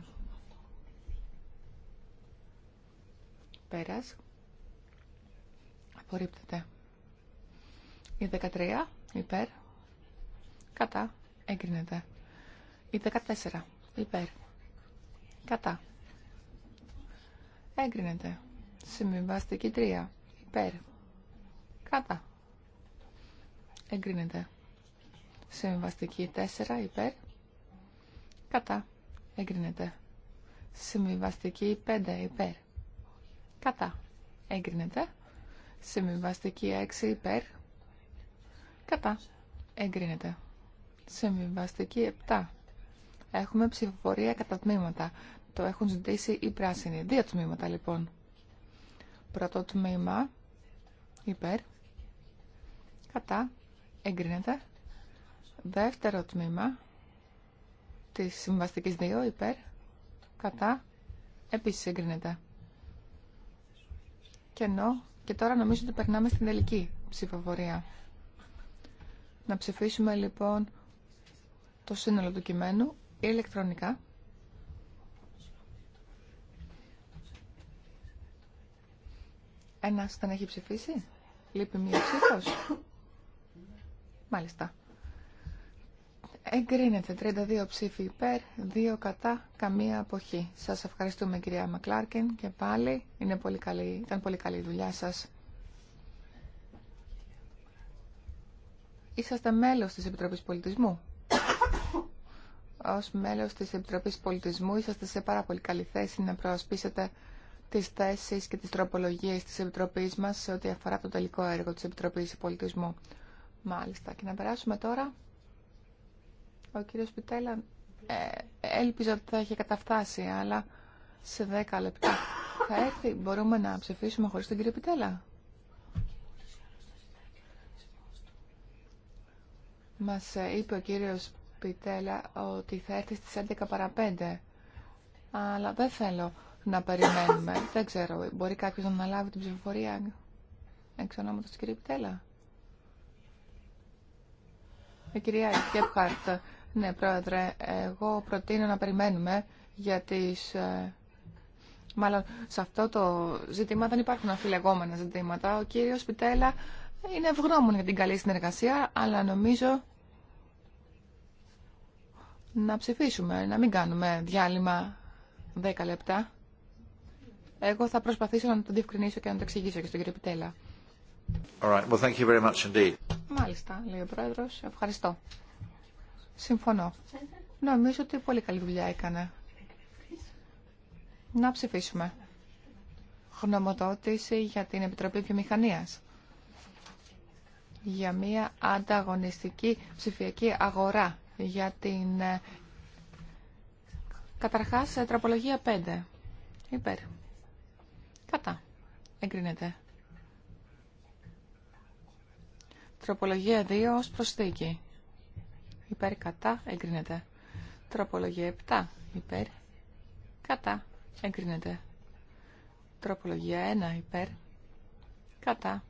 Πέρας. Απορρίπτεται. Η 13 υπέρ. Κατά. Έγκρινεται. Η 14 υπέρ. Κατά. Έγκρινεται. Συμβιβαστική 3 υπέρ. Κατά. Εγκρίνεται. Συμβιβαστική 4 υπέρ. Κατά. Εγκρίνεται. Συμβιβαστική 5 υπέρ. Κατά. Έγκρινεται. Συμβιβαστική 6 υπέρ. Κατά. Έγκρινεται. Συμβιβαστική 7. Έχουμε ψηφοφορία κατά τμήματα. Το έχουν ζητήσει οι πράσινοι. Δύο τμήματα λοιπόν. Πρώτο τμήμα υπέρ. Κατά. Εγκρίνεται. Δεύτερο τμήμα της συμβαστικής 2 υπέρ. Κατά. Επίσης εγκρίνεται κενό και τώρα νομίζω ότι περνάμε στην τελική ψηφοφορία. Να ψηφίσουμε λοιπόν το σύνολο του κειμένου ηλεκτρονικά. Ένας δεν έχει ψηφίσει. Λείπει μία ψήφος. Μάλιστα. Εγκρίνεται 32 ψήφοι υπέρ, 2 κατά, καμία αποχή. Σας ευχαριστούμε κυρία Μακλάρκιν και πάλι είναι πολύ καλή, ήταν πολύ καλή η δουλειά σας. Είσαστε μέλος της Επιτροπής Πολιτισμού. Ως μέλος της Επιτροπής Πολιτισμού είσαστε σε πάρα πολύ καλή θέση να προασπίσετε τις θέσεις και τις τροπολογίες της Επιτροπής μας σε ό,τι αφορά το τελικό έργο της Επιτροπής Πολιτισμού. Μάλιστα. Και να περάσουμε τώρα ο κύριος Πιτέλα ε, έλπιζα ότι θα είχε καταφτάσει, αλλά σε 10 λεπτά θα έρθει. Μπορούμε να ψηφίσουμε χωρίς τον κύριο Πιτέλα. Μας ε, είπε ο κύριος Πιτέλα ότι θα έρθει στις 11 παρα 5. Αλλά δεν θέλω να περιμένουμε. Δεν ξέρω, μπορεί κάποιος να αναλάβει την ψηφοφορία εξ ονόματος του κυρίου Πιτέλα. Η ε, κυρία Κέπχαρτ ναι, Πρόεδρε, εγώ προτείνω να περιμένουμε για τις... Ε, μάλλον σε αυτό το ζήτημα δεν υπάρχουν αφιλεγόμενα ζητήματα. Ο κύριος Πιτέλα είναι ευγνώμων για την καλή συνεργασία, αλλά νομίζω να ψηφίσουμε, να μην κάνουμε διάλειμμα 10 λεπτά. Εγώ θα προσπαθήσω να το διευκρινίσω και να το εξηγήσω και στον κύριο Πιτέλα. All well, thank you very Μάλιστα, λέει ο Πρόεδρος. Ευχαριστώ. Συμφωνώ. Νομίζω ότι πολύ καλή δουλειά έκανε. Να ψηφίσουμε. Γνωμοδότηση για την Επιτροπή Βιομηχανίας. Για μια ανταγωνιστική ψηφιακή αγορά. Για την... Ε, καταρχάς, ε, τροπολογία 5. Υπέρ. Κατά. Εγκρίνεται. Τροπολογία 2 ως προσθήκη υπέρ κατά εγκρίνεται. Τροπολογία 7 υπέρ κατά εγκρίνεται. Τροπολογία 1 υπέρ κατά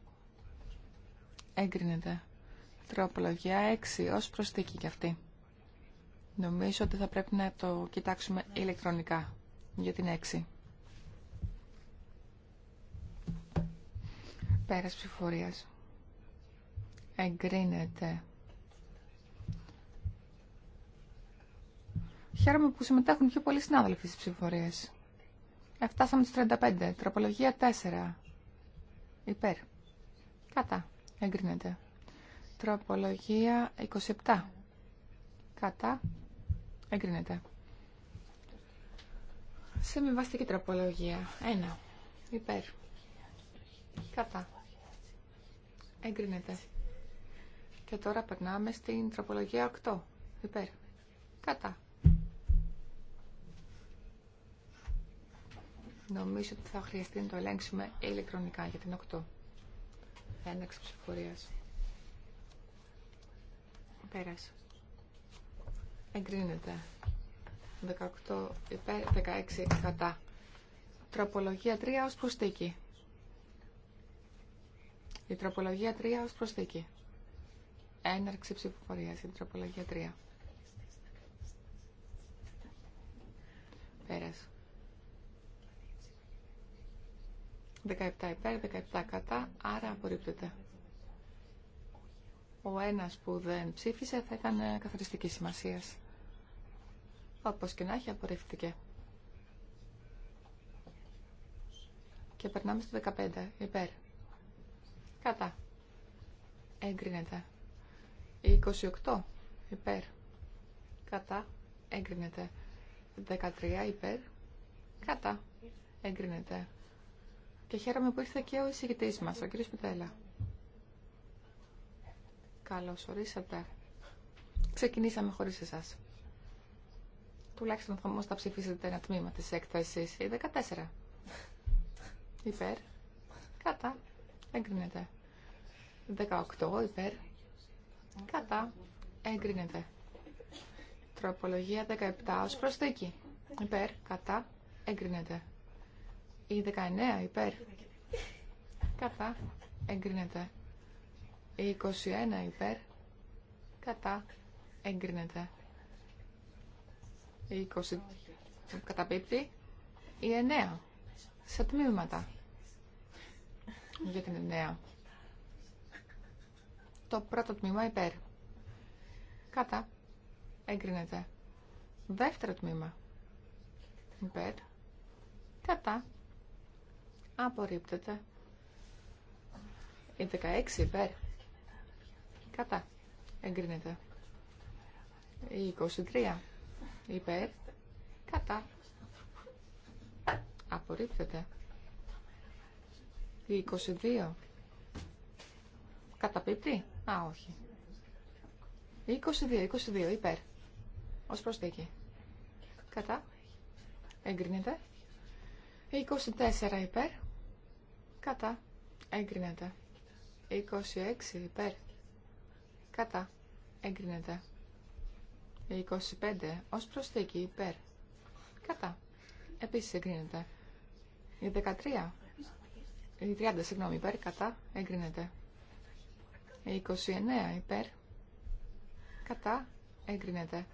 εγκρίνεται. Τροπολογία 6 ως προσθήκη και αυτή. Νομίζω ότι θα πρέπει να το κοιτάξουμε ηλεκτρονικά για την 6. Πέρας ψηφορίας. Εγκρίνεται. Χαίρομαι που συμμετέχουν πιο πολλοί συνάδελφοι στις ψηφοφορίες. Εφτάσαμε τους 35. Τροπολογία 4. Υπέρ. Κατά. Εγκρίνεται. Τροπολογία 27. Κατά. Εγκρίνεται. Συμβιβαστική τροπολογία. 1. Υπέρ. Κατά. Εγκρίνεται. Και τώρα περνάμε στην τροπολογία 8. Υπέρ. Κατά. Νομίζω ότι θα χρειαστεί να το ελέγξουμε ηλεκτρονικά για την 8. Ένταξη ψηφοφορία. Πέρασε. Εγκρίνεται. 18 υπέρ, 16 κατά. Τροπολογία 3 ως προστίκη. Η τροπολογία 3 ως προστίκη. Έναρξη ψηφοφορία Η τροπολογία 3. Πέρασε. 17 υπέρ, 17 κατά, άρα απορρίπτεται. Ο ένας που δεν ψήφισε θα ήταν ε, καθοριστική σημασία. Όπως και να έχει απορρίφθηκε. Και περνάμε στο 15 υπέρ. Κατά. Έγκρινεται. 28 υπέρ. Κατά. Έγκρινεται. 13 υπέρ. Κατά. Έγκρινεται. Και χαίρομαι που ήρθε και ο εισηγητής μα, ο κ. Πιτέλα. Καλώς ορίσατε. Ξεκινήσαμε χωρίς εσάς. Τουλάχιστον θα μου θα ψηφίσετε ένα τμήμα τη έκθεση. Η 14. Υπέρ. Κατά. Εγκρίνεται. 18. Υπέρ. Κατά. Εγκρίνεται. Τροπολογία 17 ω προσθήκη. Υπέρ. Κατά. Εγκρίνεται. Η 19 υπέρ. Κατά. Εγκρίνεται. Η 21 υπέρ. Κατά. Εγκρίνεται. Η 20 καταπίπτει. Η 9. Σε τμήματα. Για την 9. Το πρώτο τμήμα υπέρ. Κατά. Εγκρίνεται. Δεύτερο τμήμα. Υπέρ. Κατά. Απορρίπτεται. Η 16 υπέρ. Κατά. Εγκρίνεται. Η 23 υπέρ. Κατά. Απορρίπτεται. Η 22. Καταπίπτει. Α, όχι. 22, 22, υπέρ. Ω προσθήκη. Κατά. Εγκρίνεται. 24 υπέρ. Κατά. Έγκρινεται. 26 υπέρ. Κατά. Έγκρινεται. 25 ως προσθήκη υπέρ. Κατά. Επίσης εγκρίνεται. Η 13. Η 30, συγγνώμη, υπέρ. Κατά. Εγκρίνεται. 29 υπέρ. Κατά. Εγκρίνεται.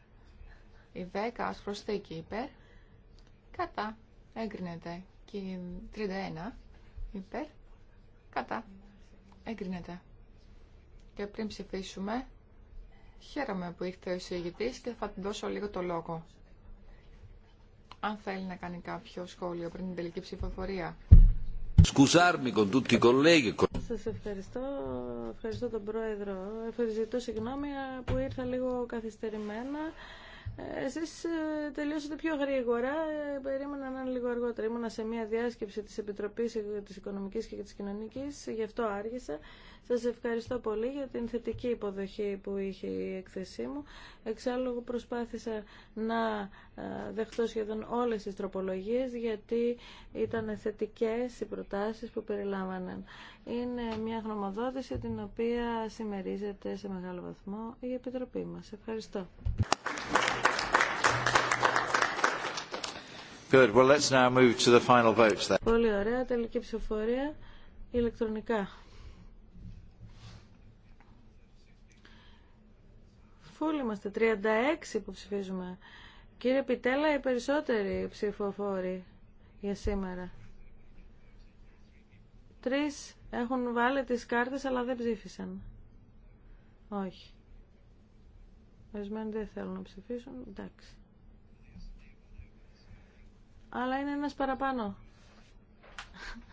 Η 10 ως προσθήκη υπέρ. Κατά. Εγκρίνεται. Και η 31 Υπέρ. Κατά. Εγκρίνεται. Και πριν ψηφίσουμε, χαίρομαι που ήρθε ο εισηγητής και θα του δώσω λίγο το λόγο. Αν θέλει να κάνει κάποιο σχόλιο πριν την τελική ψηφοφορία. Σα ευχαριστώ. Ευχαριστώ τον Πρόεδρο. Ευχαριστώ συγγνώμη που ήρθα λίγο καθυστερημένα. Εσεί ε, τελειώσατε πιο γρήγορα, ε, περίμενα να είναι λίγο αργότερα. Ήμουνα σε μια διάσκεψη τη Επιτροπής ε, της Οικονομικής και της Κοινωνικής, γι' αυτό άργησα. Σας ευχαριστώ πολύ για την θετική υποδοχή που είχε η έκθεσή μου. Εξάλλου προσπάθησα να ε, δεχτώ σχεδόν όλες τις τροπολογίες γιατί ήταν θετικές οι προτάσεις που περιλάμβαναν. Είναι μια γνωμοδότηση την οποία συμμερίζεται σε μεγάλο βαθμό η Επιτροπή μας. Ευχαριστώ. Good. Well, let's Πολύ ωραία, τελική ψηφοφορία ηλεκτρονικά. είμαστε, 36 που ψηφίζουμε. Κύριε Πιτέλα, οι περισσότεροι ψηφοφόροι για σήμερα. Τρεις έχουν βάλει τις κάρτες αλλά δεν ψήφισαν. Όχι. Ορισμένοι δεν θέλουν να ψηφίσουν. Εντάξει. Αλλά είναι ένας παραπάνω.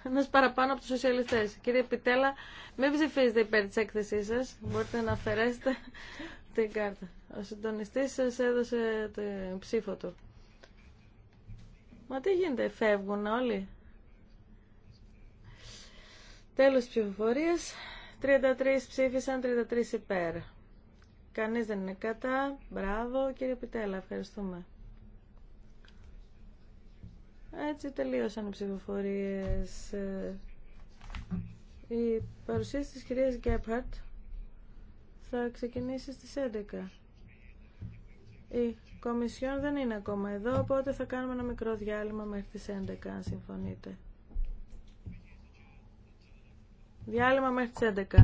Ένας παραπάνω από τους σοσιαλιστές. Κύριε Πιτέλα, μην ψηφίζετε υπέρ της έκθεσής σας. Μπορείτε να αφαιρέσετε την κάρτα. Ο συντονιστή σα έδωσε το ψήφο του. Μα τι γίνεται, φεύγουν όλοι. Τέλος ψηφοφορίες. 33 ψήφισαν, 33 υπέρ. Κανείς δεν είναι κατά. Μπράβο, κύριε Πιτέλα, ευχαριστούμε. Έτσι τελείωσαν οι ψηφοφορίες. Ε, η παρουσίαση της κυρίας Γκέπχαρτ θα ξεκινήσει στις 11. Η Κομισιόν δεν είναι ακόμα εδώ, οπότε θα κάνουμε ένα μικρό διάλειμμα μέχρι τις 11, αν συμφωνείτε. Διάλειμμα μέχρι τις 11.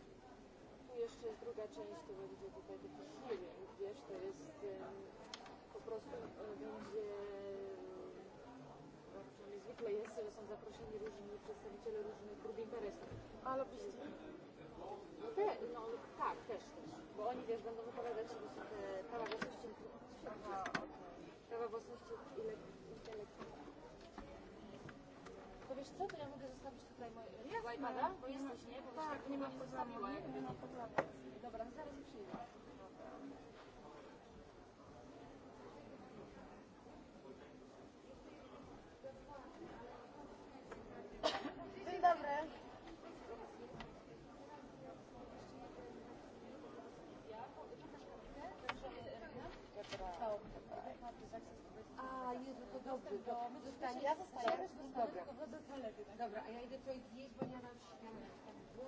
to jest druga część to będzie tutaj taki hearing, wiesz, to jest po prostu będzie zwykle jest, są zaproszeni różni przedstawiciele różnych grup interesów. A lobbyści? Te, no tak, też, też. Bo oni wiesz, będą wypowiadać te prawa własności, prawa własności intelektualnej to wiesz mogę tutaj moje... Bo nie? Dobra, to Dobra. a ja idę coś zjeść, bo ja mam... tak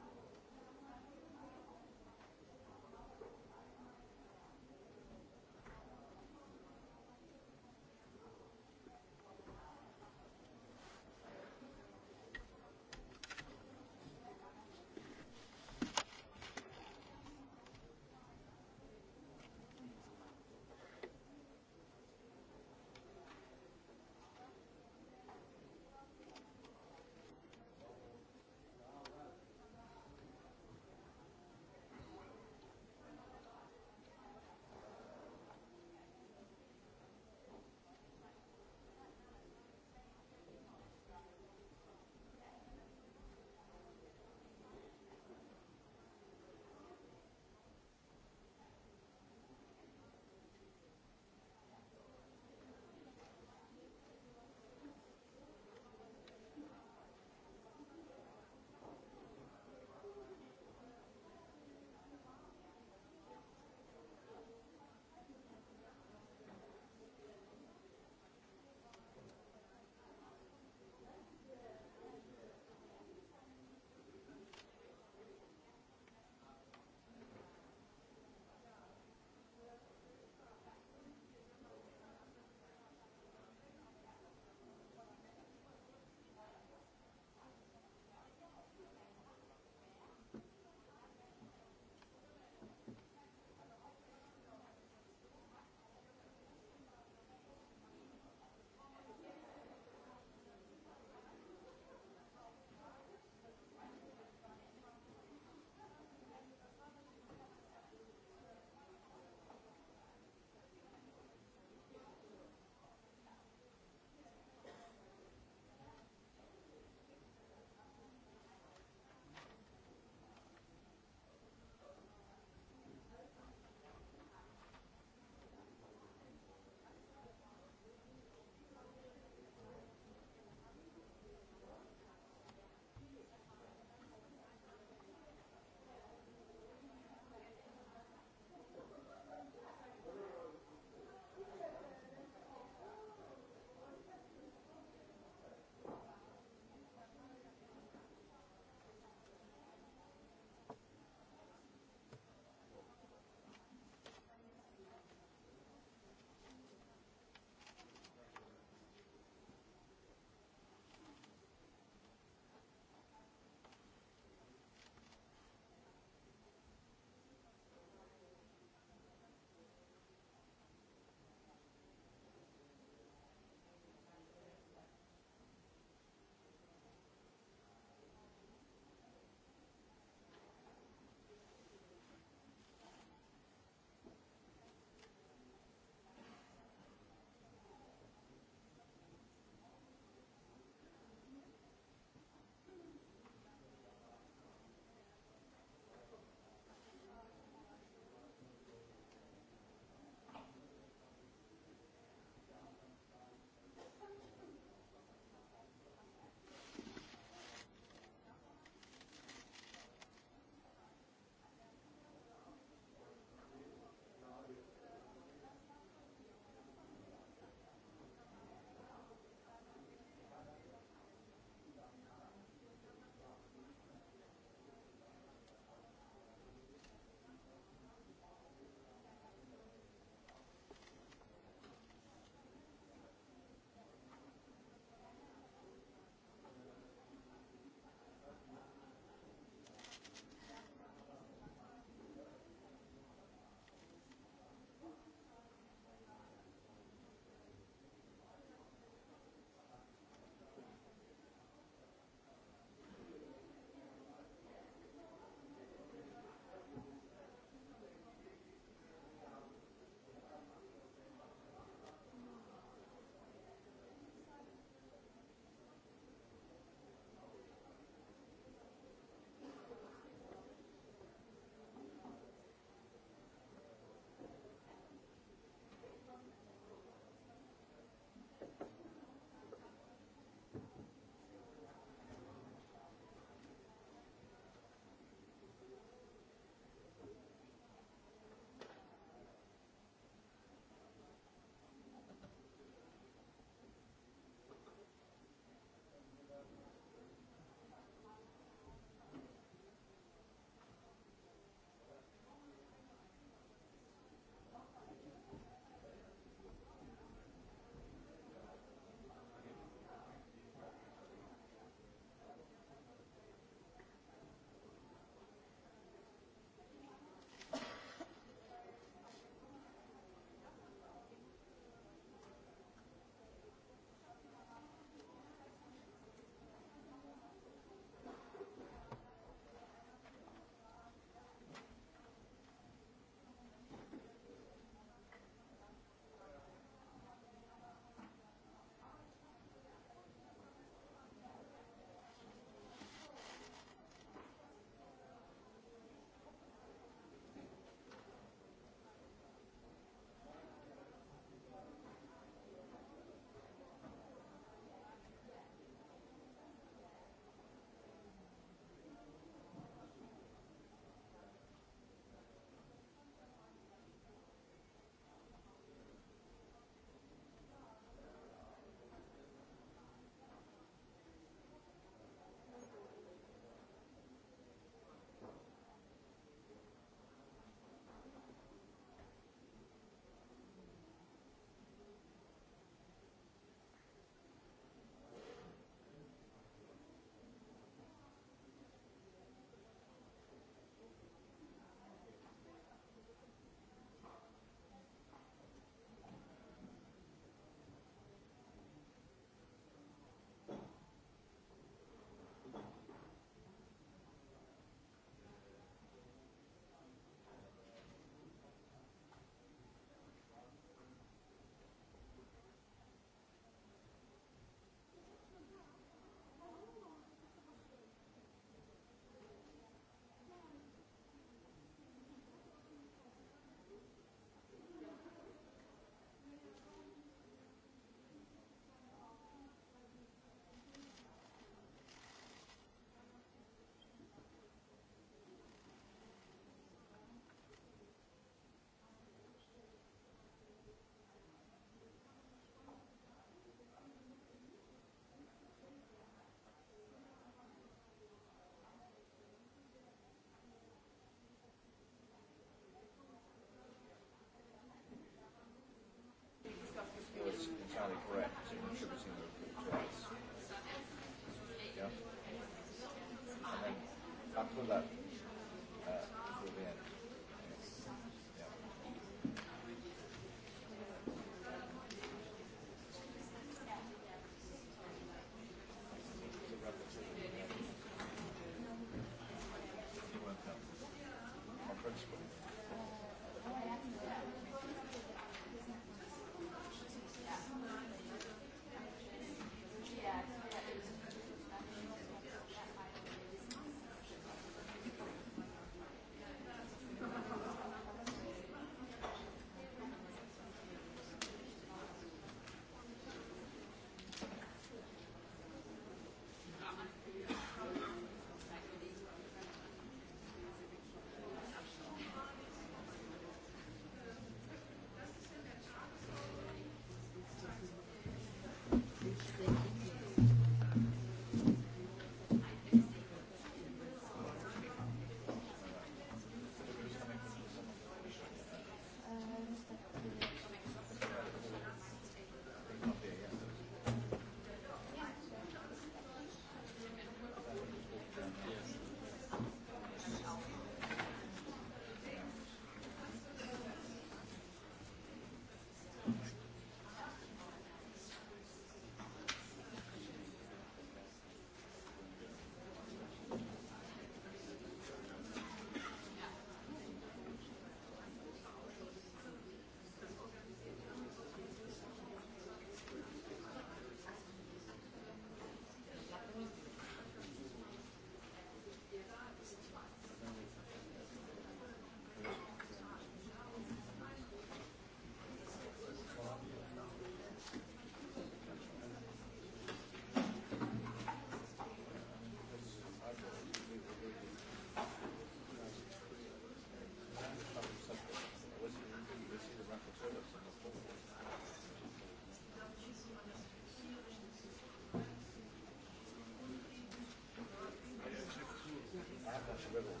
βέβαια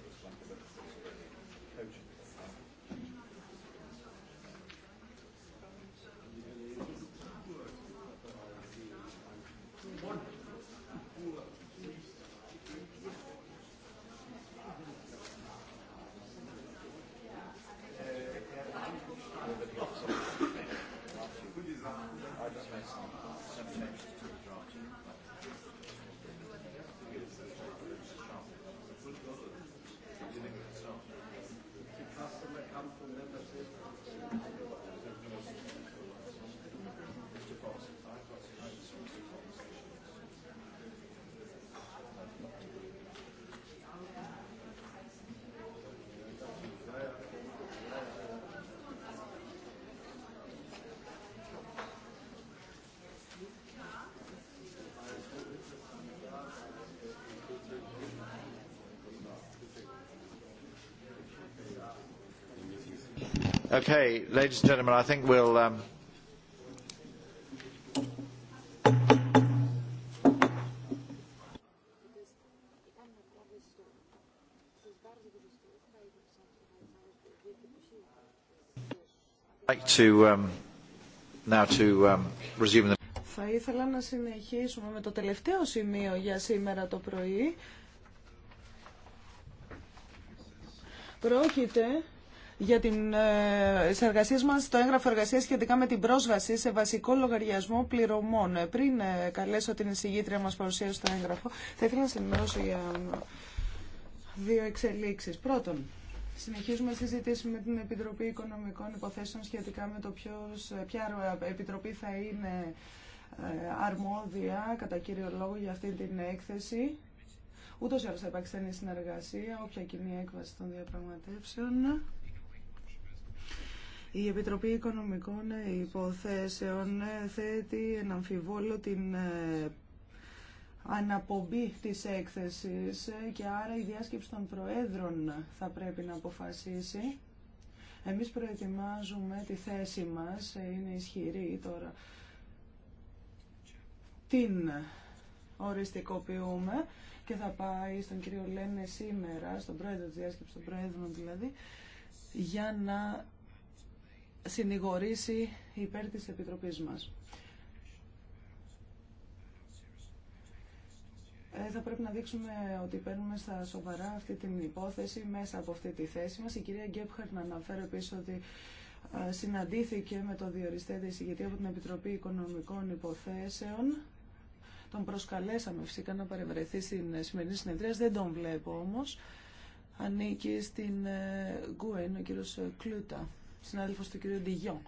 Okay, ladies and gentlemen, I think we'll. Um, like to um, now to um, resume the. Θα ήθελα να συνεχίσουμε με το τελευταίο σημείο για σήμερα το πρωί. Πρόκειται για την ε, εργασίε μα στο έγγραφο εργασία σχετικά με την πρόσβαση σε βασικό λογαριασμό πληρωμών. Ε, πριν ε, καλέσω την εισηγήτρια μα παρουσίαση στο έγγραφο, θα ήθελα να σα ενημερώσω για δύο εξελίξει. Πρώτον, Συνεχίζουμε συζητήσει με την Επιτροπή Οικονομικών Υποθέσεων σχετικά με το ποιος, ποια επιτροπή θα είναι αρμόδια κατά κύριο λόγο για αυτή την έκθεση. Ούτω ή άλλω θα υπάρξει στενή συνεργασία, όποια κοινή έκβαση των διαπραγματεύσεων. Η Επιτροπή Οικονομικών Υποθέσεων θέτει εν αμφιβόλο την ε, αναπομπή της έκθεσης και άρα η διάσκεψη των Προέδρων θα πρέπει να αποφασίσει. Εμείς προετοιμάζουμε τη θέση μας, είναι ισχυρή τώρα, την οριστικοποιούμε και θα πάει στον κύριο Λένε σήμερα, στον πρόεδρο της διάσκεψης των Προέδρων δηλαδή, για να συνηγορήσει υπέρ της Επιτροπής μας. Ε, θα πρέπει να δείξουμε ότι παίρνουμε στα σοβαρά αυτή την υπόθεση μέσα από αυτή τη θέση μας. Η κυρία Γκέπχαρτ να αναφέρω επίσης ότι ε, συναντήθηκε με το διοριστέτη εισηγητή από την Επιτροπή Οικονομικών Υποθέσεων. Τον προσκαλέσαμε φυσικά να παρευρεθεί στην ε, σημερινή συνεδρία, δεν τον βλέπω όμως. Ανήκει στην Γκουέν, ο κύριος Κλούτα συνάδελφος του κ. Ντιγιόν.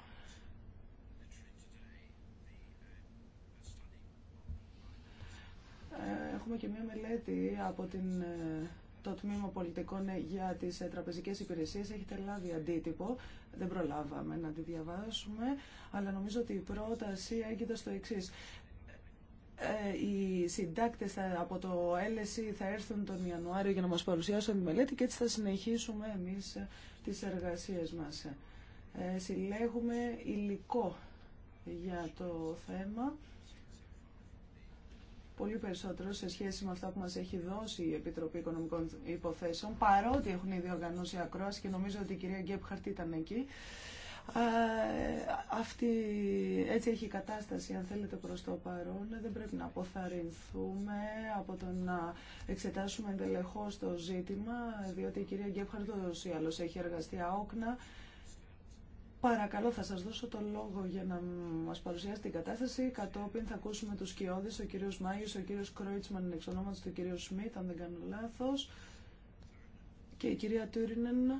Ε, έχουμε και μία μελέτη από την, ε, το Τμήμα Πολιτικών για τις ε, Τραπεζικές Υπηρεσίες. Έχετε λάβει αντίτυπο. Δεν προλάβαμε να τη διαβάσουμε, αλλά νομίζω ότι η πρόταση έγινε στο εξή. οι συντάκτες από το LSE θα έρθουν τον Ιανουάριο για να μας παρουσιάσουν τη μελέτη και έτσι θα συνεχίσουμε εμείς τις εργασίες μας. Ε, συλλέγουμε υλικό για το θέμα πολύ περισσότερο σε σχέση με αυτά που μας έχει δώσει η Επιτροπή Οικονομικών Υποθέσεων, παρότι έχουν ήδη οργανώσει ακρόαση και νομίζω ότι η κυρία Γκέπχαρτ ήταν εκεί. αυτή, έτσι έχει η κατάσταση, αν θέλετε, προς το παρόν. Δεν πρέπει να αποθαρρυνθούμε από το να εξετάσουμε εντελεχώς το ζήτημα, διότι η κυρία Γκέπχαρτ ούτως ή άλλως έχει εργαστεί άοκνα. Παρακαλώ, θα σας δώσω το λόγο για να μας παρουσιάσει την κατάσταση. Κατόπιν θα ακούσουμε τους Κιώδης, ο κύριος Μάγιος, ο κύριος Κρόιτσμαν, εξ ονόματος του κύριου Σμιτ, αν δεν κάνω λάθος, και η κυρία Τούρινεν, ε,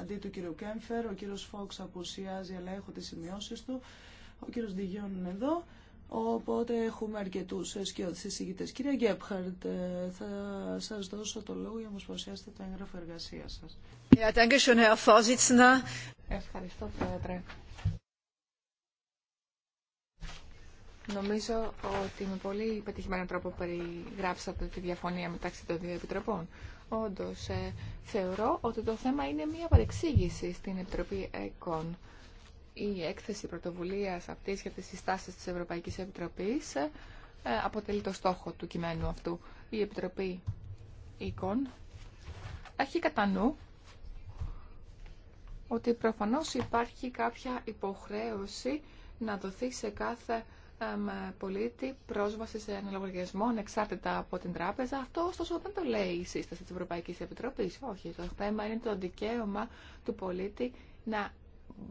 αντί του κύριου Κέμφερ, ο κύριος Φόξ απουσιάζει, αλλά έχω τις σημειώσεις του, ο κύριος Ντιγιόν είναι εδώ. Οπότε έχουμε αρκετού σκιώδει συζητητέ. Κύριε Γκέπχαρτ, ε, θα σας δώσω το λόγο για να μα παρουσιάσετε το έγγραφο εργασία σα. Ευχαριστώ, Πρόεδρε. Νομίζω ότι με πολύ πετυχημένο τρόπο περιγράψατε τη διαφωνία μεταξύ των δύο επιτροπών. Όντω, ε, θεωρώ ότι το θέμα είναι μια παρεξήγηση στην Επιτροπή ΕΚΟΝ η έκθεση πρωτοβουλίας αυτή για τις συστάσεις της Ευρωπαϊκής Επιτροπής ε, αποτελεί το στόχο του κειμένου αυτού. Η Επιτροπή Οίκων έχει κατά νου ότι προφανώς υπάρχει κάποια υποχρέωση να δοθεί σε κάθε πολίτη πρόσβαση σε ένα λογαριασμό ανεξάρτητα από την τράπεζα. Αυτό ωστόσο δεν το λέει η σύσταση της Ευρωπαϊκής Επιτροπής. Όχι, το θέμα είναι το δικαίωμα του πολίτη να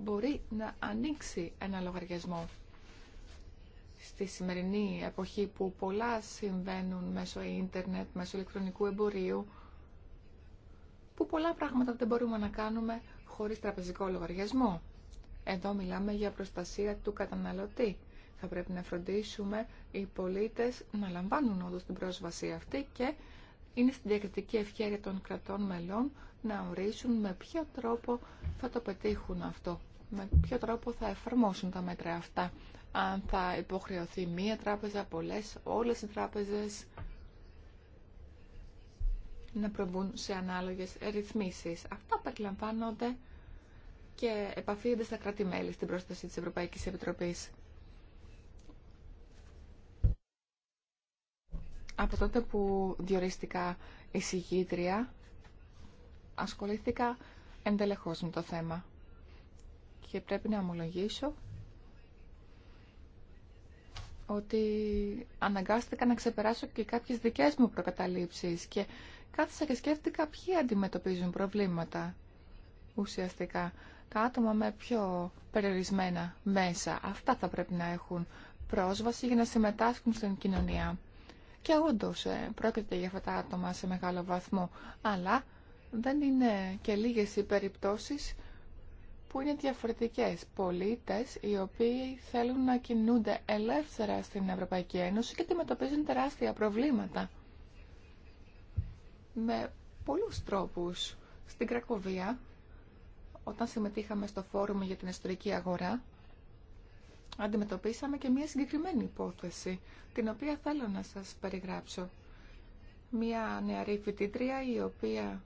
μπορεί να ανοίξει ένα λογαριασμό. Στη σημερινή εποχή που πολλά συμβαίνουν μέσω ίντερνετ, μέσω ηλεκτρονικού εμπορίου, που πολλά πράγματα δεν μπορούμε να κάνουμε χωρίς τραπεζικό λογαριασμό. Εδώ μιλάμε για προστασία του καταναλωτή. Θα πρέπει να φροντίσουμε οι πολίτες να λαμβάνουν όντως την πρόσβαση αυτή και είναι στην διακριτική ευχαίρεια των κρατών μελών να ορίσουν με ποιο τρόπο θα το πετύχουν αυτό, με ποιο τρόπο θα εφαρμόσουν τα μέτρα αυτά. Αν θα υποχρεωθεί μία τράπεζα, πολλές, όλες οι τράπεζες να προβούν σε ανάλογες ρυθμίσεις. Αυτά περιλαμβάνονται και επαφίονται στα κράτη-μέλη στην πρόσταση της Ευρωπαϊκής Επιτροπής. Από τότε που διορίστηκα εισηγήτρια ασχολήθηκα εντελεχώς με το θέμα και πρέπει να ομολογήσω ότι αναγκάστηκα να ξεπεράσω και κάποιες δικές μου προκαταλήψεις και κάθισα και σκέφτηκα ποιοι αντιμετωπίζουν προβλήματα ουσιαστικά. Τα άτομα με πιο περιορισμένα μέσα, αυτά θα πρέπει να έχουν πρόσβαση για να συμμετάσχουν στην κοινωνία. Και όντω ε, πρόκειται για αυτά τα άτομα σε μεγάλο βαθμό, αλλά δεν είναι και λίγες οι περιπτώσεις που είναι διαφορετικές. Πολίτες οι οποίοι θέλουν να κινούνται ελεύθερα στην Ευρωπαϊκή Ένωση και αντιμετωπίζουν τεράστια προβλήματα. Με πολλούς τρόπους. Στην Κρακοβία, όταν συμμετείχαμε στο φόρουμ για την ιστορική αγορά, αντιμετωπίσαμε και μια συγκεκριμένη υπόθεση, την οποία θέλω να σας περιγράψω. Μια νεαρή φοιτήτρια η οποία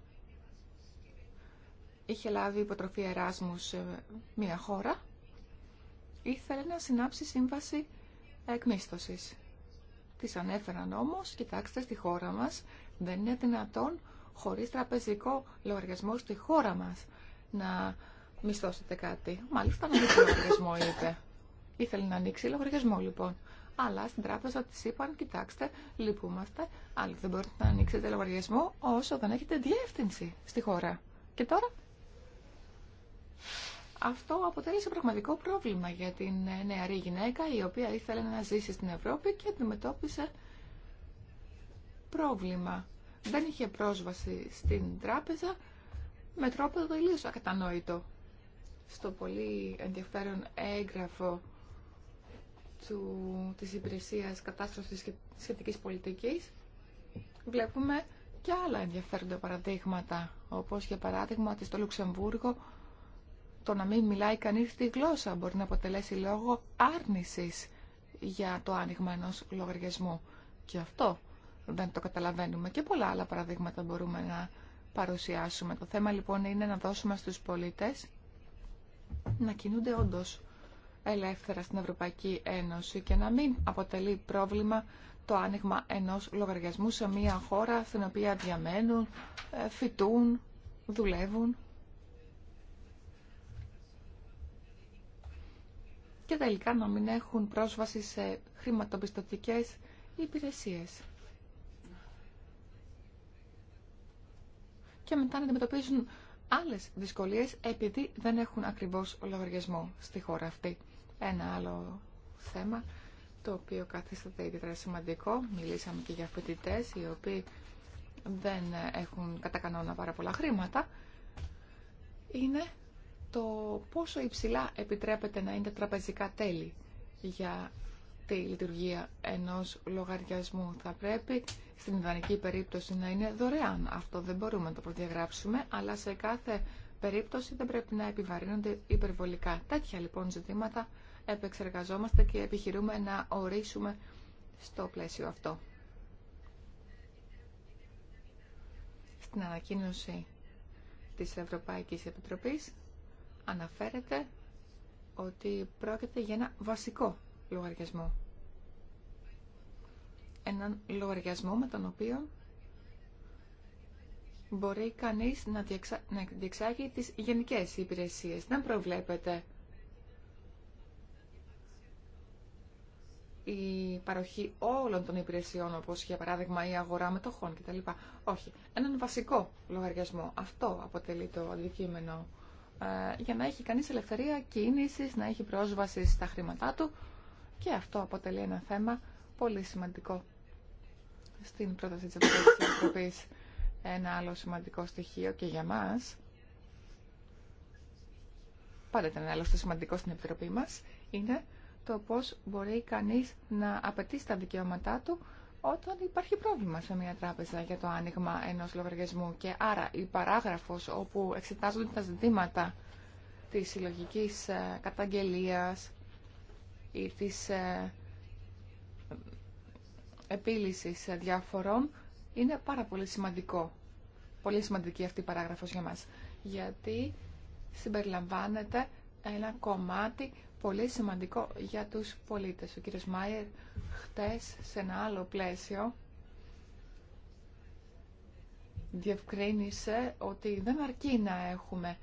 είχε λάβει υποτροφή Εράσμου σε μια χώρα, ήθελε να συνάψει σύμβαση εκμίσθωσης. Τη ανέφεραν όμως, κοιτάξτε, στη χώρα μας δεν είναι δυνατόν χωρί τραπεζικό λογαριασμό στη χώρα μας να μισθώσετε κάτι. Μάλιστα να ανοίξει λογαριασμό, είπε. Ήθελε να ανοίξει λογαριασμό, λοιπόν. Αλλά στην τράπεζα τη είπαν, κοιτάξτε, λυπούμαστε, αλλά δεν μπορείτε να ανοίξετε λογαριασμό όσο δεν έχετε διεύθυνση στη χώρα. Και τώρα αυτό αποτέλεσε πραγματικό πρόβλημα για την νεαρή γυναίκα η οποία ήθελε να ζήσει στην Ευρώπη και αντιμετώπισε πρόβλημα. Δεν είχε πρόσβαση στην τράπεζα με τρόπο τελείως ακατανόητο. Στο πολύ ενδιαφέρον έγγραφο του, της υπηρεσίας κατάστροφης και σχετικής πολιτικής βλέπουμε και άλλα ενδιαφέροντα παραδείγματα όπως για παράδειγμα ότι στο Λουξεμβούργο το να μην μιλάει κανείς τη γλώσσα μπορεί να αποτελέσει λόγο άρνησης για το άνοιγμα ενός λογαριασμού. Και αυτό δεν το καταλαβαίνουμε. Και πολλά άλλα παραδείγματα μπορούμε να παρουσιάσουμε. Το θέμα λοιπόν είναι να δώσουμε στους πολίτες να κινούνται όντω ελεύθερα στην Ευρωπαϊκή Ένωση και να μην αποτελεί πρόβλημα το άνοιγμα ενός λογαριασμού σε μια χώρα στην οποία διαμένουν, ε, φοιτούν, δουλεύουν. και τελικά να μην έχουν πρόσβαση σε χρηματοπιστωτικές υπηρεσίες. Και μετά να αντιμετωπίζουν άλλες δυσκολίες επειδή δεν έχουν ακριβώς λογαριασμό στη χώρα αυτή. Ένα άλλο θέμα το οποίο καθίσταται ιδιαίτερα σημαντικό. Μιλήσαμε και για φοιτητέ οι οποίοι δεν έχουν κατά κανόνα πάρα πολλά χρήματα. Είναι το πόσο υψηλά επιτρέπεται να είναι τα τραπεζικά τέλη για τη λειτουργία ενός λογαριασμού. Θα πρέπει στην ιδανική περίπτωση να είναι δωρεάν. Αυτό δεν μπορούμε να το προδιαγράψουμε, αλλά σε κάθε περίπτωση δεν πρέπει να επιβαρύνονται υπερβολικά. Τέτοια λοιπόν ζητήματα επεξεργαζόμαστε και επιχειρούμε να ορίσουμε στο πλαίσιο αυτό. Στην ανακοίνωση της Ευρωπαϊκής Επιτροπής αναφέρεται ότι πρόκειται για ένα βασικό λογαριασμό. Έναν λογαριασμό με τον οποίο μπορεί κανείς να, να διεξάγει τις γενικές υπηρεσίες. Δεν προβλέπεται η παροχή όλων των υπηρεσιών, όπως για παράδειγμα η αγορά μετοχών κτλ. Όχι, έναν βασικό λογαριασμό. Αυτό αποτελεί το αντικείμενο ε, για να έχει κανείς ελευθερία κίνησης, να έχει πρόσβαση στα χρήματά του και αυτό αποτελεί ένα θέμα πολύ σημαντικό στην πρόταση της Ευρωπαϊκής Επιτροπής. Ένα άλλο σημαντικό στοιχείο και για μας, πάντα ήταν άλλο σημαντικό στην Επιτροπή μας, είναι το πώς μπορεί κανείς να απαιτεί στα δικαιώματά του όταν υπάρχει πρόβλημα σε μια τράπεζα για το άνοιγμα ενός λογαριασμού και άρα η παράγραφος όπου εξετάζονται τα ζητήματα της συλλογική ε, καταγγελίας ή της ε, επίλυσης διαφορών είναι πάρα πολύ σημαντικό. Πολύ σημαντική αυτή η παράγραφος για μας. Γιατί συμπεριλαμβάνεται ένα κομμάτι πολύ σημαντικό για τους πολίτες. Ο κύριος Μάιερ χτες σε ένα άλλο πλαίσιο διευκρίνησε ότι δεν αρκεί να έχουμε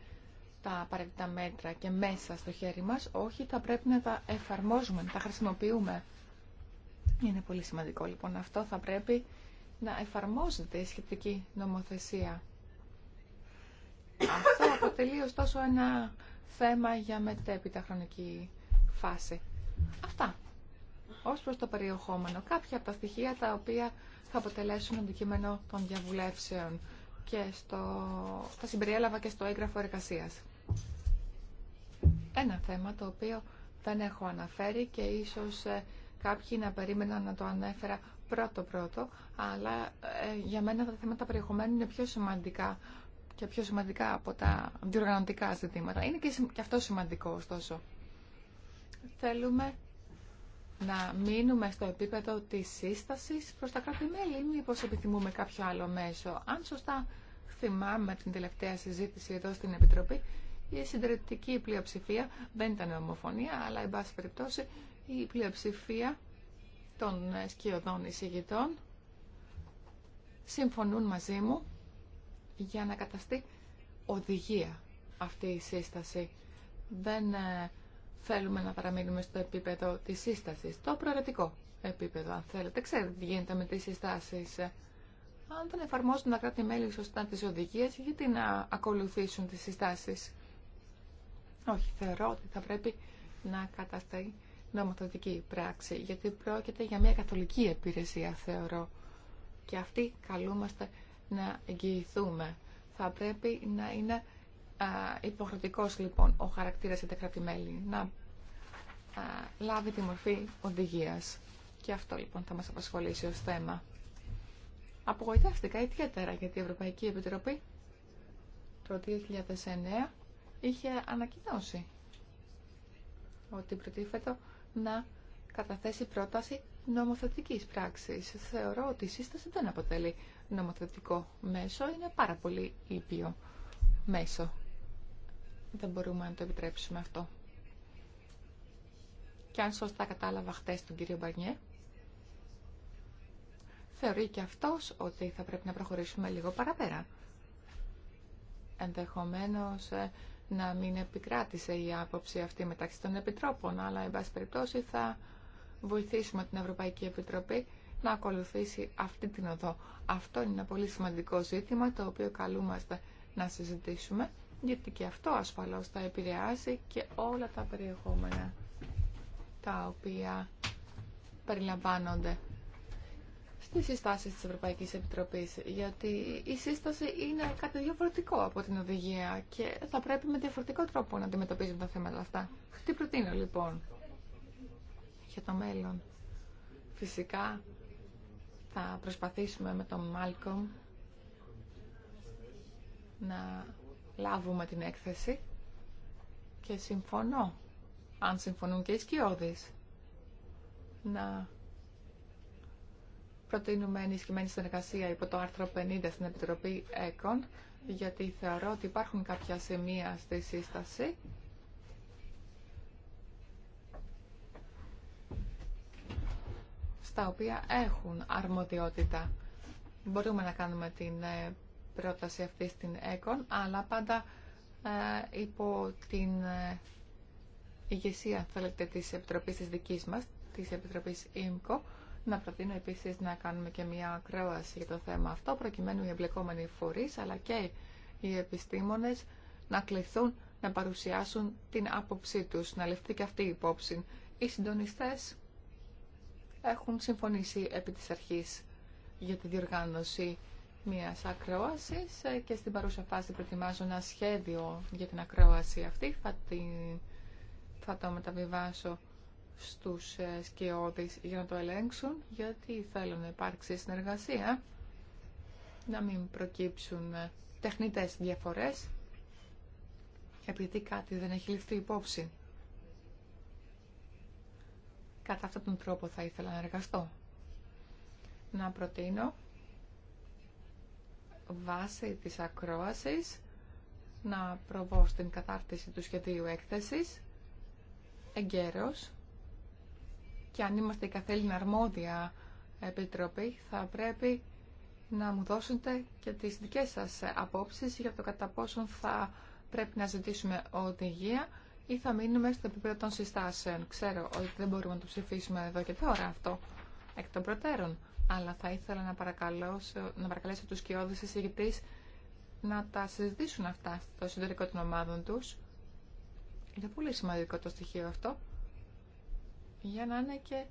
τα απαραίτητα μέτρα και μέσα στο χέρι μας, όχι θα πρέπει να τα εφαρμόζουμε, να τα χρησιμοποιούμε. Είναι πολύ σημαντικό λοιπόν αυτό, θα πρέπει να εφαρμόζεται η σχετική νομοθεσία. Αυτό αποτελεί ωστόσο ένα θέμα για μετέπειτα χρονική φάση. Αυτά. Ω προ το περιεχόμενο. Κάποια από τα στοιχεία τα οποία θα αποτελέσουν αντικείμενο των διαβουλεύσεων και στο... τα συμπεριέλαβα και στο έγγραφο εργασία. Ένα θέμα το οποίο δεν έχω αναφέρει και ίσως ε, κάποιοι να περίμεναν να το ανέφερα πρώτο-πρώτο, αλλά ε, για μένα τα θέματα περιεχομένου είναι πιο σημαντικά και πιο σημαντικά από τα διοργανωτικά ζητήματα. Είναι και, αυτό σημαντικό, ωστόσο. Θέλουμε να μείνουμε στο επίπεδο της σύστασης προς τα κράτη-μέλη ή μήπως επιθυμούμε κάποιο άλλο μέσο. Αν σωστά θυμάμαι την τελευταία συζήτηση εδώ στην Επιτροπή, η συντηρητική πλειοψηφία δεν ήταν ομοφωνία, αλλά εν πάση περιπτώσει η πλειοψηφία των σκιωδών εισηγητών συμφωνούν μαζί μου για να καταστεί οδηγία αυτή η σύσταση. Δεν ε, θέλουμε να παραμείνουμε στο επίπεδο της σύστασης, το προαιρετικό επίπεδο, αν θέλετε. Ξέρετε τι γίνεται με τις συστάσεις. Ε, αν δεν εφαρμόζουν τα κράτη-μέλη σωστά τις οδηγίες, γιατί να ακολουθήσουν τις συστάσεις. Όχι, θεωρώ ότι θα πρέπει να καταστεί νομοθετική πράξη, γιατί πρόκειται για μια καθολική υπηρεσία, θεωρώ. Και αυτή καλούμαστε να εγγυηθούμε. Θα πρέπει να είναι υποχρεωτικός λοιπόν ο χαρακτήρας για τα να λάβει τη μορφή οδηγίας. Και αυτό λοιπόν θα μας απασχολήσει ως θέμα. Απογοητεύτηκα ιδιαίτερα γιατί η Ευρωπαϊκή Επιτροπή το 2009 είχε ανακοινώσει ότι προτίθετο να καταθέσει πρόταση νομοθετικής πράξης. Θεωρώ ότι η σύσταση δεν αποτελεί νομοθετικό μέσο είναι πάρα πολύ ήπιο μέσο. Δεν μπορούμε να το επιτρέψουμε αυτό. Και αν σωστά κατάλαβα χτες τον κύριο Μπαρνιέ, θεωρεί και αυτός ότι θα πρέπει να προχωρήσουμε λίγο παραπέρα. Ενδεχομένως ε, να μην επικράτησε η άποψη αυτή μεταξύ των επιτρόπων, αλλά, εν πάση περιπτώσει, θα βοηθήσουμε την Ευρωπαϊκή Επιτροπή να ακολουθήσει αυτή την οδό. Αυτό είναι ένα πολύ σημαντικό ζήτημα το οποίο καλούμαστε να συζητήσουμε γιατί και αυτό ασφαλώς θα επηρεάσει και όλα τα περιεχόμενα τα οποία περιλαμβάνονται στις συστάσεις της Ευρωπαϊκής Επιτροπής γιατί η σύσταση είναι κάτι διαφορετικό από την οδηγία και θα πρέπει με διαφορετικό τρόπο να αντιμετωπίζουν τα θέματα αυτά. Τι προτείνω λοιπόν για το μέλλον. Φυσικά θα προσπαθήσουμε με τον Μάλκομ να λάβουμε την έκθεση και συμφωνώ, αν συμφωνούν και οι σκιώδεις, να προτείνουμε ενισχυμένη συνεργασία υπό το άρθρο 50 στην Επιτροπή ΕΚΟΝ, γιατί θεωρώ ότι υπάρχουν κάποια σημεία στη σύσταση τα οποία έχουν αρμοδιότητα. Μπορούμε να κάνουμε την ε, πρόταση αυτή στην ΕΚΟΝ, αλλά πάντα ε, υπό την ε, ηγεσία, θέλετε, της Επιτροπής της δικής μας, της Επιτροπής ΙΜΚΟ, να προτείνω επίσης να κάνουμε και μια ακρόαση για το θέμα αυτό, προκειμένου οι εμπλεκόμενοι φορείς, αλλά και οι επιστήμονες να κληθούν να παρουσιάσουν την άποψή τους, να λεφτεί και αυτή η υπόψη. Οι συντονιστές έχουν συμφωνήσει επί της αρχής για τη διοργάνωση μια ακρόαση ε, και στην παρούσα φάση προετοιμάζω ένα σχέδιο για την ακρόαση αυτή. Θα, το μεταβιβάσω στους ε, σκιώδεις για να το ελέγξουν γιατί θέλουν να υπάρξει συνεργασία να μην προκύψουν ε, τεχνητές διαφορές επειδή κάτι δεν έχει ληφθεί υπόψη. Κατά αυτόν τον τρόπο θα ήθελα να εργαστώ. Να προτείνω βάση της ακρόασης να προβώ στην κατάρτιση του σχεδίου έκθεσης εγκαίρως και αν είμαστε η αρμόδια επιτροπή θα πρέπει να μου δώσετε και τις δικές σας απόψεις για το κατά πόσον θα πρέπει να ζητήσουμε οδηγία ή θα μείνουμε στο επίπεδο των συστάσεων. Ξέρω ότι δεν μπορούμε να το ψηφίσουμε εδώ και τώρα αυτό, εκ των προτέρων, αλλά θα ήθελα να, να παρακαλέσω τους κοιόδους εισηγητής να τα συζητήσουν αυτά στο συντορικό των ομάδων τους. Είναι πολύ σημαντικό το στοιχείο αυτό, για να είναι και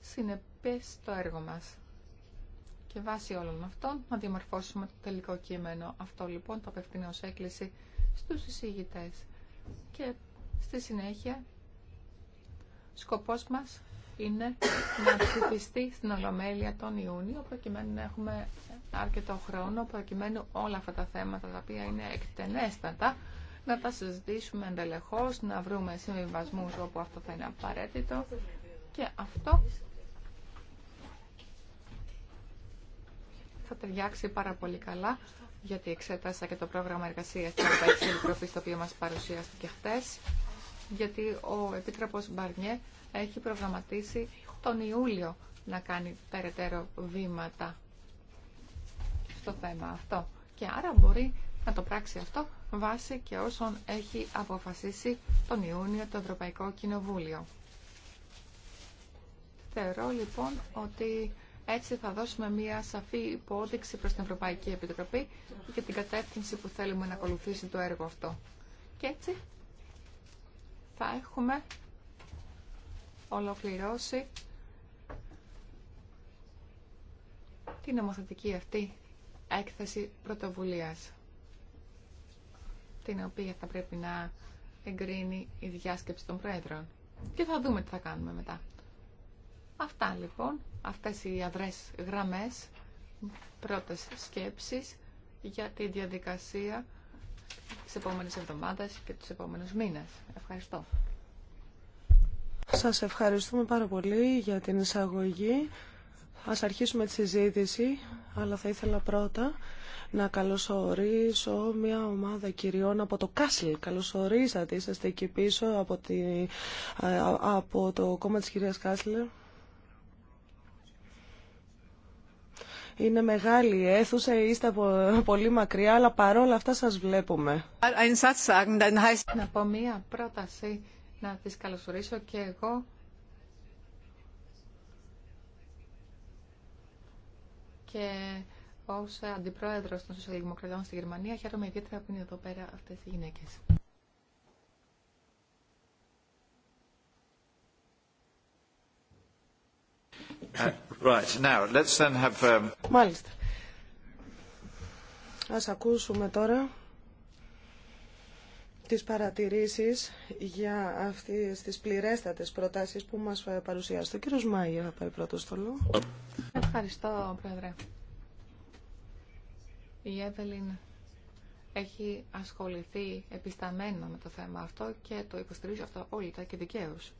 συνεπές το έργο μας. Και βάσει όλων αυτών να διαμορφώσουμε το τελικό κείμενο. Αυτό λοιπόν το απευθύνω ω έκκληση στους εισηγητές. Και Στη συνέχεια, σκοπός μας είναι να ψηφιστεί στην Ολομέλεια τον Ιούνιο, προκειμένου να έχουμε αρκετό χρόνο, προκειμένου όλα αυτά τα θέματα τα οποία είναι εκτενέστατα, να τα συζητήσουμε εντελεχώς, να βρούμε συμβιβασμούς όπου αυτό θα είναι απαραίτητο και αυτό θα ταιριάξει πάρα πολύ καλά γιατί εξέτασα και το πρόγραμμα εργασίας της Ευρωπαϊκής το οποίο μας και χτες γιατί ο Επίτροπος Μπαρνιέ έχει προγραμματίσει τον Ιούλιο να κάνει περαιτέρω βήματα στο θέμα αυτό. Και άρα μπορεί να το πράξει αυτό βάσει και όσων έχει αποφασίσει τον Ιούνιο το Ευρωπαϊκό Κοινοβούλιο. Θεωρώ λοιπόν ότι έτσι θα δώσουμε μια σαφή υπόδειξη προς την Ευρωπαϊκή Επιτροπή για την κατεύθυνση που θέλουμε να ακολουθήσει το έργο αυτό. Και έτσι θα έχουμε ολοκληρώσει την νομοθετική αυτή έκθεση πρωτοβουλίας την οποία θα πρέπει να εγκρίνει η διάσκεψη των Πρόεδρων. Και θα δούμε τι θα κάνουμε μετά. Αυτά λοιπόν, αυτές οι αδρές γραμμές, πρώτες σκέψεις για τη διαδικασία τις επόμενες εβδομάδες και τους επόμενους μήνες. Ευχαριστώ. Σας ευχαριστούμε πάρα πολύ για την εισαγωγή. Ας αρχίσουμε τη συζήτηση, αλλά θα ήθελα πρώτα να καλωσορίσω μια ομάδα κυριών από το Κάσλερ. Καλωσορίσατε, είσαστε εκεί πίσω από, τη, ε, από το κόμμα της κυρίας κάσλε. Είναι μεγάλη η αίθουσα, είστε πολύ μακριά, αλλά παρόλα αυτά σας βλέπουμε. Να πω μία πρόταση να τις καλωσορίσω και εγώ. Και ως αντιπρόεδρος των Σοσιαλδημοκρατών στη Γερμανία χαίρομαι ιδιαίτερα που είναι εδώ πέρα αυτές οι γυναίκες. Uh, um, Μάλιστα. Ας ακούσουμε τώρα τις παρατηρήσεις για αυτές τις πληρέστατες προτάσεις που μας παρουσιάζει. Ο κύριος Μάιερ θα πάει πρώτο στο Ευχαριστώ, Πρόεδρε. Η Εύελιν έχει ασχοληθεί επισταμένα με το θέμα αυτό και το υποστηρίζει αυτό τα και δικαίως.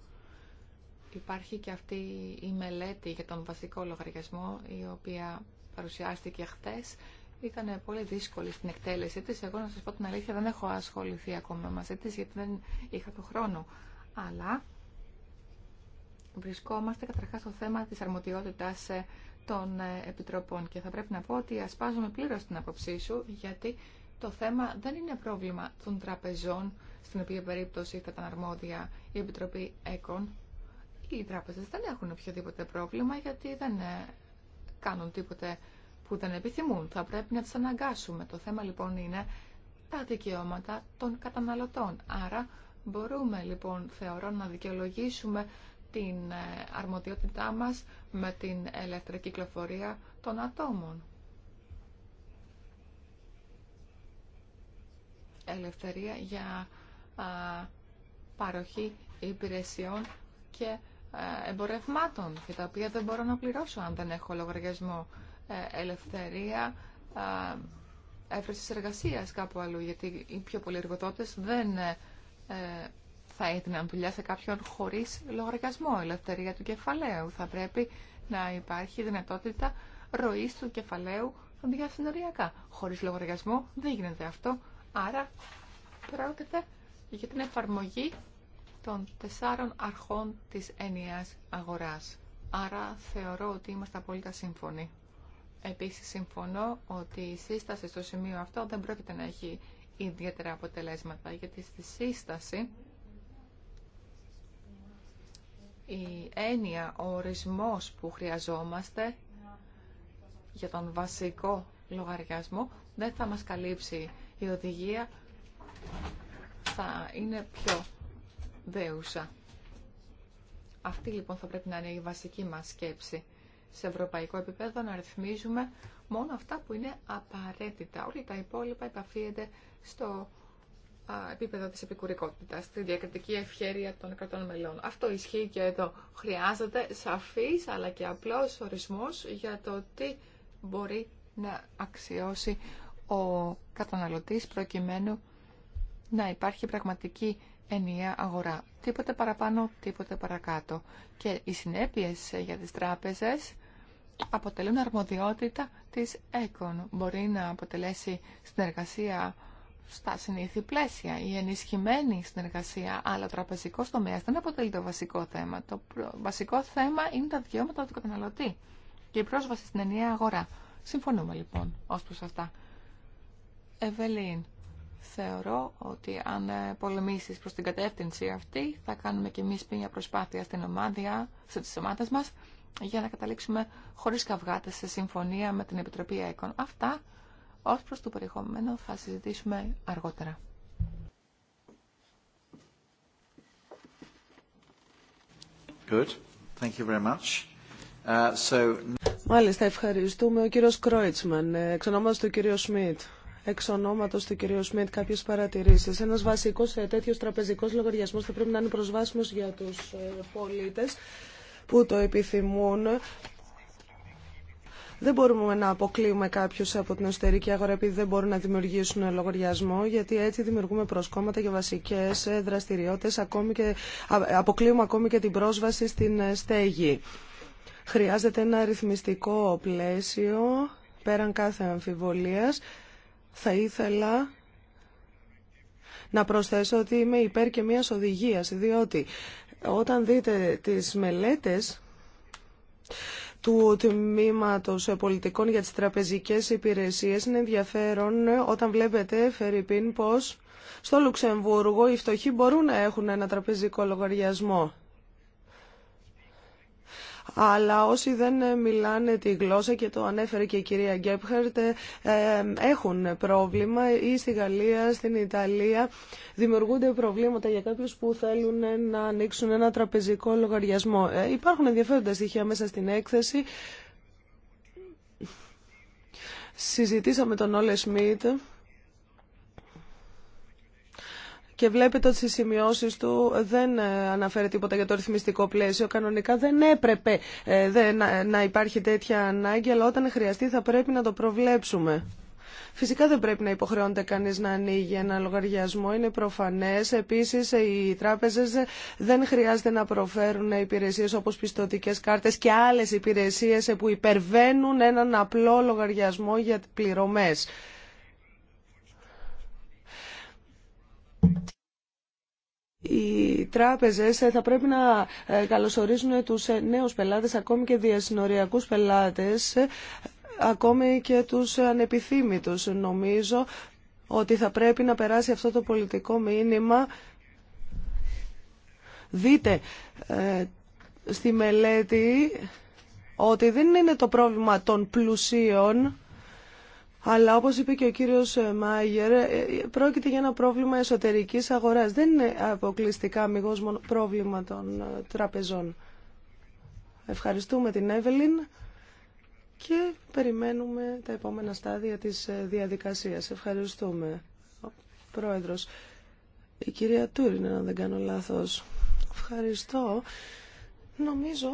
Υπάρχει και αυτή η μελέτη για τον βασικό λογαριασμό, η οποία παρουσιάστηκε χθες. Ήταν πολύ δύσκολη στην εκτέλεσή της. Εγώ να σας πω την αλήθεια δεν έχω ασχοληθεί ακόμα μαζί της, γιατί δεν είχα το χρόνο. Αλλά βρισκόμαστε καταρχάς στο θέμα της αρμοδιότητας ε, των ε, επιτροπών και θα πρέπει να πω ότι ασπάζομαι πλήρως την άποψή σου, γιατί το θέμα δεν είναι πρόβλημα των τραπεζών, στην οποία περίπτωση ήταν αρμόδια η Επιτροπή ΕΚΟΝ, οι τράπεζες δεν έχουν οποιοδήποτε πρόβλημα γιατί δεν ε, κάνουν τίποτε που δεν επιθυμούν. Θα πρέπει να τις αναγκάσουμε. Το θέμα λοιπόν είναι τα δικαιώματα των καταναλωτών. Άρα μπορούμε λοιπόν θεωρώ να δικαιολογήσουμε την ε, αρμοδιότητά μας με την ελεύθερη κυκλοφορία των ατόμων. Ελευθερία για α, παροχή υπηρεσιών και ε, εμπορευμάτων και τα οποία δεν μπορώ να πληρώσω αν δεν έχω λογαριασμό ε, ελευθερία ε, έφερσης εργασία κάπου αλλού γιατί οι πιο πολλοί εργοδότες δεν θα έδιναν δουλειά σε κάποιον χωρίς λογαριασμό ελευθερία του κεφαλαίου θα πρέπει να υπάρχει δυνατότητα ροής του κεφαλαίου διασυνοριακά χωρίς λογαριασμό δεν γίνεται αυτό άρα πρόκειται για την εφαρμογή των τεσσάρων αρχών της ενιαίας αγοράς. Άρα θεωρώ ότι είμαστε απόλυτα σύμφωνοι. Επίσης συμφωνώ ότι η σύσταση στο σημείο αυτό δεν πρόκειται να έχει ιδιαίτερα αποτελέσματα, γιατί στη σύσταση η έννοια, ο ορισμός που χρειαζόμαστε για τον βασικό λογαριασμό δεν θα μας καλύψει η οδηγία θα είναι πιο δέουσα. Αυτή λοιπόν θα πρέπει να είναι η βασική μας σκέψη. Σε ευρωπαϊκό επίπεδο να ρυθμίζουμε μόνο αυτά που είναι απαραίτητα. Όλοι τα υπόλοιπα επαφίεται στο επίπεδο της επικουρικότητας, στη διακριτική ευχέρεια των κρατών μελών. Αυτό ισχύει και εδώ. Χρειάζεται σαφής αλλά και απλός ορισμός για το τι μπορεί να αξιώσει ο καταναλωτής προκειμένου να υπάρχει πραγματική ενιαία αγορά. Τίποτε παραπάνω, τίποτε παρακάτω. Και οι συνέπειες ε, για τις τράπεζες αποτελούν αρμοδιότητα της ΕΚΟΝ. Μπορεί να αποτελέσει συνεργασία στα συνήθη πλαίσια, η ενισχυμένη συνεργασία, αλλά ο τραπεζικό τομέα δεν αποτελεί το βασικό θέμα. Το βασικό θέμα είναι τα δικαιώματα του καταναλωτή και η πρόσβαση στην ενιαία αγορά. Συμφωνούμε λοιπόν ω προ αυτά. Ευελίν, θεωρώ ότι αν ε, πολεμήσεις προς την κατεύθυνση αυτή θα κάνουμε και εμείς μια προσπάθεια στην ομάδα, στις ομάδες μας για να καταλήξουμε χωρίς καυγάτες σε συμφωνία με την Επιτροπή ΕΚΟΝ. Αυτά ως προς το περιεχόμενο θα συζητήσουμε αργότερα. Good. Thank you very much. Uh, so... Μάλιστα, ευχαριστούμε ο κύριος Κρόιτσμαν, Ε, του κύριος Σμιτ εξ ονόματο του κ. Σμιτ κάποιε παρατηρήσει. Ένα βασικό ε, τέτοιο τραπέζικό λογαριασμό θα πρέπει να είναι προσβάσιμο για του ε, πολίτε που το επιθυμούν. Δεν μπορούμε να αποκλείουμε κάποιου από την εσωτερική αγορά επειδή δεν μπορούν να δημιουργήσουν λογαριασμό, γιατί έτσι δημιουργούμε προσκόμματα για βασικέ ε, δραστηριότητε, αποκλείουμε ακόμη και την πρόσβαση στην στέγη. Χρειάζεται ένα ρυθμιστικό πλαίσιο πέραν κάθε αμφιβολίας θα ήθελα να προσθέσω ότι είμαι υπέρ και μιας οδηγίας, διότι όταν δείτε τις μελέτες του Τμήματος Πολιτικών για τις Τραπεζικές Υπηρεσίες είναι ενδιαφέρον όταν βλέπετε, Φερρυπίν, πως στο Λουξεμβούργο οι φτωχοί μπορούν να έχουν ένα τραπεζικό λογαριασμό αλλά όσοι δεν ε, μιλάνε τη γλώσσα και το ανέφερε και η κυρία Γκέπχερτ ε, έχουν πρόβλημα ή στη Γαλλία, στην Ιταλία δημιουργούνται προβλήματα για κάποιους που θέλουν ε, να ανοίξουν ένα τραπεζικό λογαριασμό. Υπάρχουν ενδιαφέροντα στοιχεία μέσα στην έκθεση. Συζητήσαμε τον Όλε Σμιτ και βλέπετε ότι στις σημειώσεις του δεν ε, αναφέρει τίποτα για το ρυθμιστικό πλαίσιο. Κανονικά δεν έπρεπε ε, να υπάρχει τέτοια ανάγκη, αλλά όταν χρειαστεί θα πρέπει να το προβλέψουμε. Φυσικά δεν πρέπει να υποχρεώνεται κανείς να ανοίγει ένα λογαριασμό, είναι προφανές. Επίσης ε, οι τράπεζες δεν χρειάζεται να προφέρουν υπηρεσίες όπως πιστωτικές κάρτες και άλλες υπηρεσίες που υπερβαίνουν έναν απλό λογαριασμό για πληρωμές. οι τράπεζες ε, θα πρέπει να ε, καλωσορίζουν τους ε, νέους πελάτες, ακόμη και διασυνοριακούς πελάτες, ακόμη και τους ανεπιθύμητους. Νομίζω ότι θα πρέπει να περάσει αυτό το πολιτικό μήνυμα. Δείτε στη μελέτη ότι δεν είναι το πρόβλημα των πλουσίων αλλά όπως είπε και ο κύριος ε, Μάγερ, ε, ε, πρόκειται για ένα πρόβλημα εσωτερικής αγοράς. Δεν είναι αποκλειστικά αμυγός μόνο πρόβλημα των τραπεζών. Ευχαριστούμε την Εύελιν και περιμένουμε τα επόμενα στάδια της διαδικασίας. Ευχαριστούμε. Ο πρόεδρος, η κυρία Τούριν, αν δεν κάνω λάθος. Ευχαριστώ. Νομίζω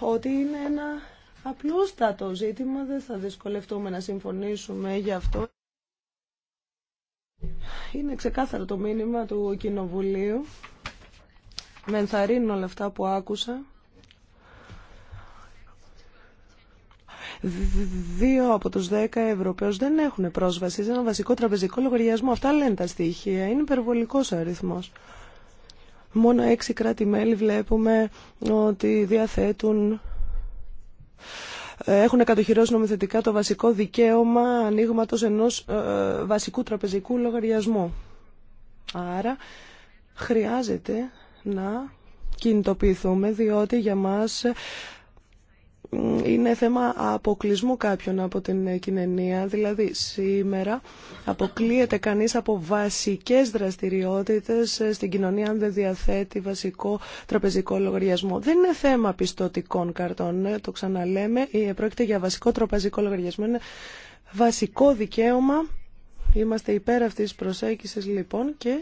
ότι είναι ένα το ζήτημα, δεν θα δυσκολευτούμε να συμφωνήσουμε γι' αυτό. Είναι ξεκάθαρο το μήνυμα του Κοινοβουλίου. Με ενθαρρύνουν όλα αυτά που άκουσα. Δύο από τους δέκα Ευρωπαίους δεν έχουν πρόσβαση σε ένα βασικό τραπεζικό λογαριασμό. Αυτά λένε τα στοιχεία. Είναι υπερβολικός ο αριθμός. Μόνο έξι κράτη-μέλη βλέπουμε ότι διαθέτουν έχουν κατοχυρώσει νομοθετικά το βασικό δικαίωμα ανοίγματο ενός ε, ε, βασικού τραπεζικού λογαριασμού. Άρα χρειάζεται να κινητοποιηθούμε διότι για μας είναι θέμα αποκλεισμού κάποιων από την κοινωνία. Δηλαδή σήμερα αποκλείεται κανείς από βασικές δραστηριότητες στην κοινωνία αν δεν διαθέτει βασικό τραπεζικό λογαριασμό. Δεν είναι θέμα πιστοτικών καρτών, ε, το ξαναλέμε. Ε, πρόκειται για βασικό τραπεζικό λογαριασμό. Είναι βασικό δικαίωμα. Είμαστε υπέρ αυτή τη προσέγγιση λοιπόν και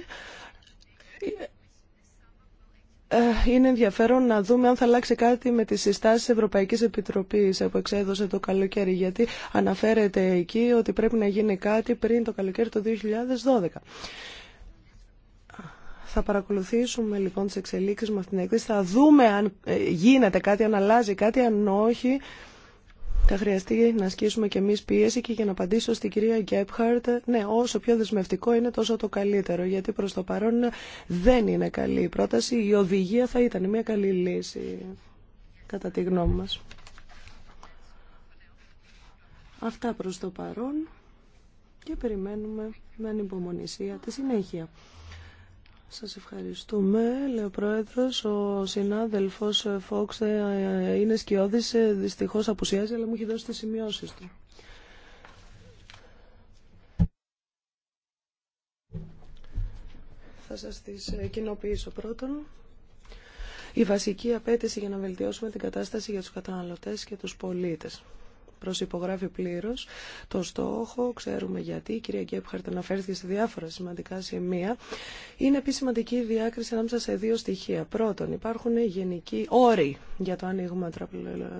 ε, είναι ενδιαφέρον να δούμε αν θα αλλάξει κάτι με τις συστάσεις Ευρωπαϊκής Επιτροπής που εξέδωσε το καλοκαίρι, γιατί αναφέρεται εκεί ότι πρέπει να γίνει κάτι πριν το καλοκαίρι το 2012. Θα παρακολουθήσουμε λοιπόν τις εξελίξεις με αυτήν την έκθεση, θα δούμε αν ε, γίνεται κάτι, αν αλλάζει κάτι, αν όχι. Θα χρειαστεί να ασκήσουμε και εμεί πίεση και για να απαντήσω στην κυρία Γκέπχαρτ, ναι, όσο πιο δεσμευτικό είναι τόσο το καλύτερο, γιατί προ το παρόν δεν είναι καλή η πρόταση. Η οδηγία θα ήταν μια καλή λύση, κατά τη γνώμη μα. Αυτά προς το παρόν και περιμένουμε με ανυπομονησία τη συνέχεια. Σας ευχαριστούμε. Λέει ο Πρόεδρος, ο συνάδελφος Φόξ ε, ε, είναι σκιώδης, ε, δυστυχώς απουσιάζει, αλλά μου έχει δώσει τις σημειώσεις του. Θα σας τις κοινοποιήσω πρώτον. Η βασική απέτηση για να βελτιώσουμε την κατάσταση για τους καταναλωτές και τους πολίτες προσυπογράφει πλήρω το στόχο. Ξέρουμε γιατί. Η κυρία Γκέπχαρτ αναφέρθηκε σε διάφορα σημαντικά σημεία. Είναι επίση σημαντική η διάκριση ανάμεσα σε δύο στοιχεία. Πρώτον, υπάρχουν γενικοί όροι για το άνοιγμα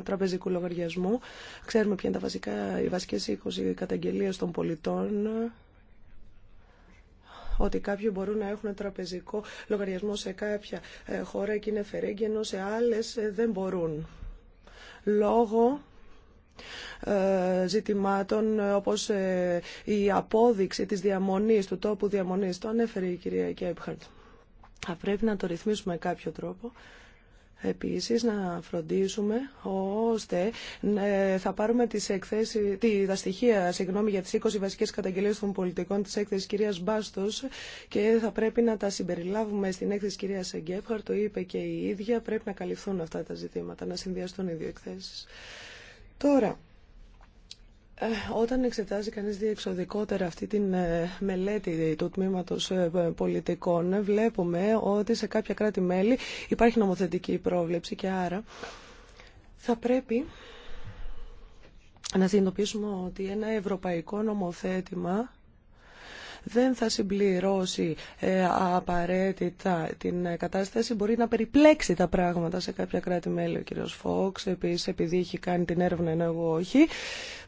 τραπεζικού λογαριασμού. Ξέρουμε ποια είναι τα βασικά, οι βασικέ 20 καταγγελίε των πολιτών ότι κάποιοι μπορούν να έχουν τραπεζικό λογαριασμό σε κάποια ε, χώρα και είναι φερέγγενο, σε άλλες ε, δεν μπορούν. Λόγω ε, ζητημάτων ε, όπως ε, η απόδειξη της διαμονής, του τόπου διαμονής. Το ανέφερε η κυρία Κέπχαρτ. Θα πρέπει να το ρυθμίσουμε κάποιο τρόπο. Επίσης να φροντίσουμε ώστε θα πάρουμε τις εκθέσεις, τη, τα στοιχεία συγγνώμη, για τις 20 βασικές καταγγελίες των πολιτικών της έκθεσης κυρίας Μπάστος και θα πρέπει να τα συμπεριλάβουμε στην έκθεση κυρίας Εγκέφχαρ, το είπε και η ίδια, πρέπει να καλυφθούν αυτά τα ζητήματα, να συνδυαστούν οι δύο εκθέσεις. Τώρα, ε, όταν εξετάζει κανείς διεξοδικότερα αυτή τη ε, μελέτη του τμήματος ε, πολιτικών, βλέπουμε ότι σε κάποια κράτη-μέλη υπάρχει νομοθετική πρόβλεψη και άρα θα πρέπει να συνειδητοποιήσουμε ότι ένα ευρωπαϊκό νομοθέτημα δεν θα συμπληρώσει ε, απαραίτητα την κατάσταση. Μπορεί να περιπλέξει τα πράγματα σε κάποια κράτη-μέλη. Ο κύριος Φόξ, επίσης, επειδή έχει κάνει την έρευνα ενώ εγώ όχι,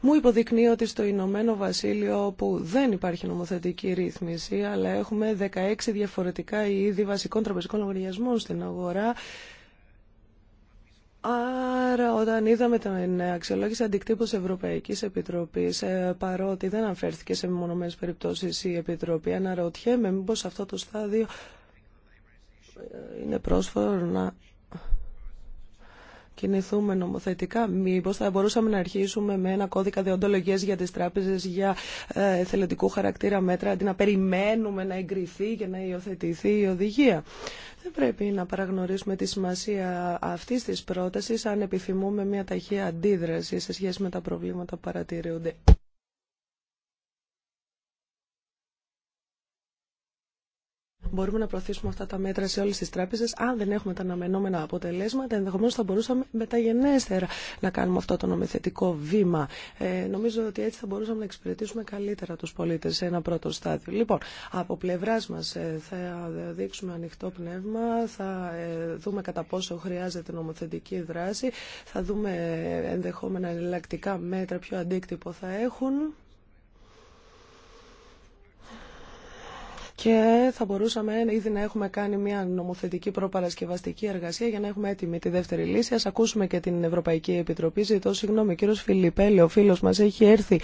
μου υποδεικνύει ότι στο Ηνωμένο Βασίλειο που δεν υπάρχει νομοθετική ρύθμιση, αλλά έχουμε 16 διαφορετικά είδη βασικών τραπεζικών λογαριασμών στην αγορά, Άρα όταν είδαμε την αξιολόγηση της Ευρωπαϊκής Επιτροπής, ε, παρότι δεν αναφέρθηκε σε μονομένες περιπτώσεις η Επιτροπή, αναρωτιέμαι μήπως αυτό το στάδιο ε, είναι πρόσφορο να κινηθούμε νομοθετικά. Μήπω θα μπορούσαμε να αρχίσουμε με ένα κώδικα διοντολογία για τι τράπεζε για ε, εθελοντικού χαρακτήρα μέτρα, αντί να περιμένουμε να εγκριθεί και να υιοθετηθεί η οδηγία. Δεν πρέπει να παραγνωρίσουμε τη σημασία αυτή τη πρόταση αν επιθυμούμε μια ταχεία αντίδραση σε σχέση με τα προβλήματα που παρατηρούνται. μπορούμε να προωθήσουμε αυτά τα μέτρα σε όλε τι τράπεζε. Αν δεν έχουμε τα αναμενόμενα αποτελέσματα, ενδεχομένω θα μπορούσαμε μεταγενέστερα να κάνουμε αυτό το νομοθετικό βήμα. Ε, νομίζω ότι έτσι θα μπορούσαμε να εξυπηρετήσουμε καλύτερα του πολίτε σε ένα πρώτο στάδιο. Λοιπόν, από πλευρά μα ε, θα δείξουμε ανοιχτό πνεύμα, θα ε, δούμε κατά πόσο χρειάζεται νομοθετική δράση, θα δούμε ε, ενδεχόμενα εναλλακτικά μέτρα, ποιο αντίκτυπο θα έχουν και θα μπορούσαμε ήδη να έχουμε κάνει μια νομοθετική προπαρασκευαστική εργασία για να έχουμε έτοιμη τη δεύτερη λύση. Ας ακούσουμε και την Ευρωπαϊκή Επιτροπή. Ζητώ συγγνώμη, κύριος Φιλιππέλη, ο φίλος μας έχει έρθει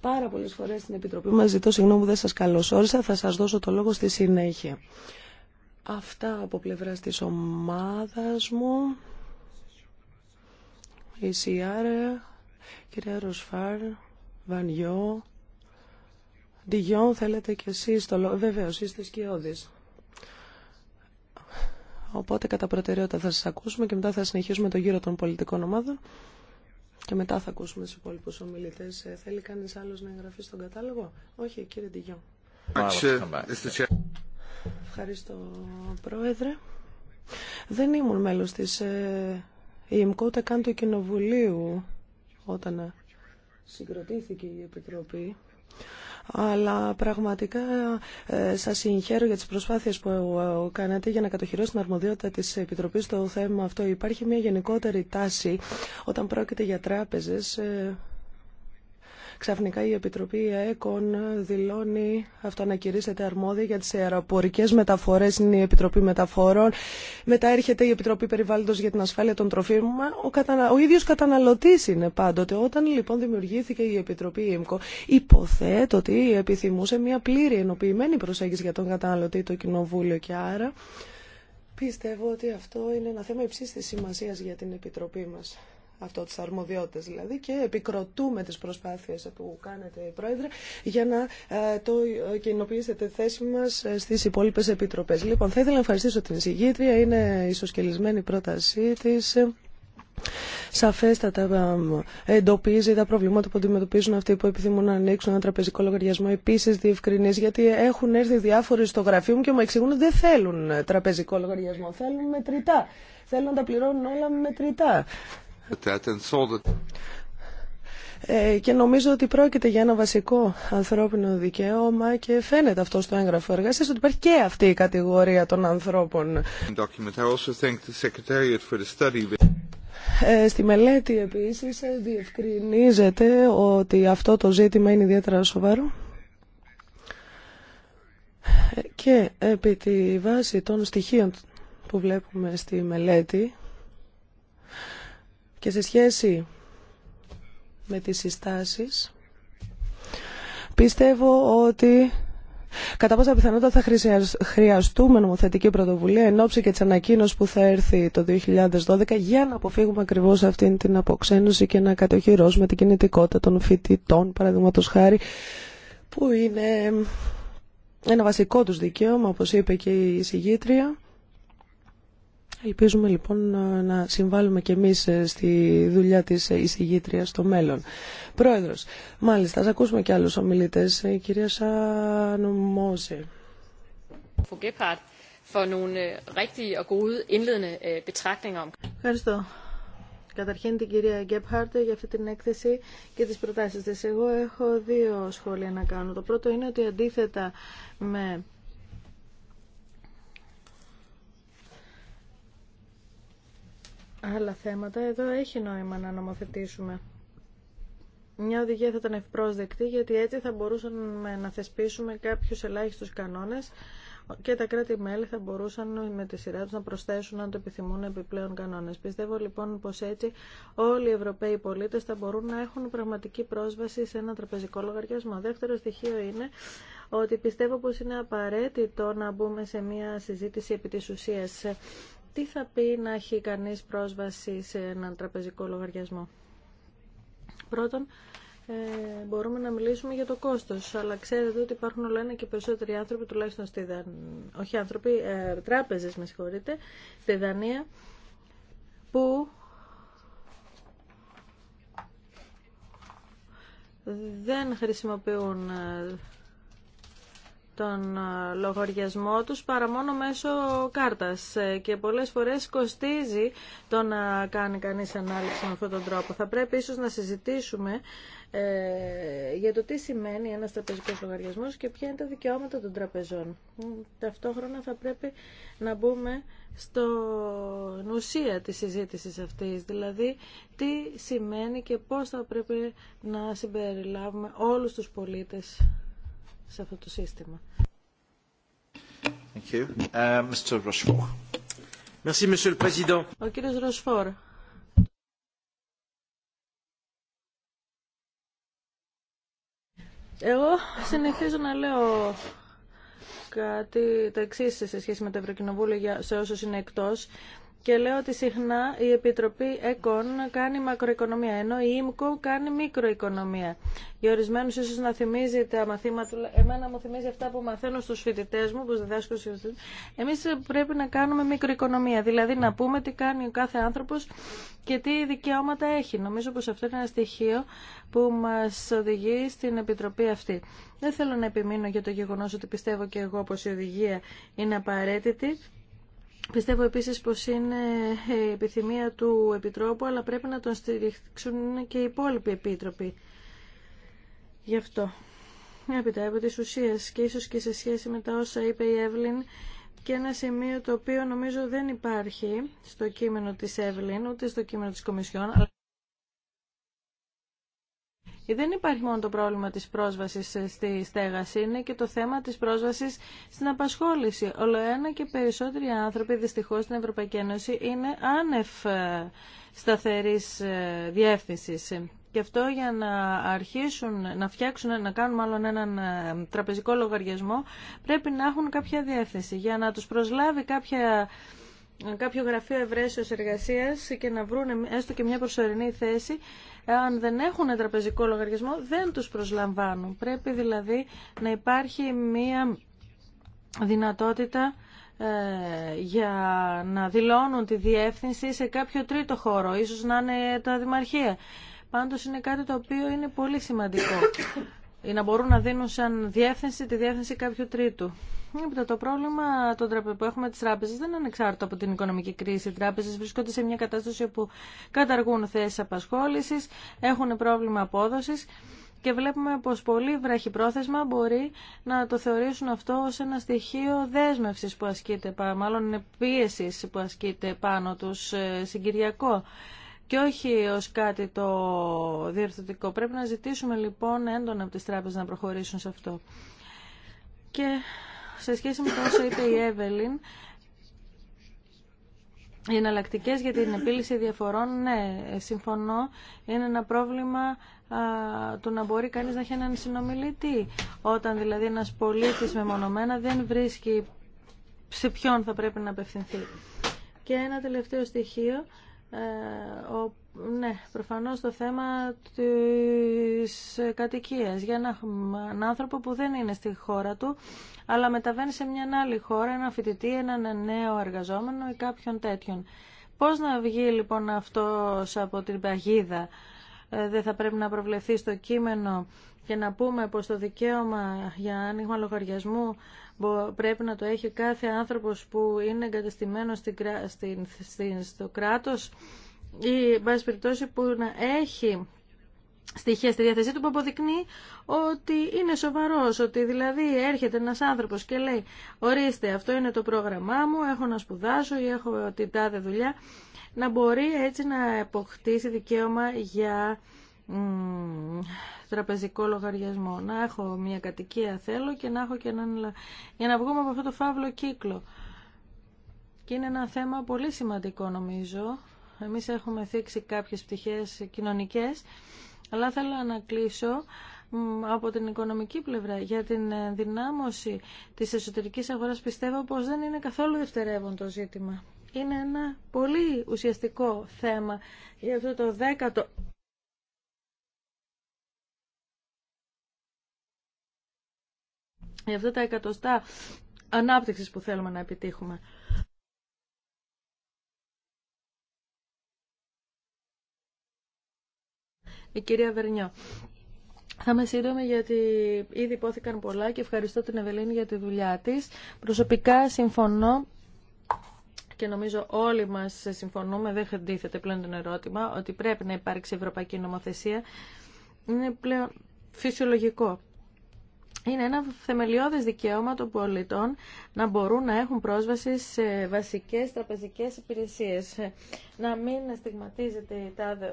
πάρα πολλές φορές στην Επιτροπή μας. Ζητώ συγγνώμη που δεν σας καλωσόρισα, θα σας δώσω το λόγο στη συνέχεια. Αυτά από πλευρά τη ομάδα μου. Η κυρία Ροσφάρ, Βανιό. Ντιγιόν, θέλετε κι εσείς το λόγο. Βεβαίως, είστε σκιώδης. Οπότε κατά προτεραιότητα θα σας ακούσουμε και μετά θα συνεχίσουμε το γύρο των πολιτικών ομάδων και μετά θα ακούσουμε τους υπόλοιπου ομιλητές. Ε, θέλει κανείς άλλος να εγγραφεί στον κατάλογο. Όχι, κύριε Ντιγιόν. Ε, Ευχαριστώ, Πρόεδρε. Δεν ήμουν μέλος της ε, ΙΜΚΟ ούτε καν του Κοινοβουλίου όταν συγκροτήθηκε η Επιτροπή αλλά πραγματικά ε, σας συγχαίρω για τις προσπάθειες που κάνατε για να κατοχυρώσετε την αρμοδιότητα της Επιτροπής στο θέμα αυτό. Υπάρχει μια γενικότερη τάση όταν πρόκειται για τράπεζες ε, Ξαφνικά η Επιτροπή ΕΚΟΝ δηλώνει, αυτό ανακηρύσσεται αρμόδια για τι αεροπορικέ μεταφορέ είναι η Επιτροπή Μεταφορών. Μετά έρχεται η Επιτροπή περιβάλλοντο για την Ασφάλεια των Τροφίμων. Ο, κατανα... ο ίδιος καταναλωτής είναι πάντοτε. Όταν λοιπόν δημιουργήθηκε η Επιτροπή ΕΜΚΟ, υποθέτω ότι επιθυμούσε μια πλήρη ενοποιημένη προσέγγιση για τον καταναλωτή, το Κοινοβούλιο και άρα... Πιστεύω ότι αυτό είναι ένα θέμα υψής της για την Επιτροπή μας αυτό τις αρμοδιότητες δηλαδή και επικροτούμε τις προσπάθειες που κάνετε Πρόεδρε για να ε, το ε, κοινοποιήσετε θέση μας ε, στις υπόλοιπες επιτροπές. Λοιπόν, θα ήθελα να ευχαριστήσω την εισηγήτρια, είναι ισοσκελισμένη η πρότασή της. Σαφέστατα εντοπίζει τα προβλήματα που αντιμετωπίζουν αυτοί που επιθυμούν να ανοίξουν ένα τραπεζικό λογαριασμό. Επίση, διευκρινεί γιατί έχουν έρθει διάφοροι στο γραφείο μου και μου εξηγούν ότι δεν θέλουν τραπεζικό λογαριασμό. Θέλουν μετρητά. Θέλουν να τα πληρώνουν όλα μετρητά. Ε, και νομίζω ότι πρόκειται για ένα βασικό ανθρώπινο δικαίωμα και φαίνεται αυτό στο έγγραφο εργασίας ότι υπάρχει και αυτή η κατηγορία των ανθρώπων. Ε, στη μελέτη επίσης διευκρινίζεται ότι αυτό το ζήτημα είναι ιδιαίτερα σοβαρό και επί τη βάση των στοιχείων που βλέπουμε στη μελέτη και σε σχέση με τις συστάσεις, πιστεύω ότι κατά πάσα πιθανότητα θα χρειαστούμε νομοθετική πρωτοβουλία εν ώψη και της ανακοίνωση που θα έρθει το 2012 για να αποφύγουμε ακριβώς αυτήν την αποξένωση και να κατοχυρώσουμε την κινητικότητα των φοιτητών, παραδείγματο χάρη, που είναι ένα βασικό τους δικαίωμα, όπως είπε και η συγγήτρια. Ελπίζουμε λοιπόν να συμβάλλουμε και εμείς ε, στη δουλειά της ε, εισηγήτριας στο μέλλον. Πρόεδρος, μάλιστα, θα ακούσουμε και άλλους ομιλητές. Ε, η κυρία Σανομόζε. Øh, Ευχαριστώ. Καταρχήν την κυρία Γκέπχαρτ για αυτή την έκθεση και τις προτάσεις της. Εγώ έχω δύο σχόλια να κάνω. Το πρώτο είναι ότι αντίθετα με άλλα θέματα, εδώ έχει νόημα να νομοθετήσουμε. Μια οδηγία θα ήταν ευπρόσδεκτη, γιατί έτσι θα μπορούσαμε να θεσπίσουμε κάποιους ελάχιστους κανόνες και τα κράτη-μέλη θα μπορούσαν με τη σειρά τους να προσθέσουν, αν το επιθυμούν, επιπλέον κανόνες. Πιστεύω λοιπόν πως έτσι όλοι οι Ευρωπαίοι πολίτες θα μπορούν να έχουν πραγματική πρόσβαση σε ένα τραπεζικό λογαριασμό. Δεύτερο στοιχείο είναι ότι πιστεύω πως είναι απαραίτητο να μπούμε σε μια συζήτηση επί της ουσίας τι θα πει να έχει κανείς πρόσβαση σε έναν τραπεζικό λογαριασμό. Πρώτον, ε, μπορούμε να μιλήσουμε για το κόστος, αλλά ξέρετε ότι υπάρχουν όλα ένα και περισσότεροι άνθρωποι, τουλάχιστον στη Δανία, όχι άνθρωποι, ε, τράπεζες με συγχωρείτε, στη Δανία, που δεν χρησιμοποιούν ε, τον ε, λογαριασμό τους παρά μόνο μέσω κάρτας ε, και πολλές φορές κοστίζει το να κάνει κανείς ανάλυση με αυτόν τον τρόπο. Θα πρέπει ίσως να συζητήσουμε ε, για το τι σημαίνει ένας τραπεζικός λογαριασμός και ποια είναι τα δικαιώματα των τραπεζών. Ταυτόχρονα θα πρέπει να μπούμε στο ουσία της συζήτησης αυτής, δηλαδή τι σημαίνει και πώς θα πρέπει να συμπεριλάβουμε όλους τους πολίτες σε αυτό το σύστημα. Thank you. Uh, Mr. Merci, Monsieur le Président. Ο κύριος Ροσφόρ. Εγώ συνεχίζω να λέω κάτι τα εξή σε σχέση με το Ευρωκοινοβούλιο για, σε όσους είναι εκτός. Και λέω ότι συχνά η Επιτροπή ΕΚΟΝ κάνει μακροοικονομία, ενώ η ΙΜΚΟ κάνει μικροοικονομία. Για ορισμένου ίσω να θυμίζει τα μαθήματα, εμένα μου θυμίζει αυτά που μαθαίνω στου φοιτητέ μου, που διδάσκω στου φοιτητέ. Εμεί πρέπει να κάνουμε μικροοικονομία, δηλαδή να πούμε τι κάνει ο κάθε άνθρωπο και τι δικαιώματα έχει. Νομίζω πω αυτό είναι ένα στοιχείο που μα οδηγεί στην Επιτροπή αυτή. Δεν θέλω να επιμείνω για το γεγονό ότι πιστεύω και εγώ πω η οδηγία είναι απαραίτητη. Πιστεύω επίσης πως είναι η επιθυμία του Επιτρόπου, αλλά πρέπει να τον στήριξουν και οι υπόλοιποι Επίτροποι. Γι' αυτό. Έπειτα, από τις και ίσως και σε σχέση με τα όσα είπε η Εύλην, και ένα σημείο το οποίο νομίζω δεν υπάρχει στο κείμενο της Εύλην, ούτε στο κείμενο της Κομισιόν, δεν υπάρχει μόνο το πρόβλημα της πρόσβασης στη στέγαση, είναι και το θέμα της πρόσβασης στην απασχόληση. Όλο ένα και περισσότεροι άνθρωποι δυστυχώς στην Ευρωπαϊκή Ένωση είναι άνευ ε, σταθερής ε, διεύθυνσης. Και αυτό για να αρχίσουν να φτιάξουν, να κάνουν μάλλον έναν ε, τραπεζικό λογαριασμό, πρέπει να έχουν κάποια διεύθυνση. Για να τους προσλάβει κάποια κάποιο γραφείο ευρέσεω εργασία και να βρουν έστω και μια προσωρινή θέση, αν δεν έχουν τραπεζικό λογαριασμό δεν τους προσλαμβάνουν. Πρέπει δηλαδή να υπάρχει μια δυνατότητα ε, για να δηλώνουν τη διεύθυνση σε κάποιο τρίτο χώρο, ίσως να είναι τα δημαρχία. Πάντως είναι κάτι το οποίο είναι πολύ σημαντικό ή να μπορούν να δίνουν σαν διεύθυνση τη διεύθυνση κάποιου τρίτου. το πρόβλημα που έχουμε τις τράπεζες δεν είναι ανεξάρτητο από την οικονομική κρίση. Οι τράπεζες βρίσκονται σε μια κατάσταση όπου καταργούν θέσει απασχόληση, έχουν πρόβλημα απόδοση και βλέπουμε πω πολύ βραχυπρόθεσμα μπορεί να το θεωρήσουν αυτό ω ένα στοιχείο δέσμευση που ασκείται, μάλλον πίεση που ασκείται πάνω του ε, συγκυριακό και όχι ως κάτι το διορθωτικό. Πρέπει να ζητήσουμε λοιπόν έντονα από τις τράπεζες να προχωρήσουν σε αυτό. Και σε σχέση με το όσο είπε η Εύελιν, οι εναλλακτικέ για την επίλυση διαφορών, ναι, συμφωνώ, είναι ένα πρόβλημα του να μπορεί κανείς να έχει έναν συνομιλητή. Όταν δηλαδή ένας πολίτης μεμονωμένα δεν βρίσκει σε ποιον θα πρέπει να απευθυνθεί. Και ένα τελευταίο στοιχείο ε, ο, ναι, προφανώς το θέμα της κατοικίας για ένα, άνθρωπο που δεν είναι στη χώρα του αλλά μεταβαίνει σε μια άλλη χώρα, ένα φοιτητή, έναν νέο εργαζόμενο ή κάποιον τέτοιον. Πώς να βγει λοιπόν αυτός από την παγίδα ε, δεν θα πρέπει να προβλεφθεί στο κείμενο και να πούμε πως το δικαίωμα για άνοιγμα λογαριασμού πρέπει να το έχει κάθε άνθρωπος που είναι στην στο κράτος ή, βάση περιπτώσει, που να έχει στοιχεία στη διάθεσή του που αποδεικνύει ότι είναι σοβαρός, ότι δηλαδή έρχεται ένας άνθρωπος και λέει «Ορίστε, αυτό είναι το πρόγραμμά μου, έχω να σπουδάσω ή έχω την τάδε δουλειά», να μπορεί έτσι να αποκτήσει δικαίωμα για τραπεζικό λογαριασμό. Να έχω μια κατοικία θέλω και να έχω και για να βγούμε από αυτό το φαύλο κύκλο. Και είναι ένα θέμα πολύ σημαντικό νομίζω. Εμείς έχουμε θίξει κάποιες πτυχές κοινωνικές, αλλά θέλω να κλείσω από την οικονομική πλευρά για την ε, δυνάμωση της εσωτερικής αγοράς πιστεύω πως δεν είναι καθόλου δευτερεύον το ζήτημα. Είναι ένα πολύ ουσιαστικό θέμα για αυτό το δέκατο για αυτά τα εκατοστά ανάπτυξης που θέλουμε να επιτύχουμε. Η κυρία Βερνιό. Θα είμαι σύντομη γιατί ήδη υπόθηκαν πολλά και ευχαριστώ την Ευελίνη για τη δουλειά της. Προσωπικά συμφωνώ και νομίζω όλοι μας συμφωνούμε, δεν χαντίθεται πλέον το ερώτημα, ότι πρέπει να υπάρξει ευρωπαϊκή νομοθεσία. Είναι πλέον φυσιολογικό. Είναι ένα θεμελιώδες δικαίωμα των πολιτών να μπορούν να έχουν πρόσβαση σε βασικές τραπεζικές υπηρεσίες. Να μην στιγματίζεται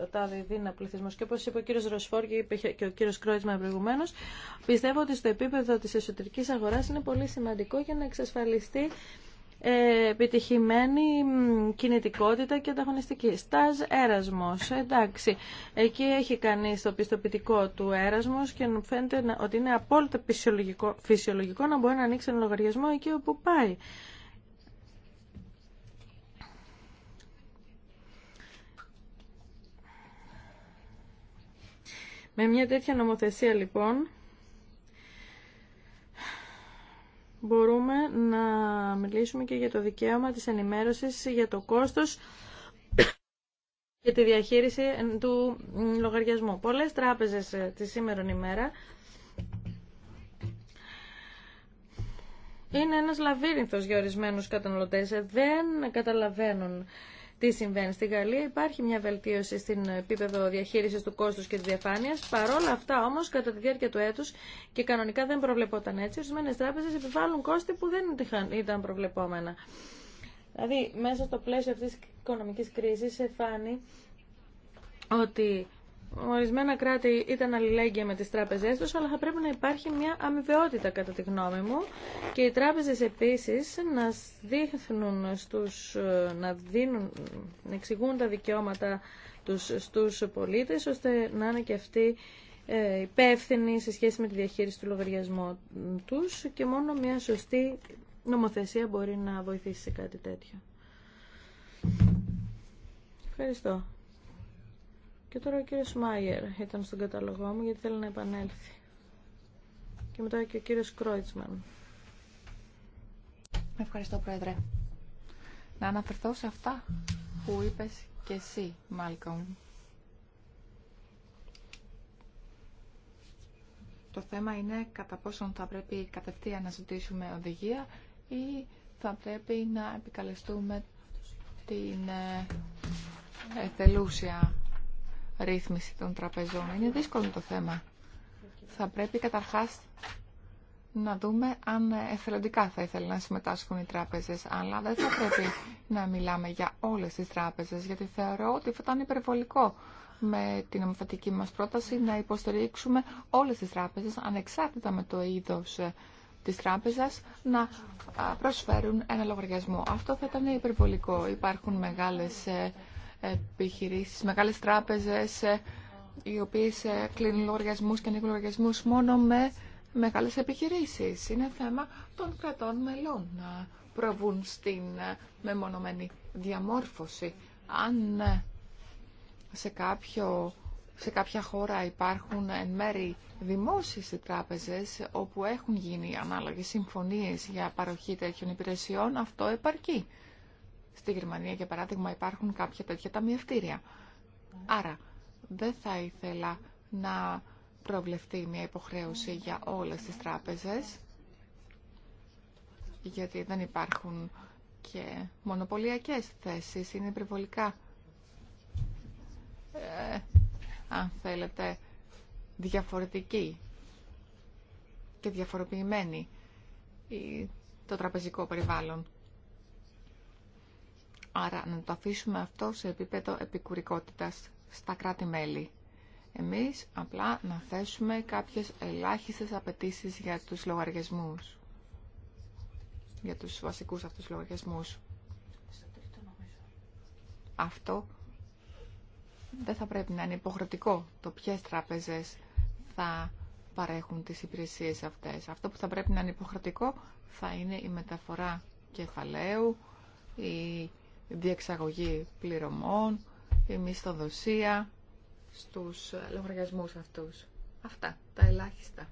ο τάδε δίνα πληθυσμό. Και όπως είπε ο κύριος Ροσφόρ και και ο κύριος Κρόισμα προηγουμένω, πιστεύω ότι στο επίπεδο της εσωτερικής αγοράς είναι πολύ σημαντικό για να εξασφαλιστεί επιτυχημένη κινητικότητα και ανταγωνιστική. Στάζ έρασμος, εντάξει, εκεί έχει κάνει το πιστοποιητικό του έρασμος και φαίνεται ότι είναι απόλυτα φυσιολογικό, φυσιολογικό να μπορεί να ανοίξει ένα λογαριασμό εκεί όπου πάει. Με μια τέτοια νομοθεσία λοιπόν μπορούμε να μιλήσουμε και για το δικαίωμα της ενημέρωσης για το κόστος και τη διαχείριση του λογαριασμού. Πολλές τράπεζες ε, τη σήμερα ημέρα είναι ένας λαβύρινθος για ορισμένους καταναλωτές. Ε, δεν καταλαβαίνουν τι συμβαίνει. Στη Γαλλία υπάρχει μια βελτίωση στην επίπεδο διαχείριση του κόστου και τη διαφάνεια. Παρόλα αυτά όμω, κατά τη διάρκεια του έτου και κανονικά δεν προβλεπόταν έτσι, ορισμένε τράπεζε επιβάλλουν κόστη που δεν ήταν προβλεπόμενα. Δηλαδή, μέσα στο πλαίσιο αυτή τη οικονομική κρίση, εφάνει ότι Ορισμένα κράτη ήταν αλληλέγγυα με τις τράπεζές τους, αλλά θα πρέπει να υπάρχει μια αμοιβαιότητα κατά τη γνώμη μου και οι τράπεζες επίσης να δείχνουν στους, να δίνουν, να εξηγούν τα δικαιώματα τους στους πολίτες, ώστε να είναι και αυτοί ε, υπεύθυνοι σε σχέση με τη διαχείριση του λογαριασμού τους και μόνο μια σωστή νομοθεσία μπορεί να βοηθήσει σε κάτι τέτοιο. Ευχαριστώ. Και τώρα ο κύριος Μάιερ ήταν στον καταλογό μου γιατί θέλει να επανέλθει. Και μετά και ο κύριος Κρόιτσμαν. Ευχαριστώ Πρόεδρε. Να αναφερθώ σε αυτά που είπες και εσύ, Μάλκομ. Το θέμα είναι κατά πόσον θα πρέπει κατευθείαν να ζητήσουμε οδηγία ή θα πρέπει να επικαλεστούμε την ε, εθελούσια ρύθμιση των τραπεζών. Είναι δύσκολο το θέμα. Θα πρέπει καταρχάς να δούμε αν εθελοντικά θα ήθελαν να συμμετάσχουν οι τράπεζες, αλλά δεν θα πρέπει να μιλάμε για όλες τις τράπεζες, γιατί θεωρώ ότι θα ήταν υπερβολικό με την νομοθετική μας πρόταση να υποστηρίξουμε όλες τις τράπεζες, ανεξάρτητα με το είδος ε, της τράπεζας, να προσφέρουν ένα λογαριασμό. Αυτό θα ήταν υπερβολικό. Υπάρχουν μεγάλες ε, επιχειρήσεις, μεγάλες τράπεζες, ε, οι οποίες ε, κλείνουν λογαριασμού και ανοίγουν μόνο με μεγάλες επιχειρήσεις. Είναι θέμα των κρατών μελών να προβούν στην ε, μεμονωμένη διαμόρφωση. Αν σε, κάποιο, σε κάποια χώρα υπάρχουν εν μέρη δημόσιες τράπεζες όπου έχουν γίνει ανάλογες συμφωνίες για παροχή τέτοιων υπηρεσιών, αυτό επαρκεί. Στη Γερμανία, για παράδειγμα, υπάρχουν κάποια τέτοια ταμιευτήρια. Άρα, δεν θα ήθελα να προβλεφτεί μια υποχρέωση για όλες τις τράπεζες, γιατί δεν υπάρχουν και μονοπωλιακές θέσεις, είναι υπερβολικά, ε, αν θέλετε, διαφορετική και διαφοροποιημένη το τραπεζικό περιβάλλον. Άρα να το αφήσουμε αυτό σε επίπεδο επικουρικότητας στα κράτη-μέλη. Εμείς απλά να θέσουμε κάποιες ελάχιστες απαιτήσεις για τους λογαριασμούς. Για τους βασικούς αυτούς λογαριασμούς. Αυτό δεν θα πρέπει να είναι υποχρεωτικό το ποιες τράπεζες θα παρέχουν τις υπηρεσίες αυτές. Αυτό που θα πρέπει να είναι υποχρεωτικό θα είναι η μεταφορά κεφαλαίου, η διεξαγωγή πληρωμών, η μισθοδοσία στους λογαριασμούς αυτούς. Αυτά, τα ελάχιστα.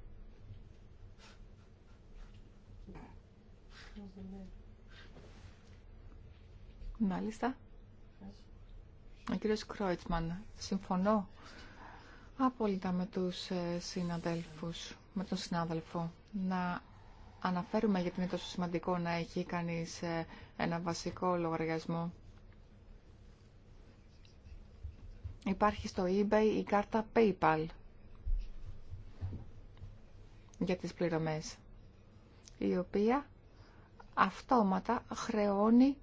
Μάλιστα. Ο κύριος Κρόιτσμαν, συμφωνώ απόλυτα με τους ε, συναδέλφους, με τον συνάδελφο, να αναφέρουμε γιατί είναι τόσο σημαντικό να έχει κανείς ε, ένα βασικό λογαριασμό. Υπάρχει στο eBay η κάρτα PayPal για τις πληρωμές, η οποία αυτόματα χρεώνει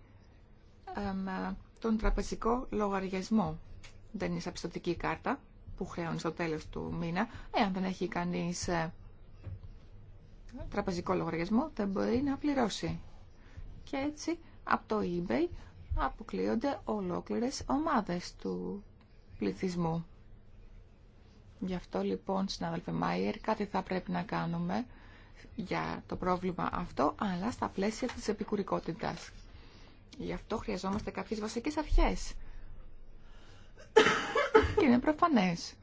τον τραπεζικό λογαριασμό. Δεν είναι σαν πιστοτική κάρτα που χρεώνει στο τέλος του μήνα, εάν δεν έχει κανείς ε, τραπεζικό λογαριασμό δεν μπορεί να πληρώσει. Και έτσι από το eBay αποκλείονται ολόκληρες ομάδες του πληθυσμού. Γι' αυτό λοιπόν, συνάδελφε Μάιερ, κάτι θα πρέπει να κάνουμε για το πρόβλημα αυτό, αλλά στα πλαίσια της επικουρικότητας. Γι' αυτό χρειαζόμαστε κάποιες βασικές αρχές. Και είναι προφανές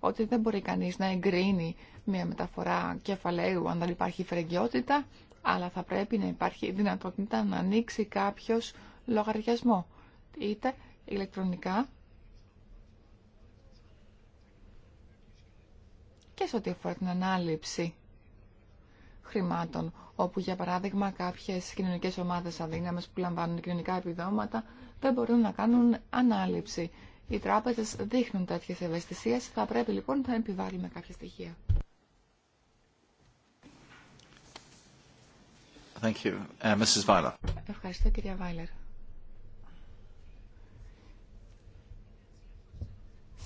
ότι δεν μπορεί κανείς να εγκρίνει μια μεταφορά κεφαλαίου αν δεν υπάρχει φρεγγιότητα, αλλά θα πρέπει να υπάρχει δυνατότητα να ανοίξει κάποιος λογαριασμό, είτε ηλεκτρονικά και σε ό,τι αφορά την ανάληψη χρημάτων, όπου για παράδειγμα κάποιες κοινωνικές ομάδες αδύναμες που λαμβάνουν κοινωνικά επιδόματα δεν μπορούν να κάνουν ανάληψη οι τράπεζε δείχνουν τέτοιε ευαισθησίε. θα πρέπει λοιπόν να επιβάλλουμε κάποια στοιχεία. Thank you. Uh, Mrs. Ευχαριστώ κυρία Βάιλερ.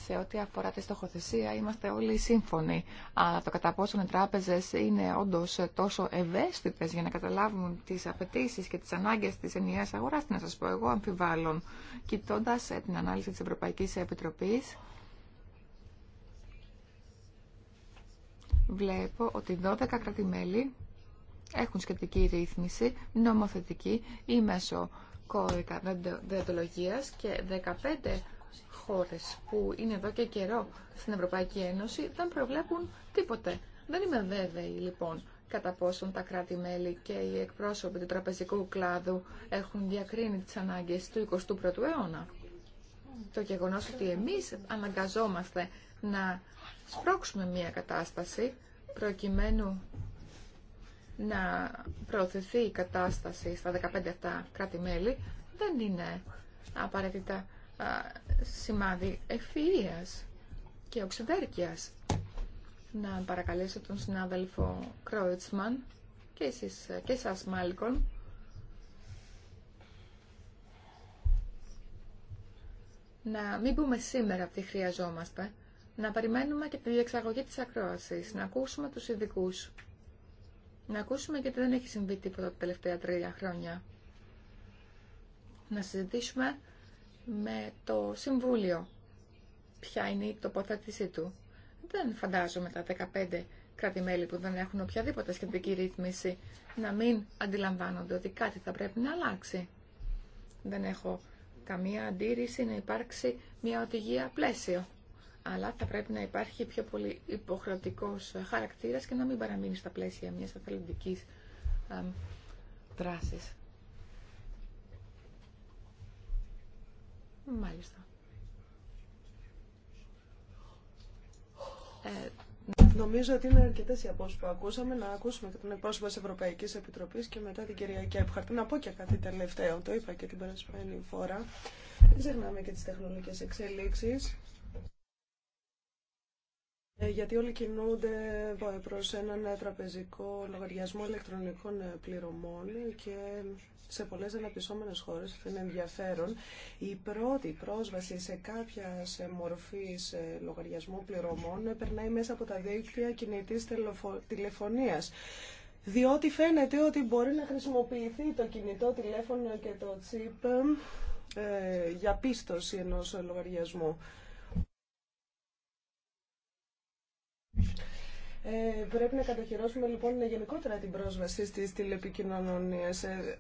σε ό,τι αφορά τη στοχοθεσία είμαστε όλοι σύμφωνοι. Αλλά το κατά πόσο οι τράπεζε είναι όντω τόσο ευαίσθητε για να καταλάβουν τι απαιτήσει και τι ανάγκε τη ενιαία αγορά, τι να σα πω εγώ, αμφιβάλλον. Κοιτώντα ε, την ανάλυση τη Ευρωπαϊκή Επιτροπή, βλέπω ότι 12 κρατημέλη έχουν σχετική ρύθμιση, νομοθετική ή μέσω κώδικα δεοντολογίας και 15 χώρες που είναι εδώ και καιρό στην Ευρωπαϊκή Ένωση δεν προβλέπουν τίποτε. Δεν είμαι βέβαιη λοιπόν κατά πόσον τα κράτη-μέλη και οι εκπρόσωποι του τραπεζικού κλάδου έχουν διακρίνει τις ανάγκες του 21ου αιώνα. Το γεγονό ότι εμείς αναγκαζόμαστε να σπρώξουμε μια κατάσταση προκειμένου να προωθηθεί η κατάσταση στα 15 αυτά κράτη-μέλη δεν είναι απαραίτητα σημάδι ευφυΐας και οξυδέρκειας. Να παρακαλέσω τον συνάδελφο Κρόιτσμαν και εσείς και εσάς να μην πούμε σήμερα τι χρειαζόμαστε, να περιμένουμε και τη διεξαγωγή της ακρόασης, να ακούσουμε τους ειδικού. Να ακούσουμε γιατί δεν έχει συμβεί τίποτα τα τελευταία τρία χρόνια. Να συζητήσουμε με το Συμβούλιο ποια είναι η τοποθέτησή του. Δεν φαντάζομαι τα 15 κρατη που δεν έχουν οποιαδήποτε σχετική ρύθμιση να μην αντιλαμβάνονται ότι κάτι θα πρέπει να αλλάξει. Δεν έχω καμία αντίρρηση να υπάρξει μια οδηγία πλαίσιο. Αλλά θα πρέπει να υπάρχει πιο πολύ υποχρεωτικό χαρακτήρας και να μην παραμείνει στα πλαίσια μιας αθλητικής δράσης. Μάλιστα. Ε, νομίζω ότι είναι αρκετέ οι απόψει που ακούσαμε. Να ακούσουμε και τον εκπρόσωπο τη Ευρωπαϊκή Επιτροπή και μετά την κυρία Κέπχαρτ. Να πω και κάτι τελευταίο. Το είπα και την περασμένη φορά. Δεν ξεχνάμε και τι τεχνολογικέ εξελίξει ε, γιατί όλοι κινούνται ε, προς έναν ε, τραπεζικό λογαριασμό ηλεκτρονικών πληρωμών και σε πολλές αναπτυσσόμενες χώρες αυτό είναι ενδιαφέρον. Η πρώτη πρόσβαση σε κάποια μορφή λογαριασμού πληρωμών περνάει μέσα από τα δίκτυα κινητής τηλεφωνίας διότι φαίνεται ότι μπορεί να χρησιμοποιηθεί το κινητό τηλέφωνο και το τσίπ για πίστοση ενός λογαριασμού. Ε, πρέπει να κατοχυρώσουμε λοιπόν γενικότερα την πρόσβαση στις τηλεπικοινωνίες. Ε,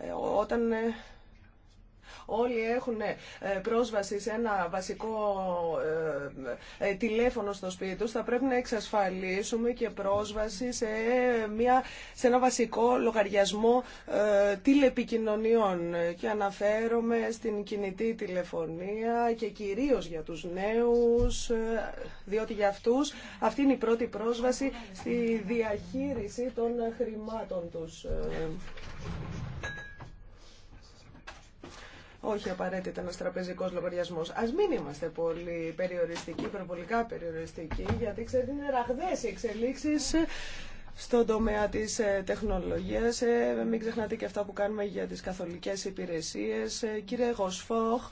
ε, όταν Όλοι έχουν ε, πρόσβαση σε ένα βασικό ε, ε, τηλέφωνο στο σπίτι τους. Θα πρέπει να εξασφαλίσουμε και πρόσβαση σε, μια, σε ένα βασικό λογαριασμό τηλεπικοινωνιών. Και αναφέρομαι στην κινητή τηλεφωνία και κυρίως για τους νέους, διότι για αυτούς αυτή είναι η πρώτη πρόσβαση στη διαχείριση των χρημάτων τους όχι απαραίτητα ένα τραπεζικό λογαριασμό. Α μην είμαστε πολύ περιοριστικοί, υπερβολικά περιοριστικοί, γιατί ξέρετε είναι ραγδέ οι εξελίξει στον τομέα της ε, τεχνολογίας. Ε, μην ξεχνάτε και αυτά που κάνουμε για τις καθολικές υπηρεσίες. Ε, κύριε Γοσφόχ,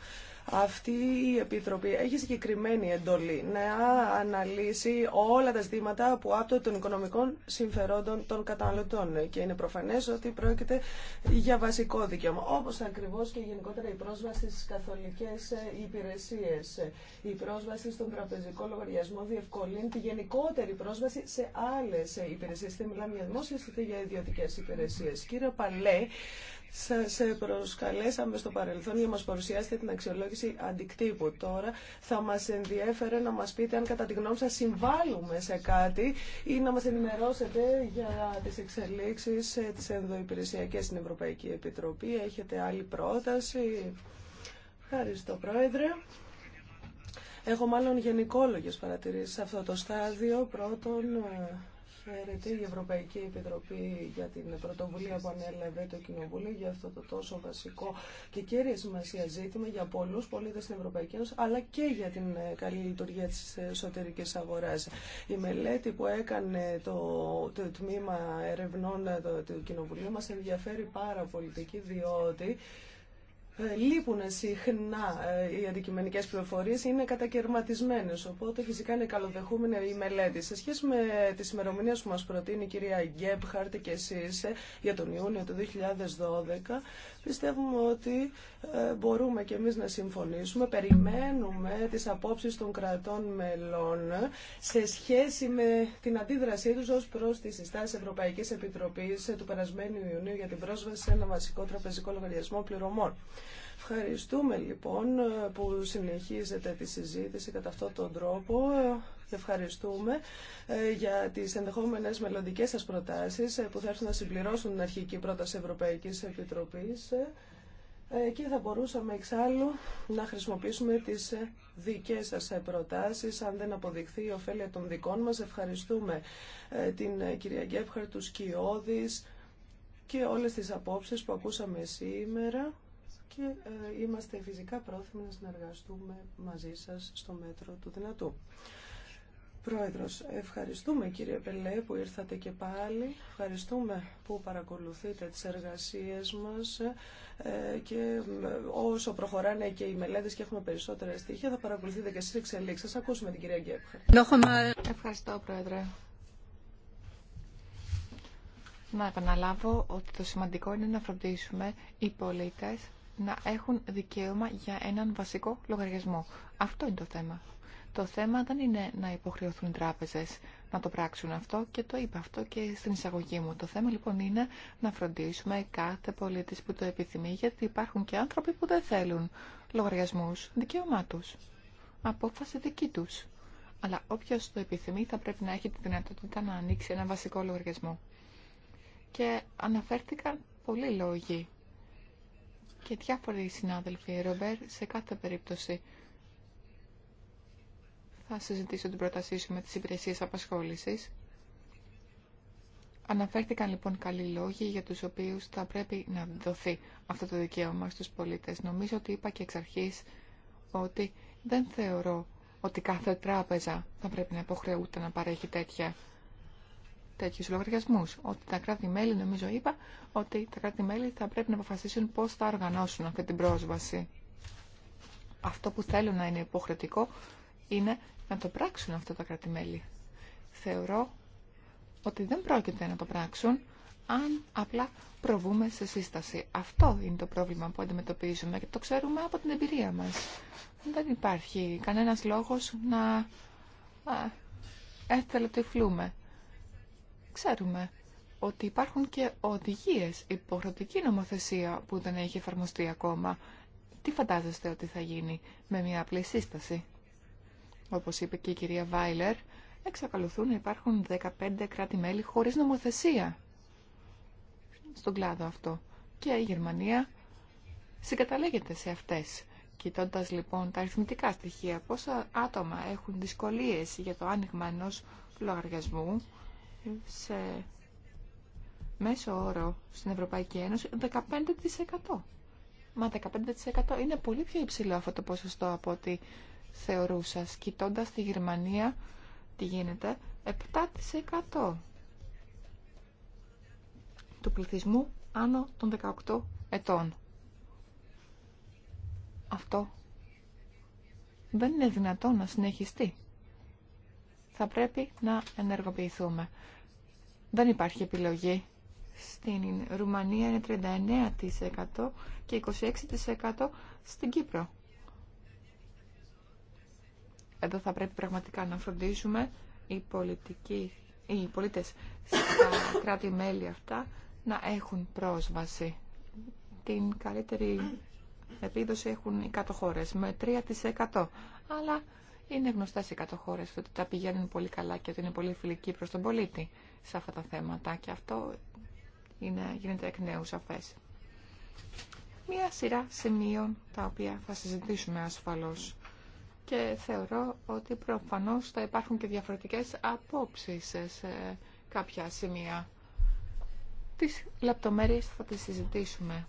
αυτή η Επιτροπή έχει συγκεκριμένη εντολή να αναλύσει όλα τα ζητήματα που άπτονται των οικονομικών συμφερόντων των καταναλωτών και είναι προφανές ότι πρόκειται για βασικό δικαίωμα, όπως ακριβώς και γενικότερα η πρόσβαση στις καθολικές υπηρεσίες, η πρόσβαση στον τραπεζικό λογαριασμό διευκολύνει τη γενικότερη πρόσβαση σε άλλες υπηρεσίες. Δεν μιλάμε για δημόσιες, για ιδιωτικές υπηρεσίες. Κύριε Παλέ, σας ε, προσκαλέσαμε στο παρελθόν για να μας παρουσιάσετε την αξιολόγηση αντικτύπου. Τώρα θα μας ενδιέφερε να μας πείτε αν κατά τη γνώμη σας συμβάλλουμε σε κάτι ή να μας ενημερώσετε για τις εξελίξεις ε, της ενδοϊπηρεσιακής στην Ευρωπαϊκή Επιτροπή. Έχετε άλλη πρόταση. Ευχαριστώ Πρόεδρε. Έχω μάλλον γενικόλογες παρατηρήσεις σε αυτό το στάδιο. Πρώτον, ε, Χαίρεται η Ευρωπαϊκή Επιτροπή για την πρωτοβουλία που ανέλαβε το Κοινοβούλιο για αυτό το τόσο βασικό και κέρια σημασία ζήτημα για πολλούς πολίτες στην Ευρωπαϊκή Ένωση αλλά και για την ε, καλή λειτουργία της εσωτερικής αγοράς. Η μελέτη που έκανε το, το τμήμα ερευνών ε, του Κοινοβουλίου μας ενδιαφέρει πάρα πολύ διότι λείπουν συχνά ε, οι αντικειμενικές πληροφορίες, είναι κατακαιρματισμένες, οπότε φυσικά είναι καλοδεχούμενη η μελέτη. Σε σχέση με τις ημερομηνίε που μας προτείνει η κυρία Γκέμπχαρτ και εσείς ε, για τον Ιούνιο του 2012, πιστεύουμε ότι ε, μπορούμε και εμείς να συμφωνήσουμε, περιμένουμε τις απόψεις των κρατών μελών σε σχέση με την αντίδρασή τους ως προς τη συστάση Ευρωπαϊκής Επιτροπής του περασμένου Ιουνίου για την πρόσβαση σε ένα βασικό τραπεζικό λογαριασμό πληρωμών. Ευχαριστούμε λοιπόν που συνεχίζετε τη συζήτηση κατά αυτόν τον τρόπο. Ευχαριστούμε ε, για τις ενδεχόμενες μελλοντικέ σας προτάσεις ε, που θα έρθουν να συμπληρώσουν την αρχική πρόταση Ευρωπαϊκής Επιτροπής ε, και θα μπορούσαμε εξάλλου να χρησιμοποιήσουμε τις δικές σας προτάσεις αν δεν αποδειχθεί η ωφέλεια των δικών μας. Ευχαριστούμε την κυρία Γκέπχαρ, του κοιόδης και όλες τις απόψεις που ακούσαμε σήμερα και ε, είμαστε φυσικά πρόθυμοι να συνεργαστούμε μαζί σας στο μέτρο του δυνατού. Πρόεδρος, ευχαριστούμε κύριε Πελέ που ήρθατε και πάλι. Ευχαριστούμε που παρακολουθείτε τις εργασίες μας ε, και ε, όσο προχωράνε και οι μελέτες και έχουμε περισσότερα στοιχεία θα παρακολουθείτε και εσείς εξελίξεις. Σας ακούσουμε την κυρία Γκέπχαρ. Ευχαριστώ Πρόεδρε. Να επαναλάβω ότι το σημαντικό είναι να φροντίσουμε οι πολίτες να έχουν δικαίωμα για έναν βασικό λογαριασμό. Αυτό είναι το θέμα. Το θέμα δεν είναι να υποχρεωθούν οι τράπεζες να το πράξουν αυτό και το είπα αυτό και στην εισαγωγή μου. Το θέμα λοιπόν είναι να φροντίσουμε κάθε πολίτη που το επιθυμεί γιατί υπάρχουν και άνθρωποι που δεν θέλουν λογαριασμούς δικαίωμά του, Απόφαση δική του. Αλλά όποιο το επιθυμεί θα πρέπει να έχει τη δυνατότητα να ανοίξει ένα βασικό λογαριασμό. Και αναφέρθηκαν πολλοί λόγοι και διάφοροι συνάδελφοι, Ρομπέρ, σε κάθε περίπτωση θα συζητήσω την πρότασή σου με τις υπηρεσίες απασχόλησης. Αναφέρθηκαν λοιπόν καλοί λόγοι για τους οποίους θα πρέπει να δοθεί αυτό το δικαίωμα στους πολίτες. Νομίζω ότι είπα και εξ αρχής ότι δεν θεωρώ ότι κάθε τράπεζα θα πρέπει να υποχρεούται να παρέχει τέτοια τέτοιου λογαριασμού. Ότι τα κράτη-μέλη, νομίζω είπα, ότι τα κράτη-μέλη θα πρέπει να αποφασίσουν πώ θα οργανώσουν αυτή την πρόσβαση. Αυτό που θέλουν να είναι υποχρεωτικό είναι να το πράξουν αυτά τα κράτη-μέλη. Θεωρώ ότι δεν πρόκειται να το πράξουν αν απλά προβούμε σε σύσταση. Αυτό είναι το πρόβλημα που αντιμετωπίζουμε και το ξέρουμε από την εμπειρία μας. Δεν υπάρχει κανένας λόγος να τυφλούμε. Ξέρουμε ότι υπάρχουν και οδηγίες, υποχρεωτική νομοθεσία που δεν έχει εφαρμοστεί ακόμα. Τι φαντάζεστε ότι θα γίνει με μια απλή σύσταση. Όπως είπε και η κυρία Βάιλερ, εξακολουθούν να υπάρχουν 15 κράτη-μέλη χωρίς νομοθεσία στον κλάδο αυτό. Και η Γερμανία συγκαταλέγεται σε αυτές. Κοιτώντα λοιπόν τα αριθμητικά στοιχεία, πόσα άτομα έχουν δυσκολίες για το άνοιγμα ενό λογαριασμού, σε μέσο όρο στην Ευρωπαϊκή Ένωση 15%. Μα 15% είναι πολύ πιο υψηλό αυτό το ποσοστό από ό,τι θεωρούσα. Κοιτώντα τη Γερμανία, τι γίνεται, 7% του πληθυσμού άνω των 18 ετών. Αυτό δεν είναι δυνατό να συνεχιστεί θα πρέπει να ενεργοποιηθούμε. Δεν υπάρχει επιλογή. Στην Ρουμανία είναι 39% και 26% στην Κύπρο. Εδώ θα πρέπει πραγματικά να φροντίσουμε οι, πολιτικοί, οι πολίτες στα κράτη-μέλη αυτά να έχουν πρόσβαση. Την καλύτερη επίδοση έχουν οι κάτω χώρες με 3%. Αλλά είναι γνωστέ οι κατοχώρε ότι τα πηγαίνουν πολύ καλά και ότι είναι πολύ φιλικοί προ τον πολίτη σε αυτά τα θέματα και αυτό είναι, γίνεται εκ νέου σαφέ. Μία σειρά σημείων τα οποία θα συζητήσουμε ασφαλώς και θεωρώ ότι προφανώς θα υπάρχουν και διαφορετικές απόψεις σε κάποια σημεία. Τις λεπτομέρειες θα τις συζητήσουμε.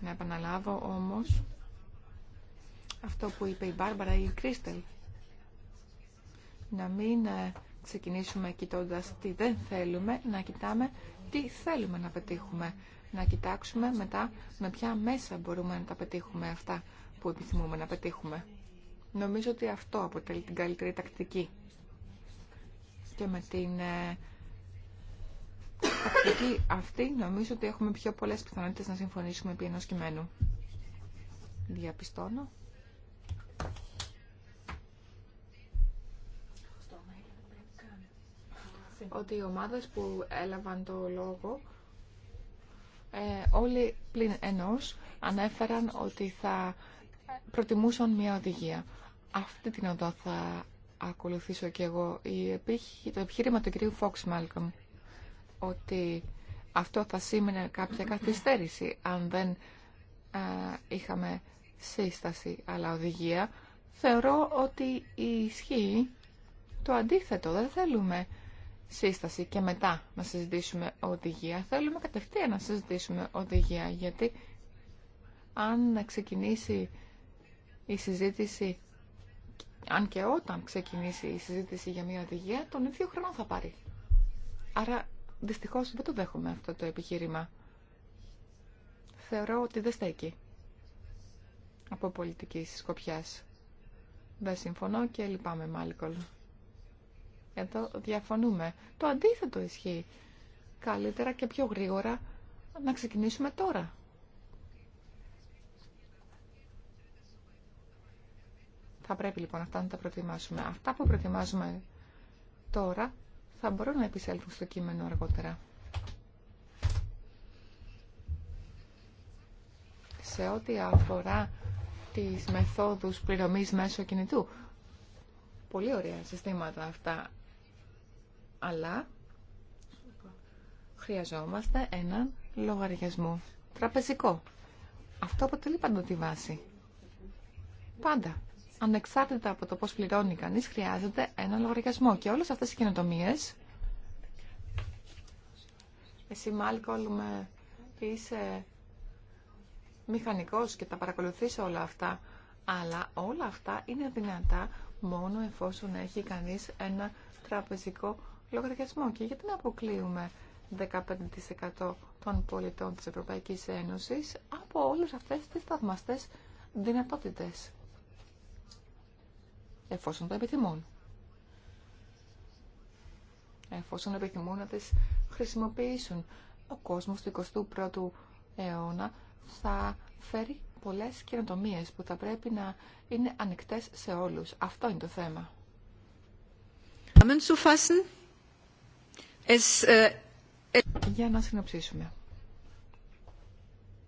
Να επαναλάβω όμως αυτό που είπε η Μπάρμπαρα ή η Κρίστελ. Να μην ε, ξεκινήσουμε κοιτώντα τι δεν θέλουμε, να κοιτάμε τι θέλουμε να πετύχουμε. Να κοιτάξουμε μετά με ποια μέσα μπορούμε να τα πετύχουμε αυτά που επιθυμούμε να πετύχουμε. Νομίζω ότι αυτό αποτελεί την καλύτερη τακτική. Και με την ε, τακτική αυτή νομίζω ότι έχουμε πιο πολλές πιθανότητες να συμφωνήσουμε επί ενός κειμένου. Διαπιστώνω ότι οι ομάδες που έλαβαν το λόγο ε, όλοι πλην ενός ανέφεραν ότι θα προτιμούσαν μια οδηγία. Αυτή την οδό θα ακολουθήσω και εγώ. το επιχείρημα του κυρίου Φόξ Μάλκομ ότι αυτό θα σήμαινε κάποια καθυστέρηση αν δεν είχαμε σύσταση αλλά οδηγία. Θεωρώ ότι ισχύει το αντίθετο. Δεν θέλουμε σύσταση και μετά να συζητήσουμε οδηγία. Θέλουμε κατευθείαν να συζητήσουμε οδηγία, γιατί αν ξεκινήσει η συζήτηση, αν και όταν ξεκινήσει η συζήτηση για μια οδηγία, τον ίδιο χρόνο θα πάρει. Άρα, δυστυχώς, δεν το δέχομαι αυτό το επιχείρημα. Θεωρώ ότι δεν στέκει από πολιτική σκοπιάς. Δεν συμφωνώ και λυπάμαι, Μάλικολ. Εδώ διαφωνούμε. Το αντίθετο ισχύει. Καλύτερα και πιο γρήγορα να ξεκινήσουμε τώρα. Θα πρέπει λοιπόν αυτά να τα προετοιμάσουμε. Αυτά που προετοιμάζουμε τώρα θα μπορούν να επισέλθουν στο κείμενο αργότερα. Σε ό,τι αφορά τις μεθόδους πληρωμής μέσω κινητού. Πολύ ωραία συστήματα αυτά αλλά χρειαζόμαστε έναν λογαριασμό τραπεζικό. Αυτό αποτελεί πάντα τη βάση. Πάντα. Ανεξάρτητα από το πώς πληρώνει κανείς, χρειάζεται ένα λογαριασμό. Και όλες αυτές οι καινοτομίες... Εσύ, Μάλκολ, με είσαι ε, μηχανικός και τα παρακολουθείς όλα αυτά. Αλλά όλα αυτά είναι δυνατά μόνο εφόσον έχει κανείς ένα τραπεζικό λογαριασμό. Και γιατί να αποκλείουμε 15% των πολιτών της Ευρωπαϊκής Ένωσης από όλες αυτές τις θαυμαστές δυνατότητες, εφόσον το επιθυμούν. Εφόσον επιθυμούν να τις χρησιμοποιήσουν. Ο κόσμος του 21ου αιώνα θα φέρει πολλές καινοτομίε που θα πρέπει να είναι ανοιχτές σε όλους. Αυτό είναι το θέμα. Ε, ε, για να συνοψίσουμε.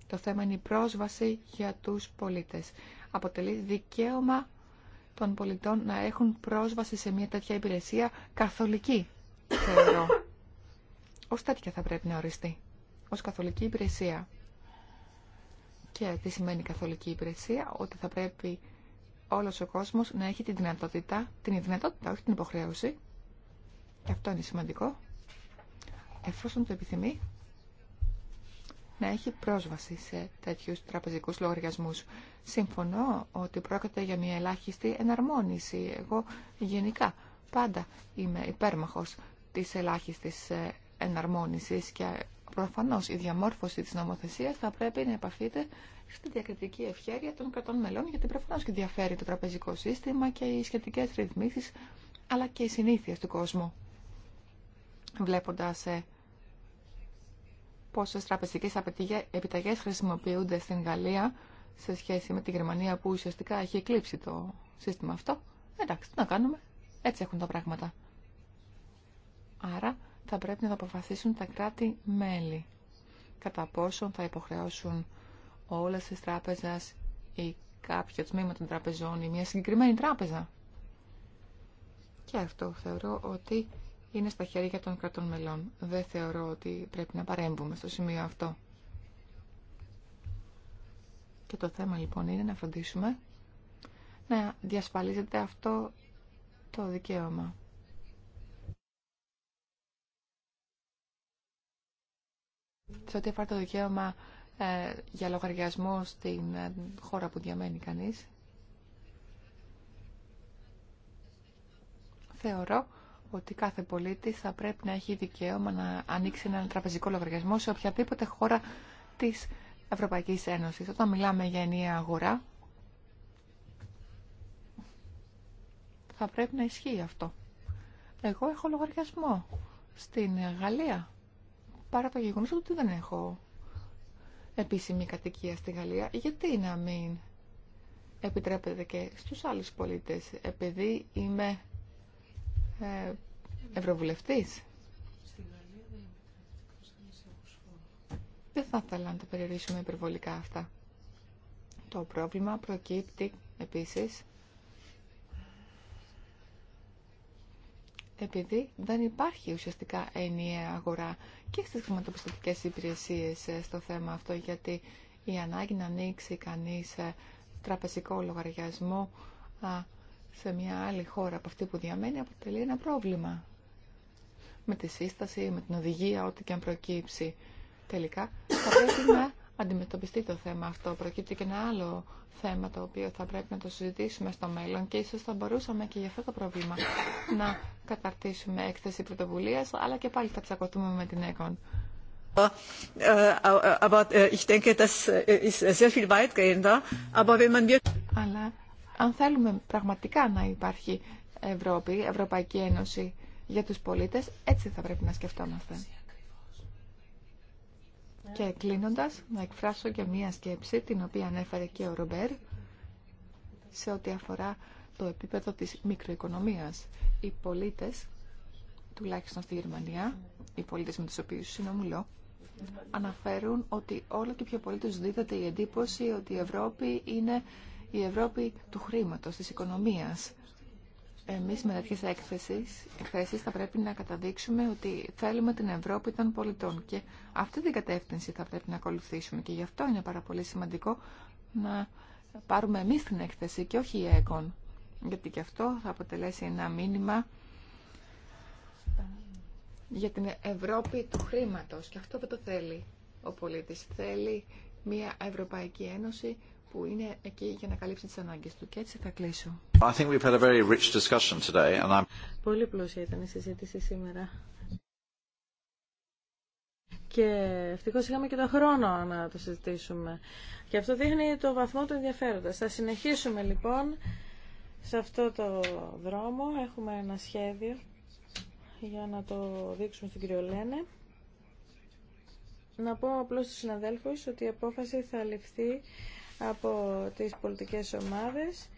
Το θέμα είναι η πρόσβαση για τους πολίτες. Αποτελεί δικαίωμα των πολιτών να έχουν πρόσβαση σε μια τέτοια υπηρεσία καθολική, θεωρώ. Ως τέτοια θα πρέπει να οριστεί. Ως καθολική υπηρεσία. Και τι σημαίνει καθολική υπηρεσία, ότι θα πρέπει όλος ο κόσμος να έχει την δυνατότητα, την δυνατότητα, όχι την υποχρέωση, και αυτό είναι σημαντικό, εφόσον το επιθυμεί, να έχει πρόσβαση σε τέτοιους τραπεζικούς λογαριασμούς. Συμφωνώ ότι πρόκειται για μια ελάχιστη εναρμόνιση. Εγώ γενικά πάντα είμαι υπέρμαχος της ελάχιστης ε, εναρμόνισης και προφανώς η διαμόρφωση της νομοθεσίας θα πρέπει να επαφείται στη διακριτική ευχέρεια των κρατών μελών, γιατί προφανώς και διαφέρει το τραπεζικό σύστημα και οι σχετικές ρυθμίσεις, αλλά και οι συνήθειες του κόσμου. Βλέποντας ε, πόσες τραπεζικές επιταγές χρησιμοποιούνται στην Γαλλία σε σχέση με τη Γερμανία που ουσιαστικά έχει εκλείψει το σύστημα αυτό. Εντάξει, τι να κάνουμε. Έτσι έχουν τα πράγματα. Άρα θα πρέπει να αποφασίσουν τα κράτη-μέλη κατά πόσον θα υποχρεώσουν όλες τι τράπεζε ή κάποιο τμήμα των τραπεζών ή μια συγκεκριμένη τράπεζα. Και αυτό θεωρώ ότι είναι στα χέρια των κρατών μελών. Δεν θεωρώ ότι πρέπει να παρέμβουμε στο σημείο αυτό. Και το θέμα λοιπόν είναι να φροντίσουμε να διασφαλίζεται αυτό το δικαίωμα. Σε ό,τι αφορά το δικαίωμα ε, για λογαριασμό στην ε, χώρα που διαμένει κανείς, θεωρώ ότι κάθε πολίτη θα πρέπει να έχει δικαίωμα να ανοίξει έναν τραπεζικό λογαριασμό σε οποιαδήποτε χώρα της Ευρωπαϊκής Ένωσης. Όταν μιλάμε για ενιαία αγορά, θα πρέπει να ισχύει αυτό. Εγώ έχω λογαριασμό στην Γαλλία, παρά το γεγονός ότι δεν έχω επίσημη κατοικία στη Γαλλία. Γιατί να μην επιτρέπεται και στους άλλους πολίτες, επειδή είμαι ε, Ευρωβουλευτή. Δεν θα ήθελα να τα περιορίσουμε υπερβολικά αυτά. Το πρόβλημα προκύπτει επίσης επειδή δεν υπάρχει ουσιαστικά ενιαία αγορά και στις χρηματοπιστωτικές υπηρεσίες ε, στο θέμα αυτό, γιατί η ανάγκη να ανοίξει κανείς ε, τραπεζικό λογαριασμό σε μια άλλη χώρα από αυτή που διαμένει αποτελεί ένα πρόβλημα με τη σύσταση, με την οδηγία, ό,τι και αν προκύψει τελικά, θα πρέπει να αντιμετωπιστεί το θέμα αυτό. Προκύπτει και ένα άλλο θέμα το οποίο θα πρέπει να το συζητήσουμε στο μέλλον και ίσως θα μπορούσαμε και για αυτό το πρόβλημα να καταρτήσουμε έκθεση πρωτοβουλίας, αλλά και πάλι θα τσακωθούμε με την ΕΚΟΝ. Αλλά αν θέλουμε πραγματικά να υπάρχει Ευρώπη, Ευρωπαϊκή Ένωση, για τους πολίτες. Έτσι θα πρέπει να σκεφτόμαστε. Και κλείνοντας, να εκφράσω και μία σκέψη, την οποία ανέφερε και ο Ρομπέρ, σε ό,τι αφορά το επίπεδο της μικροοικονομίας. Οι πολίτες, τουλάχιστον στη Γερμανία, οι πολίτες με τους οποίους συνομιλώ, αναφέρουν ότι όλο και πιο πολύ τους δίδεται η εντύπωση ότι η Ευρώπη είναι η Ευρώπη του χρήματος, της οικονομίας. Εμείς με τέτοιες έκθεσεις, εκθέσεις θα πρέπει να καταδείξουμε ότι θέλουμε την Ευρώπη των πολιτών και αυτή την κατεύθυνση θα πρέπει να ακολουθήσουμε και γι' αυτό είναι πάρα πολύ σημαντικό να πάρουμε εμείς την έκθεση και όχι η ΕΚΟΝ γιατί και αυτό θα αποτελέσει ένα μήνυμα για την Ευρώπη του χρήματος και αυτό δεν το θέλει ο πολίτης θέλει μια Ευρωπαϊκή Ένωση που είναι εκεί για να καλύψει τις ανάγκες του. Και έτσι θα κλείσω. Πολύ πλούσια ήταν η συζήτηση σήμερα. Και ευτυχώ είχαμε και τον χρόνο να το συζητήσουμε. Και αυτό δείχνει το βαθμό του ενδιαφέροντα. Θα συνεχίσουμε λοιπόν σε αυτό το δρόμο. Έχουμε ένα σχέδιο για να το δείξουμε στην κυριολένε. Να πω απλώς στους συναδέλφους ότι η απόφαση θα ληφθεί από τις πολιτικές ομάδες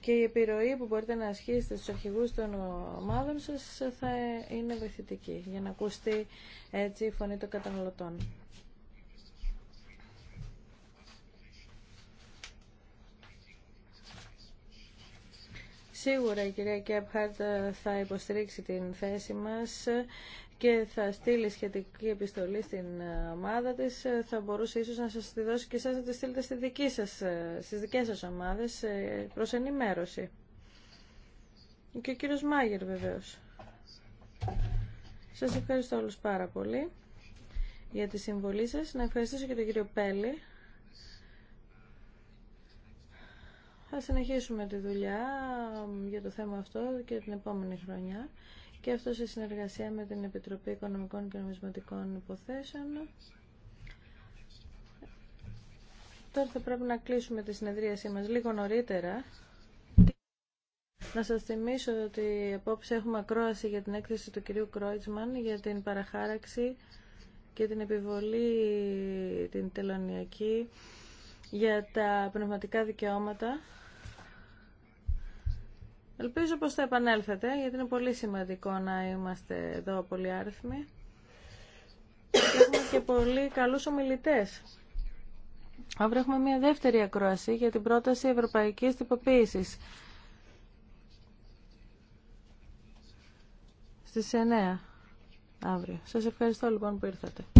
και η επιρροή που μπορείτε να ασχίσετε στους αρχηγούς των ομάδων σας θα είναι βοηθητική για να ακούστε έτσι η φωνή των καταναλωτών. Σίγουρα η κυρία Κέπχαρτ θα υποστηρίξει την θέση μας και θα στείλει σχετική επιστολή στην ε, ομάδα της, ε, θα μπορούσε ίσως να σας τη δώσει και εσά να τη στείλετε στι δική σας, ε, στις δικές σας ενημέρωση. Και ο κύριο Μάγερ βεβαίω. Σας ευχαριστώ όλους πάρα πολύ για τη συμβολή σας. Να ευχαριστήσω και τον κύριο Πέλη. Θα συνεχίσουμε τη δουλειά για το θέμα αυτό και την επόμενη χρονιά και αυτό σε συνεργασία με την Επιτροπή Οικονομικών και Νομισματικών Υποθέσεων. Τώρα θα πρέπει να κλείσουμε τη συνεδρίασή μας λίγο νωρίτερα. Να σας θυμίσω ότι απόψε έχουμε ακρόαση για την έκθεση του κυρίου Κρόιτσμαν για την παραχάραξη και την επιβολή την τελωνιακή για τα πνευματικά δικαιώματα. Ελπίζω πως θα επανέλθετε, γιατί είναι πολύ σημαντικό να είμαστε εδώ πολύ άριθμοι. Και έχουμε και πολύ καλούς ομιλητές. Αύριο έχουμε μια δεύτερη ακρόαση για την πρόταση ευρωπαϊκής τυποποίησης. Στις 9 αύριο. Σας ευχαριστώ λοιπόν που ήρθατε.